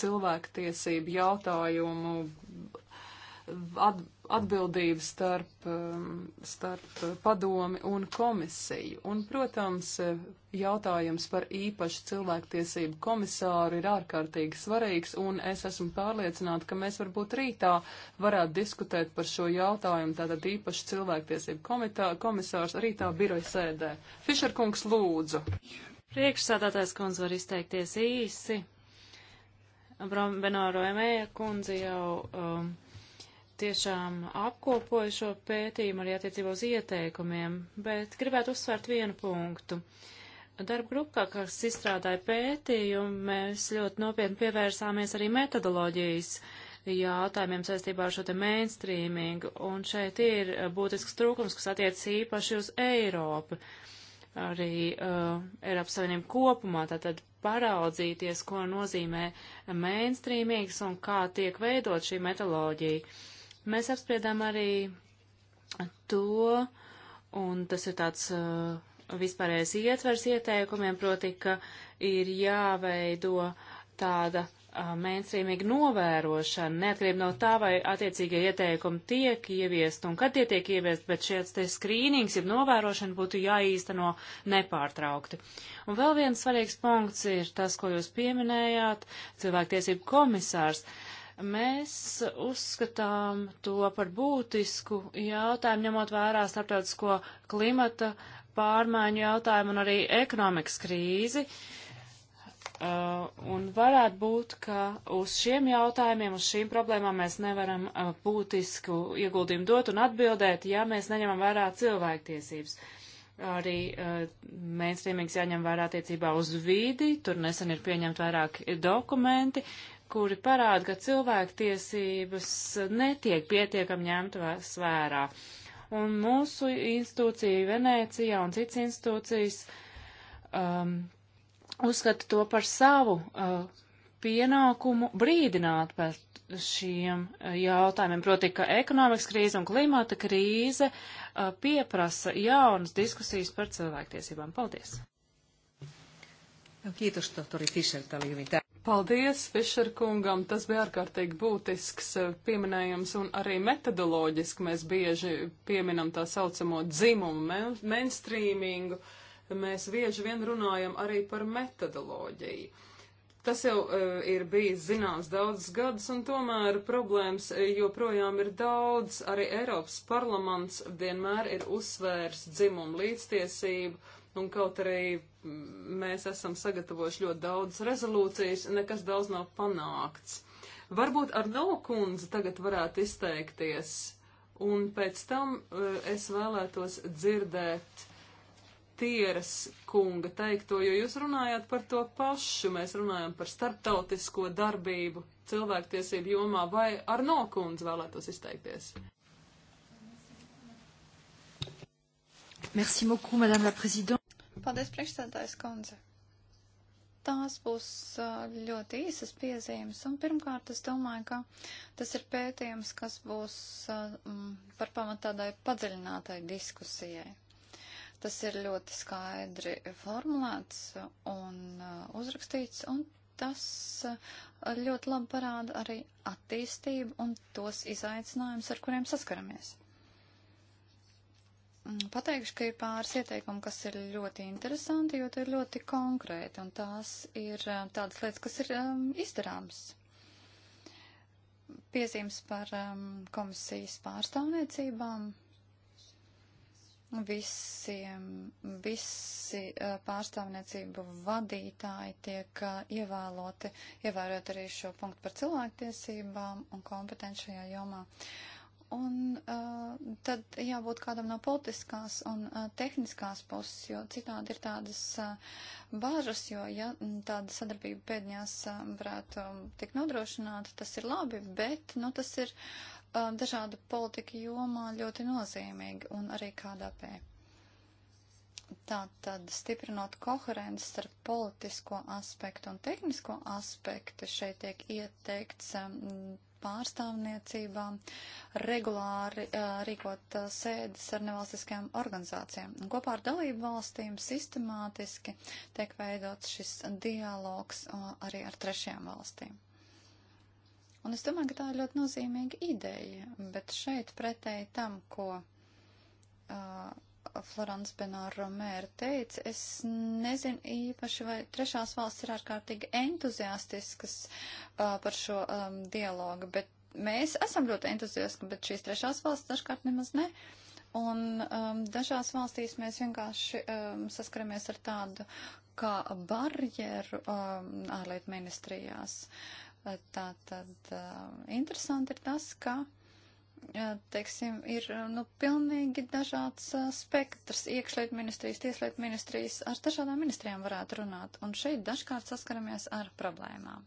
cilvēktiesību jautājumu atbildību starp, um, starp padomi un komisiju. Un, protams, jautājums par īpašu cilvēktiesību komisāru ir ārkārtīgi svarīgs, un es esmu pārliecināta, ka mēs varbūt rītā varētu diskutēt par šo jautājumu. Tātad īpaši cilvēktiesību komitā, komisārs rītā biroja sēdē. Fišerkungs, lūdzu. Priekšsādātājs kundze var izteikties īsi. Brom Benoro Emēja kundze jau. Um, tiešām apkopoju šo pētījumu arī attiecībā uz ieteikumiem, bet gribētu uzsvērt vienu punktu. Darba grupā, kas izstrādāja pētījumu, mēs ļoti nopietni pievērsāmies arī metodoloģijas jautājumiem saistībā ar šo te mainstreamingu, un šeit ir būtisks trūkums, kas attiecas īpaši uz Eiropu, arī uh, Eiropas Savienību kopumā, tātad paraudzīties, ko nozīmē mainstreamings un kā tiek veidot šī metodoloģija. Uh, Mēs apspriedām arī to, un tas ir tāds uh, vispārējais ietvers ieteikumiem, proti, ka ir jāveido tāda uh, mainstreamīga novērošana, neatkarība no tā, vai attiecīgie ieteikumi tiek ieviest un kad tie tiek ieviest, bet šie te skrīnings, jeb novērošana būtu jāīsteno nepārtraukti. Un vēl viens svarīgs punkts ir tas, ko jūs pieminējāt, cilvēktiesību komisārs. Uh, Mēs uzskatām to par būtisku jautājumu, ņemot vērā starptautisko klimata pārmaiņu jautājumu un arī ekonomikas krīzi. Uh, un varētu būt, ka uz šiem jautājumiem, uz šīm problēmām mēs nevaram uh, būtisku ieguldījumu dot un atbildēt, ja mēs neņemam vērā cilvēktiesības. Arī uh, mainstreamings jāņem vērā attiecībā uz vīdi, tur nesen ir pieņemt vairāk dokumenti, uh, kuri parāda, ka cilvēktiesības netiek pietiekam ņemt vērā. Un mūsu institūcija Venecijā un cits institūcijas um, uzskata to par savu uh, pienākumu brīdināt par šiem uh, jautājumiem. Proti, ka ekonomikas krīze un klimata krīze uh, pieprasa jaunas diskusijas par cilvēktiesībām. Paldies! Kiitos, tohtori Fischer. Tämä oli hyvin tärkeä. Paldies Fišerkungam, tas bija ārkārtīgi būtisks eh, pieminējums un arī metodoloģiski mēs bieži pieminam tā saucamo dzimumu mainstreamingu. Mēs bieži vien runājam arī par metodoloģiju. Tas jau uh, ir bijis zināms daudzus gadus, un tomēr problēmas eh, joprojām ir daudz. Arī Eiropas parlaments vienmēr ir uzsvērs dzimumu līdztiesību, un kaut arī mēs esam sagatavojuši ļoti daudz rezolūcijas, nekas daudz nav panākts. Varbūt ar Nokundzi tagad varētu izteikties, un pēc tam e, es vēlētos dzirdēt Tieras kunga teikto, jo jūs runājāt par to pašu, mēs runājam par starptautisko darbību cilvēktiesību jomā, vai ar Nokundzi vēlētos izteikties? Merci beaucoup, Madame la Présidente. Paldies, priekšstādājas kundze. Tās būs ļoti īsas piezīmes, un pirmkārt es domāju, ka tas ir pētījums, kas būs par pamatu tādai padziļinātai diskusijai. Tas ir ļoti skaidri formulēts un uzrakstīts, un tas ļoti labi parāda arī attīstību un tos izaicinājumus, ar kuriem saskaramies. Mm, pateikšu, ka ir pāris ieteikumi, kas ir ļoti interesanti, jo tie ir ļoti konkrēti, un tās ir eh, tādas lietas, kas ir um, izdarāmas. Piezīmes par um, komisijas pārstāvniecībām. Visiem, visi uh, pārstāvniecību vadītāji tiek uh, ievēloti, ievērot arī šo punktu par cilvēktiesībām un kompetenci šajā jomā. Uh, un uh, tad jābūt kādam no politiskās un uh, tehniskās puses, jo citādi ir tādas uh, bāžas, jo ja tāda sadarbība pēdējās uh, varētu um, tik nodrošināta, tas ir labi, bet nu, tas ir uh, dažādu politiku jomā ļoti nozīmīgi un arī KDP. Tā tad stiprinot koherenci starp politisko aspektu un tehnisko aspektu, šeit tiek ieteikts um, pārstāvniecībām, regulāri rīkot sēdes ar nevalstiskajām organizācijām. Un kopā ar dalību valstīm sistemātiski tiek veidots šis dialogs arī ar trešajām valstīm. Un es domāju, ka tā ir ļoti nozīmīga ideja, bet šeit pretēji tam, ko. Uh, Florence Benoromēra teica, es nezinu īpaši, vai trešās valsts ir ārkārtīgi entuziastiskas uh, par šo um, dialogu, bet mēs esam ļoti entuziastiski, bet šīs trešās valsts dažkārt nemaz ne. Un um, dažās valstīs mēs vienkārši um, saskaramies ar tādu kā barjeru um, ārlietu ministrijās. Tā tad um, interesanti ir tas, ka teiksim, ir nu, pilnīgi dažāds spektrs. Iekšlietu ministrijas, tieslietu ministrijas ar dažādām ministrijām varētu runāt. Un šeit dažkārt saskaramies ar problēmām.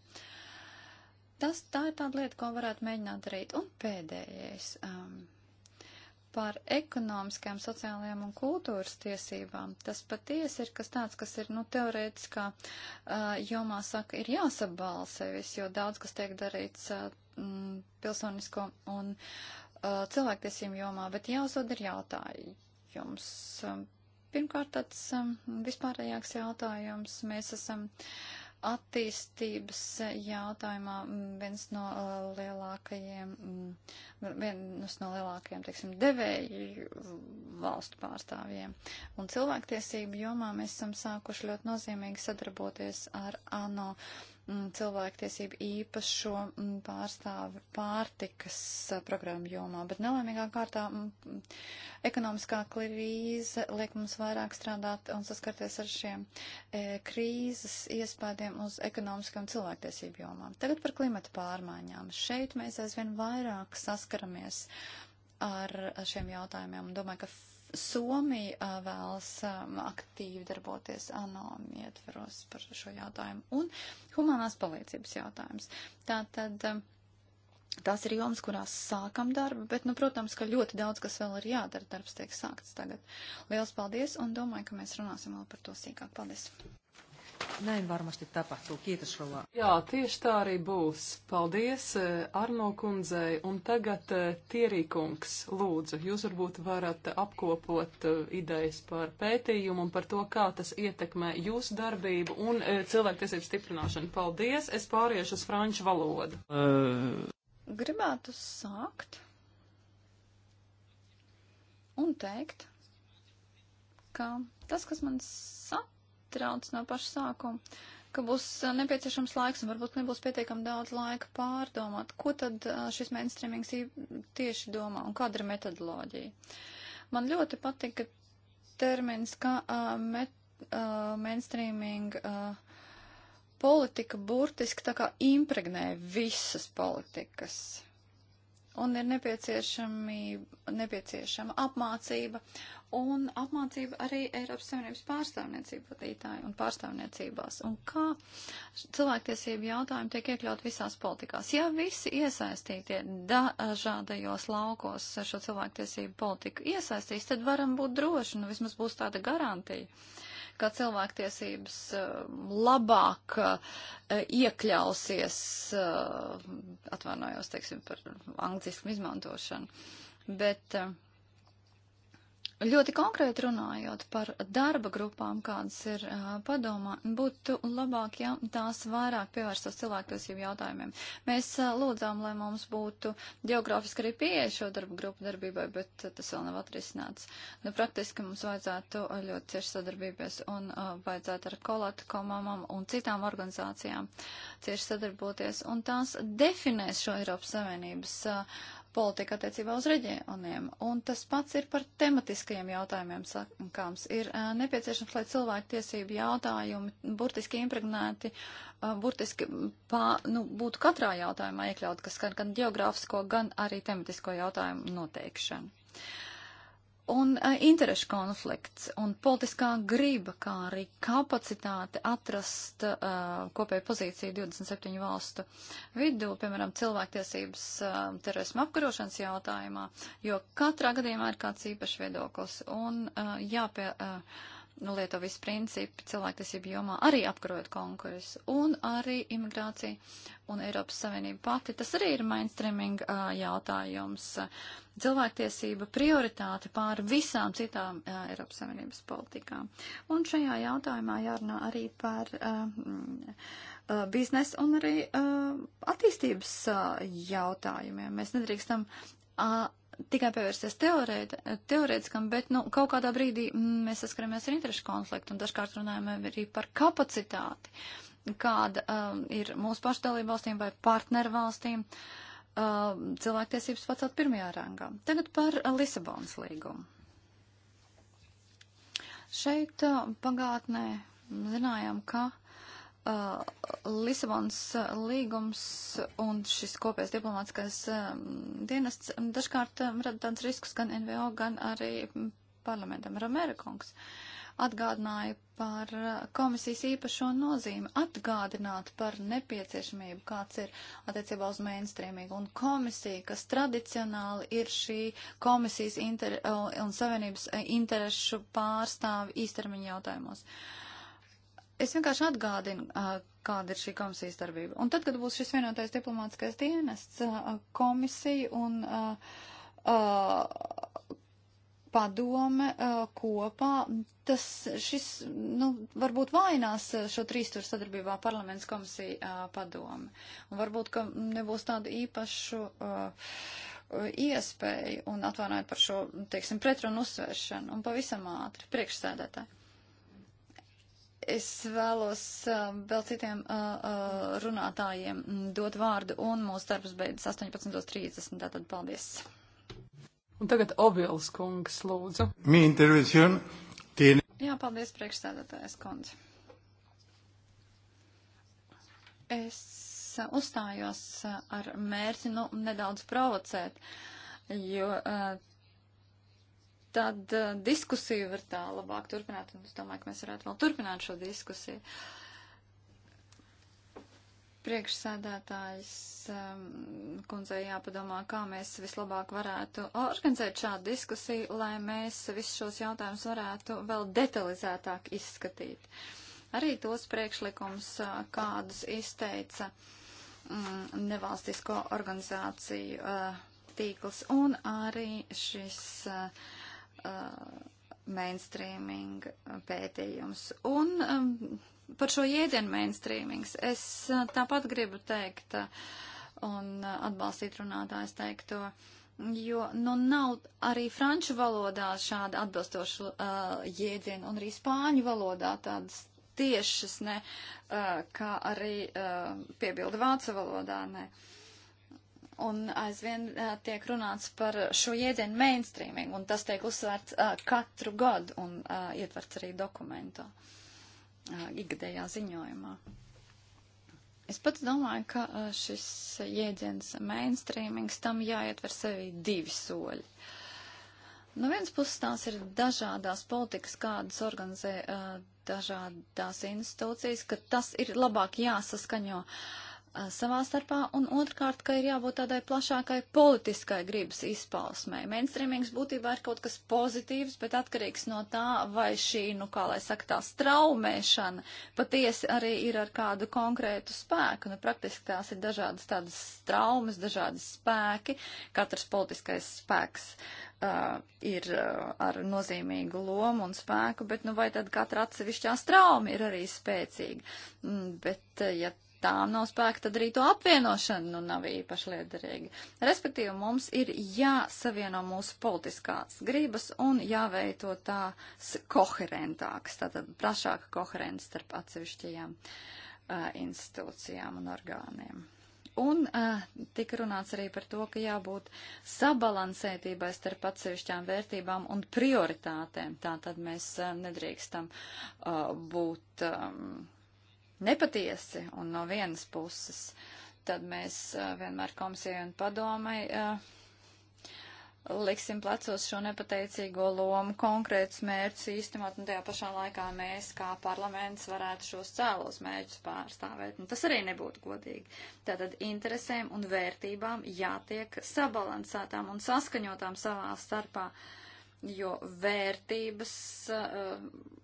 Tas, tā ir tāda lieta, ko varētu mēģināt darīt. Un pēdējais. Um, par ekonomiskajām, sociālajām un kultūras tiesībām. Tas patiesi ir kas tāds, kas ir, nu, teorētiskā uh, jomā saka, ir jāsabalsevis, jo daudz, kas tiek darīts uh, m, pilsonisko un uh, uh, cilvēktiesību jomā, bet jāuzdod ir jautājums. Um, pirmkārt, tāds um, vispārējāks jautājums. Mēs esam attīstības jautājumā mm, viens no uh, lielākajiem, mm, viens no lielākajiem, teiksim, devēju valstu pārstāvjiem. Un cilvēktiesību jomā mēs esam sākuši ļoti nozīmīgi sadarboties ar ANO. Uh, Mm, cilvēktiesību īpašo mm, pārstāvi pārtikas eh, programmu jomā, bet nelēmīgā kārtā mm, ekonomiskā krīze liek mums vairāk strādāt un saskarties ar šiem eh, krīzes iespējiem uz ekonomiskām cilvēktiesību jomām. Tagad par klimata pārmaiņām. Šeit mēs aizvien vairāk saskaramies ar šiem jautājumiem un domāju, ka Somija vēlas aktīvi darboties ANO ietveros par šo jautājumu un humanās palīdzības jautājums. Tātad tās ir jomas, kurās sākam darbu, bet, nu, protams, ka ļoti daudz, kas vēl ir jādara, darbs tiek sākts tagad. Liels paldies un domāju, ka mēs runāsim vēl par to sīkāk. Paldies! Näin varmasti tapahtuu. Kiitos, Rova. Jā, tieši tā arī būs. Paldies eh, Arno kundzei. Un tagad eh, Tierīkungs, lūdzu, jūs varbūt varat apkopot eh, idejas par pētījumu un par to, kā tas ietekmē jūsu darbību un cilvēktiesību stiprināšanu. Paldies. Es pāriešu uz franču valodu. Uh... Gribētu sākt un teikt, ka tas, kas man saka, uztrauc no paša sākuma, ka būs uh, nepieciešams laiks un varbūt nebūs pietiekami daudz laika pārdomāt, ko tad uh, šis mainstreamings tieši domā un kāda ir metodoloģija. Man ļoti patika termins, ka uh, met, uh, mainstreaming uh, politika burtiski tā kā impregnē visas politikas un ir nepieciešama apmācība, un apmācība arī Eiropas Savienības pārstāvniecību vadītāju un pārstāvniecībās. Un kā cilvēktiesību jautājumi tiek iekļaut visās politikās? Ja visi iesaistītie dažādajos laukos šo cilvēktiesību politiku iesaistīs, tad varam būt droši, nu vismaz būs tāda garantija. Uh, ka cilvēktiesības eh, labāk eh, iekļausies, eh, atvainojos, teiksim, par anglismu izmantošanu, bet uh, Ļoti konkrēti runājot par darba grupām, kādas ir uh, padomā, būtu labāk, ja tās vairāk pievērstos cilvēktiesību jautājumiem. Mēs uh, lūdzām, lai mums būtu geogrāfiski arī pieeja šo darba grupu darbībai, bet uh, tas vēl nav atrisināts. Nu, praktiski mums vajadzētu ļoti cieši sadarbības un uh, vajadzētu ar kolatu komamam un citām organizācijām cieši sadarboties, un tās definēs šo Eiropas Savienības. Uh, politika attiecībā uz reģioniem. Un tas pats ir par tematiskajiem jautājumiem sakāms. Ir uh, nepieciešams, lai cilvēku tiesību jautājumi burtiski impregnēti, uh, burtiski pā, nu, būtu katrā jautājumā iekļaut, kas gan, gan geogrāfisko, gan arī tematisko jautājumu noteikšanu. Uh, un uh, interešu konflikts un politiskā griba, kā arī kapacitāte atrast uh, kopēju pozīciju 27 valstu vidū, piemēram, cilvēktiesības uh, terorismu apkarošanas jautājumā, jo katrā gadījumā ir kāds īpašs viedoklis un uh, jāpie. Uh, nu, Lietuvas principi cilvēktiesību jomā arī apkarot konkursu un arī imigrāciju un Eiropas Savienība pati. Tas arī ir mainstreaming uh, jautājums. Cilvēktiesība prioritāte pār visām citām uh, Eiropas Savienības politikām. Un šajā jautājumā jārunā arī par uh, biznesu un arī attīstības jautājumiem. Mēs nedrīkstam tikai pievērsties teorētiskam, bet nu, kaut kādā brīdī mēs saskaramies ar interešu konfliktu un dažkārt runājam arī par kapacitāti, kāda um, ir mūsu pašu dalību valstīm vai partneru valstīm um, cilvēktiesības pacelt pirmajā rangā. Tagad par Lisabonas līgumu. Šeit uh, pagātnē zinājām, ka Uh, Lisabonas uh, līgums un šis kopējais diplomātskais uh, dienests dažkārt uh, rada tāds risks gan NVO, gan arī parlamentam. Romēra kungs atgādināja par uh, komisijas īpašo nozīmi, atgādināt par nepieciešamību, kāds ir attiecībā uz mainstreamīgu. Un komisija, kas tradicionāli ir šī komisijas inter, uh, un savienības interešu pārstāvi īstermiņa jautājumos. Uh, Es vienkārši atgādinu, kāda ir šī komisijas darbība. Un tad, kad būs šis vienotais diplomātskais dienests, komisija un padome kopā, tas šis, nu, varbūt vainās šo trīstur sadarbībā parlaments komisija padome. Un varbūt, ka nebūs tādu īpašu iespēju un atvainojiet par šo, teiksim, pretrunu uzsvēršanu un pavisam ātri priekšsēdētāji. Es vēlos uh, vēl citiem uh, uh, runātājiem mm, dot vārdu, un mūsu darbs beidzas 18.30. Tātad paldies. Un tagad Obils kungs lūdzu. Mi intervencion tiene. Jā, paldies priekšstādātājas kundze. Es uh, uzstājos uh, ar mērķi, nu, nedaudz provocēt, jo. Uh, tad uh, diskusiju var tā labāk turpināt, un es domāju, ka mēs varētu vēl turpināt šo diskusiju. Priekšsēdētājs um, ehm, kundzei jāpadomā, kā mēs vislabāk varētu organizēt šādu diskusiju, lai mēs visus šos jautājumus varētu vēl detalizētāk izskatīt. Arī tos priekšlikums, eh, kādus izteica mm, nevalstisko organizāciju uh, tīkls un arī šis. Uh, Uh, mainstreaming pētījums. Un um, par šo jēdienu mainstreamings es uh, tāpat gribu teikt uh, un atbalstīt runātājs teikto, jo nu nav arī franču valodā šāda atbilstoša uh, jēdziena un arī spāņu valodā tādas tiešas, ne, uh, kā arī uh, piebilda vācu valodā, ne. Uh, un aizvien uh, tiek runāts par šo jēdzienu mainstreaming, un tas tiek uzsvērts uh, katru gadu un uh, ietverts arī dokumentā, uh, ikgadējā ziņojumā. Es pats domāju, ka uh, šis jēdziens mainstreamings tam jāietver sevī divi soļi. No nu, viens puses tās ir dažādās politikas, kādas organizē uh, dažādās institūcijas, ka tas ir labāk jāsaskaņo. Uh, Uh, savā starpā, un otrkārt, ka ir jābūt tādai plašākai politiskai gribas izpausmai. Mainstreamings būtībā ir kaut kas pozitīvs, bet atkarīgs no tā, vai šī, nu kā lai saka, tā straumēšana patiesi arī ir ar kādu konkrētu spēku. Nu, praktiski tās ir dažādas tādas straumas, dažādas spēki, katrs politiskais spēks. Uh, ir uh, ar nozīmīgu lomu un spēku, bet nu vai tad katra atsevišķā strauma ir arī spēcīga. Mm, bet, uh, ja tām nav spēka, tad arī to apvienošana nu, nav īpaši liederīga. Respektīvi, mums ir jāsavieno mūsu politiskās gribas un jāveido tās koherentākas, tātad plašāka koherence starp atsevišķajām uh, institūcijām un orgāniem. Un uh, tika runāts arī par to, ka jābūt sabalansētībai starp atsevišķām vērtībām un prioritātēm. Tātad mēs uh, nedrīkstam uh, būt. Um, nepatiesi un no vienas puses, tad mēs uh, vienmēr komisijai un padomai uh, liksim plecos šo nepateicīgo lomu konkrētus mērķus īstenot, un tajā pašā laikā mēs, kā parlaments, varētu šos cēlos mērķus pārstāvēt. Un tas arī nebūtu godīgi. Tātad interesēm un vērtībām jātiek sabalansētām un saskaņotām savā starpā, jo vērtības uh,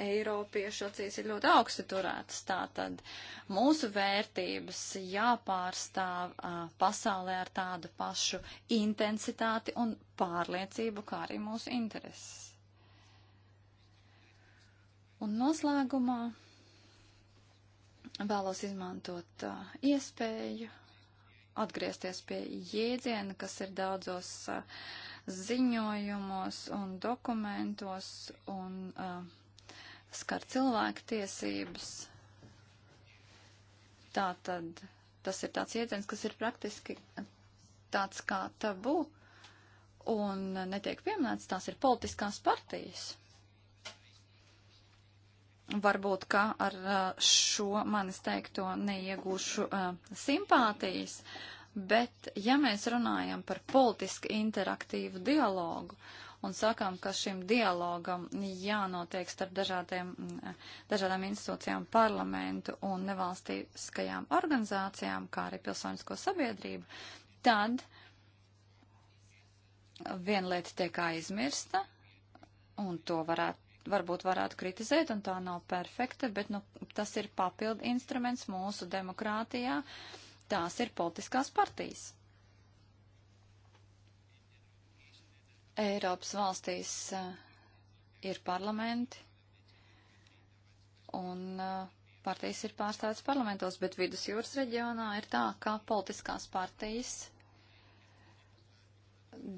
Eiropiešu acīs ir ļoti augsti turētas. Tātad mūsu vērtības jāpārstāv uh, pasaulē ar tādu pašu intensitāti un pārliecību, kā arī mūsu intereses. Un noslēgumā vēlos izmantot uh, iespēju atgriezties pie jēdziena, kas ir daudzos uh, ziņojumos un dokumentos un uh, skar cilvēku tiesības, tā tad tas ir tāds jēdziens, kas ir praktiski tāds kā tabu un netiek pieminēts, tās ir politiskās partijas. Varbūt, ka ar šo manis teikto neiegūšu uh, simpātijas, bet ja mēs runājam par politiski interaktīvu dialogu un sakām, ka šim dialogam jānotiek starp dažādiem, mm, dažādām institūcijām, parlamentu un nevalstiskajām organizācijām, kā arī pilsonisko sabiedrību, tad viena lieta tiek aizmirsta, un to varētu varbūt varētu kritizēt, un tā nav perfekta, bet nu, tas ir papildu instruments mūsu demokrātijā. Tās ir politiskās partijas. Eiropas valstīs eh, ir parlamenti un eh, partijas ir pārstāvētas parlamentos, bet vidusjūras reģionā ir tā, ka politiskās partijas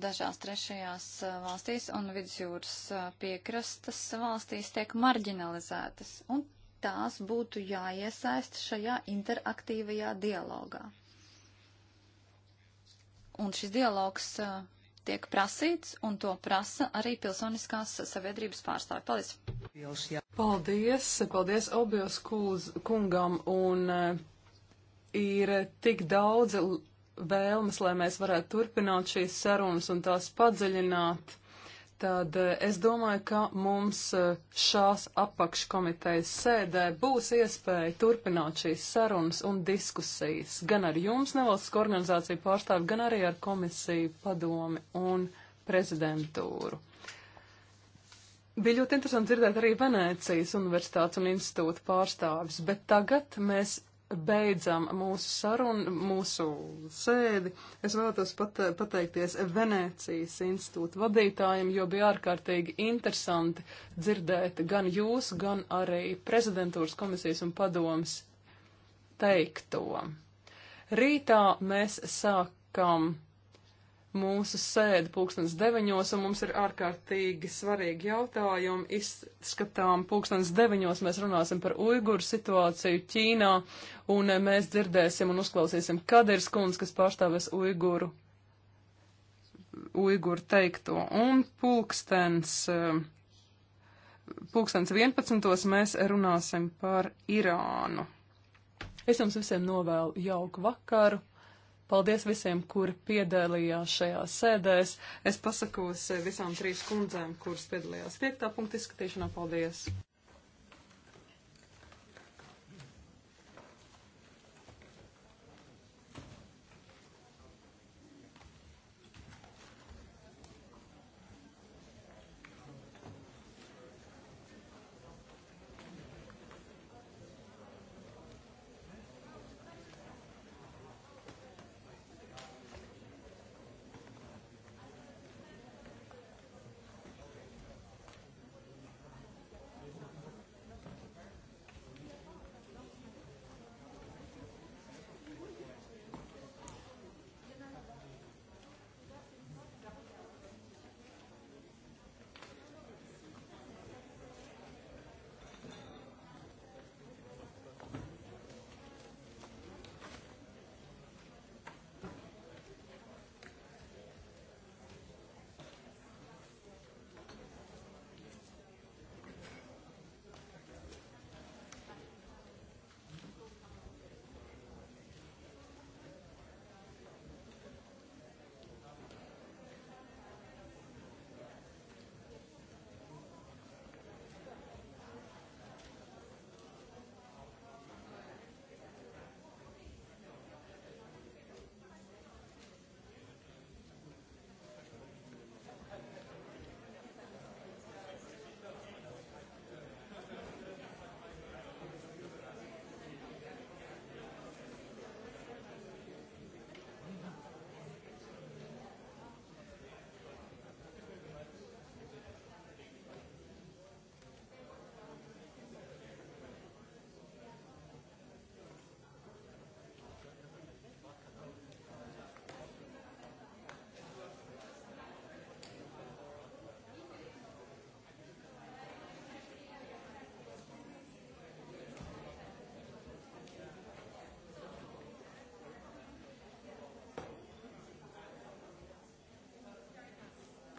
dažās trešajās eh, valstīs un vidusjūras piekrastas valstīs tiek marginalizētas, un tās būtu jāiesaist šajā interaktīvajā dialogā. Un šis dialogs uh, tiek prasīts, un to prasa arī pilsoniskās sabiedrības pārstāvi. Paldies! Paldies! Paldies Obijos kungam! Un eh, ir tik daudz vēlmes, lai mēs varētu turpināt šīs sarunas un tās padziļināt. Tad eh, es domāju, ka mums eh, šās apakškomitejas sēdē būs iespēja turpināt šīs sarunas un diskusijas gan ar jums, nevalstisko organizāciju pārstāvi, gan arī ar komisiju, padomi un prezidentūru. Bija ļoti interesanti dzirdēt arī Venēcijas universitātes un institūta pārstāvis, bet tagad mēs beidzam mūsu sarunu, mūsu sēdi. Es vēlētos pate pateikties Venēcijas institūta vadītājiem, jo bija ārkārtīgi interesanti dzirdēt gan jūs, gan arī prezidentūras komisijas un padomas teikto. Rītā mēs sākam mūsu sēdi pulkstens deviņos, un mums ir ārkārtīgi svarīgi jautājumi. Izskatām pulkstens deviņos, mēs runāsim par uiguru situāciju Ķīnā, un mēs dzirdēsim un uzklausīsim Kadirs kundz, kas pārstāvēs uiguru, uiguru teikto. Un pulkstens, eh, pulkstens 11. mēs runāsim par Irānu. Es jums visiem novēlu jauku vakaru. Paldies visiem, kuri piedalījās šajā sēdēs. Es pasakos visām trīs kundzēm, kuras piedalījās piektā punkta izskatīšanā. Paldies!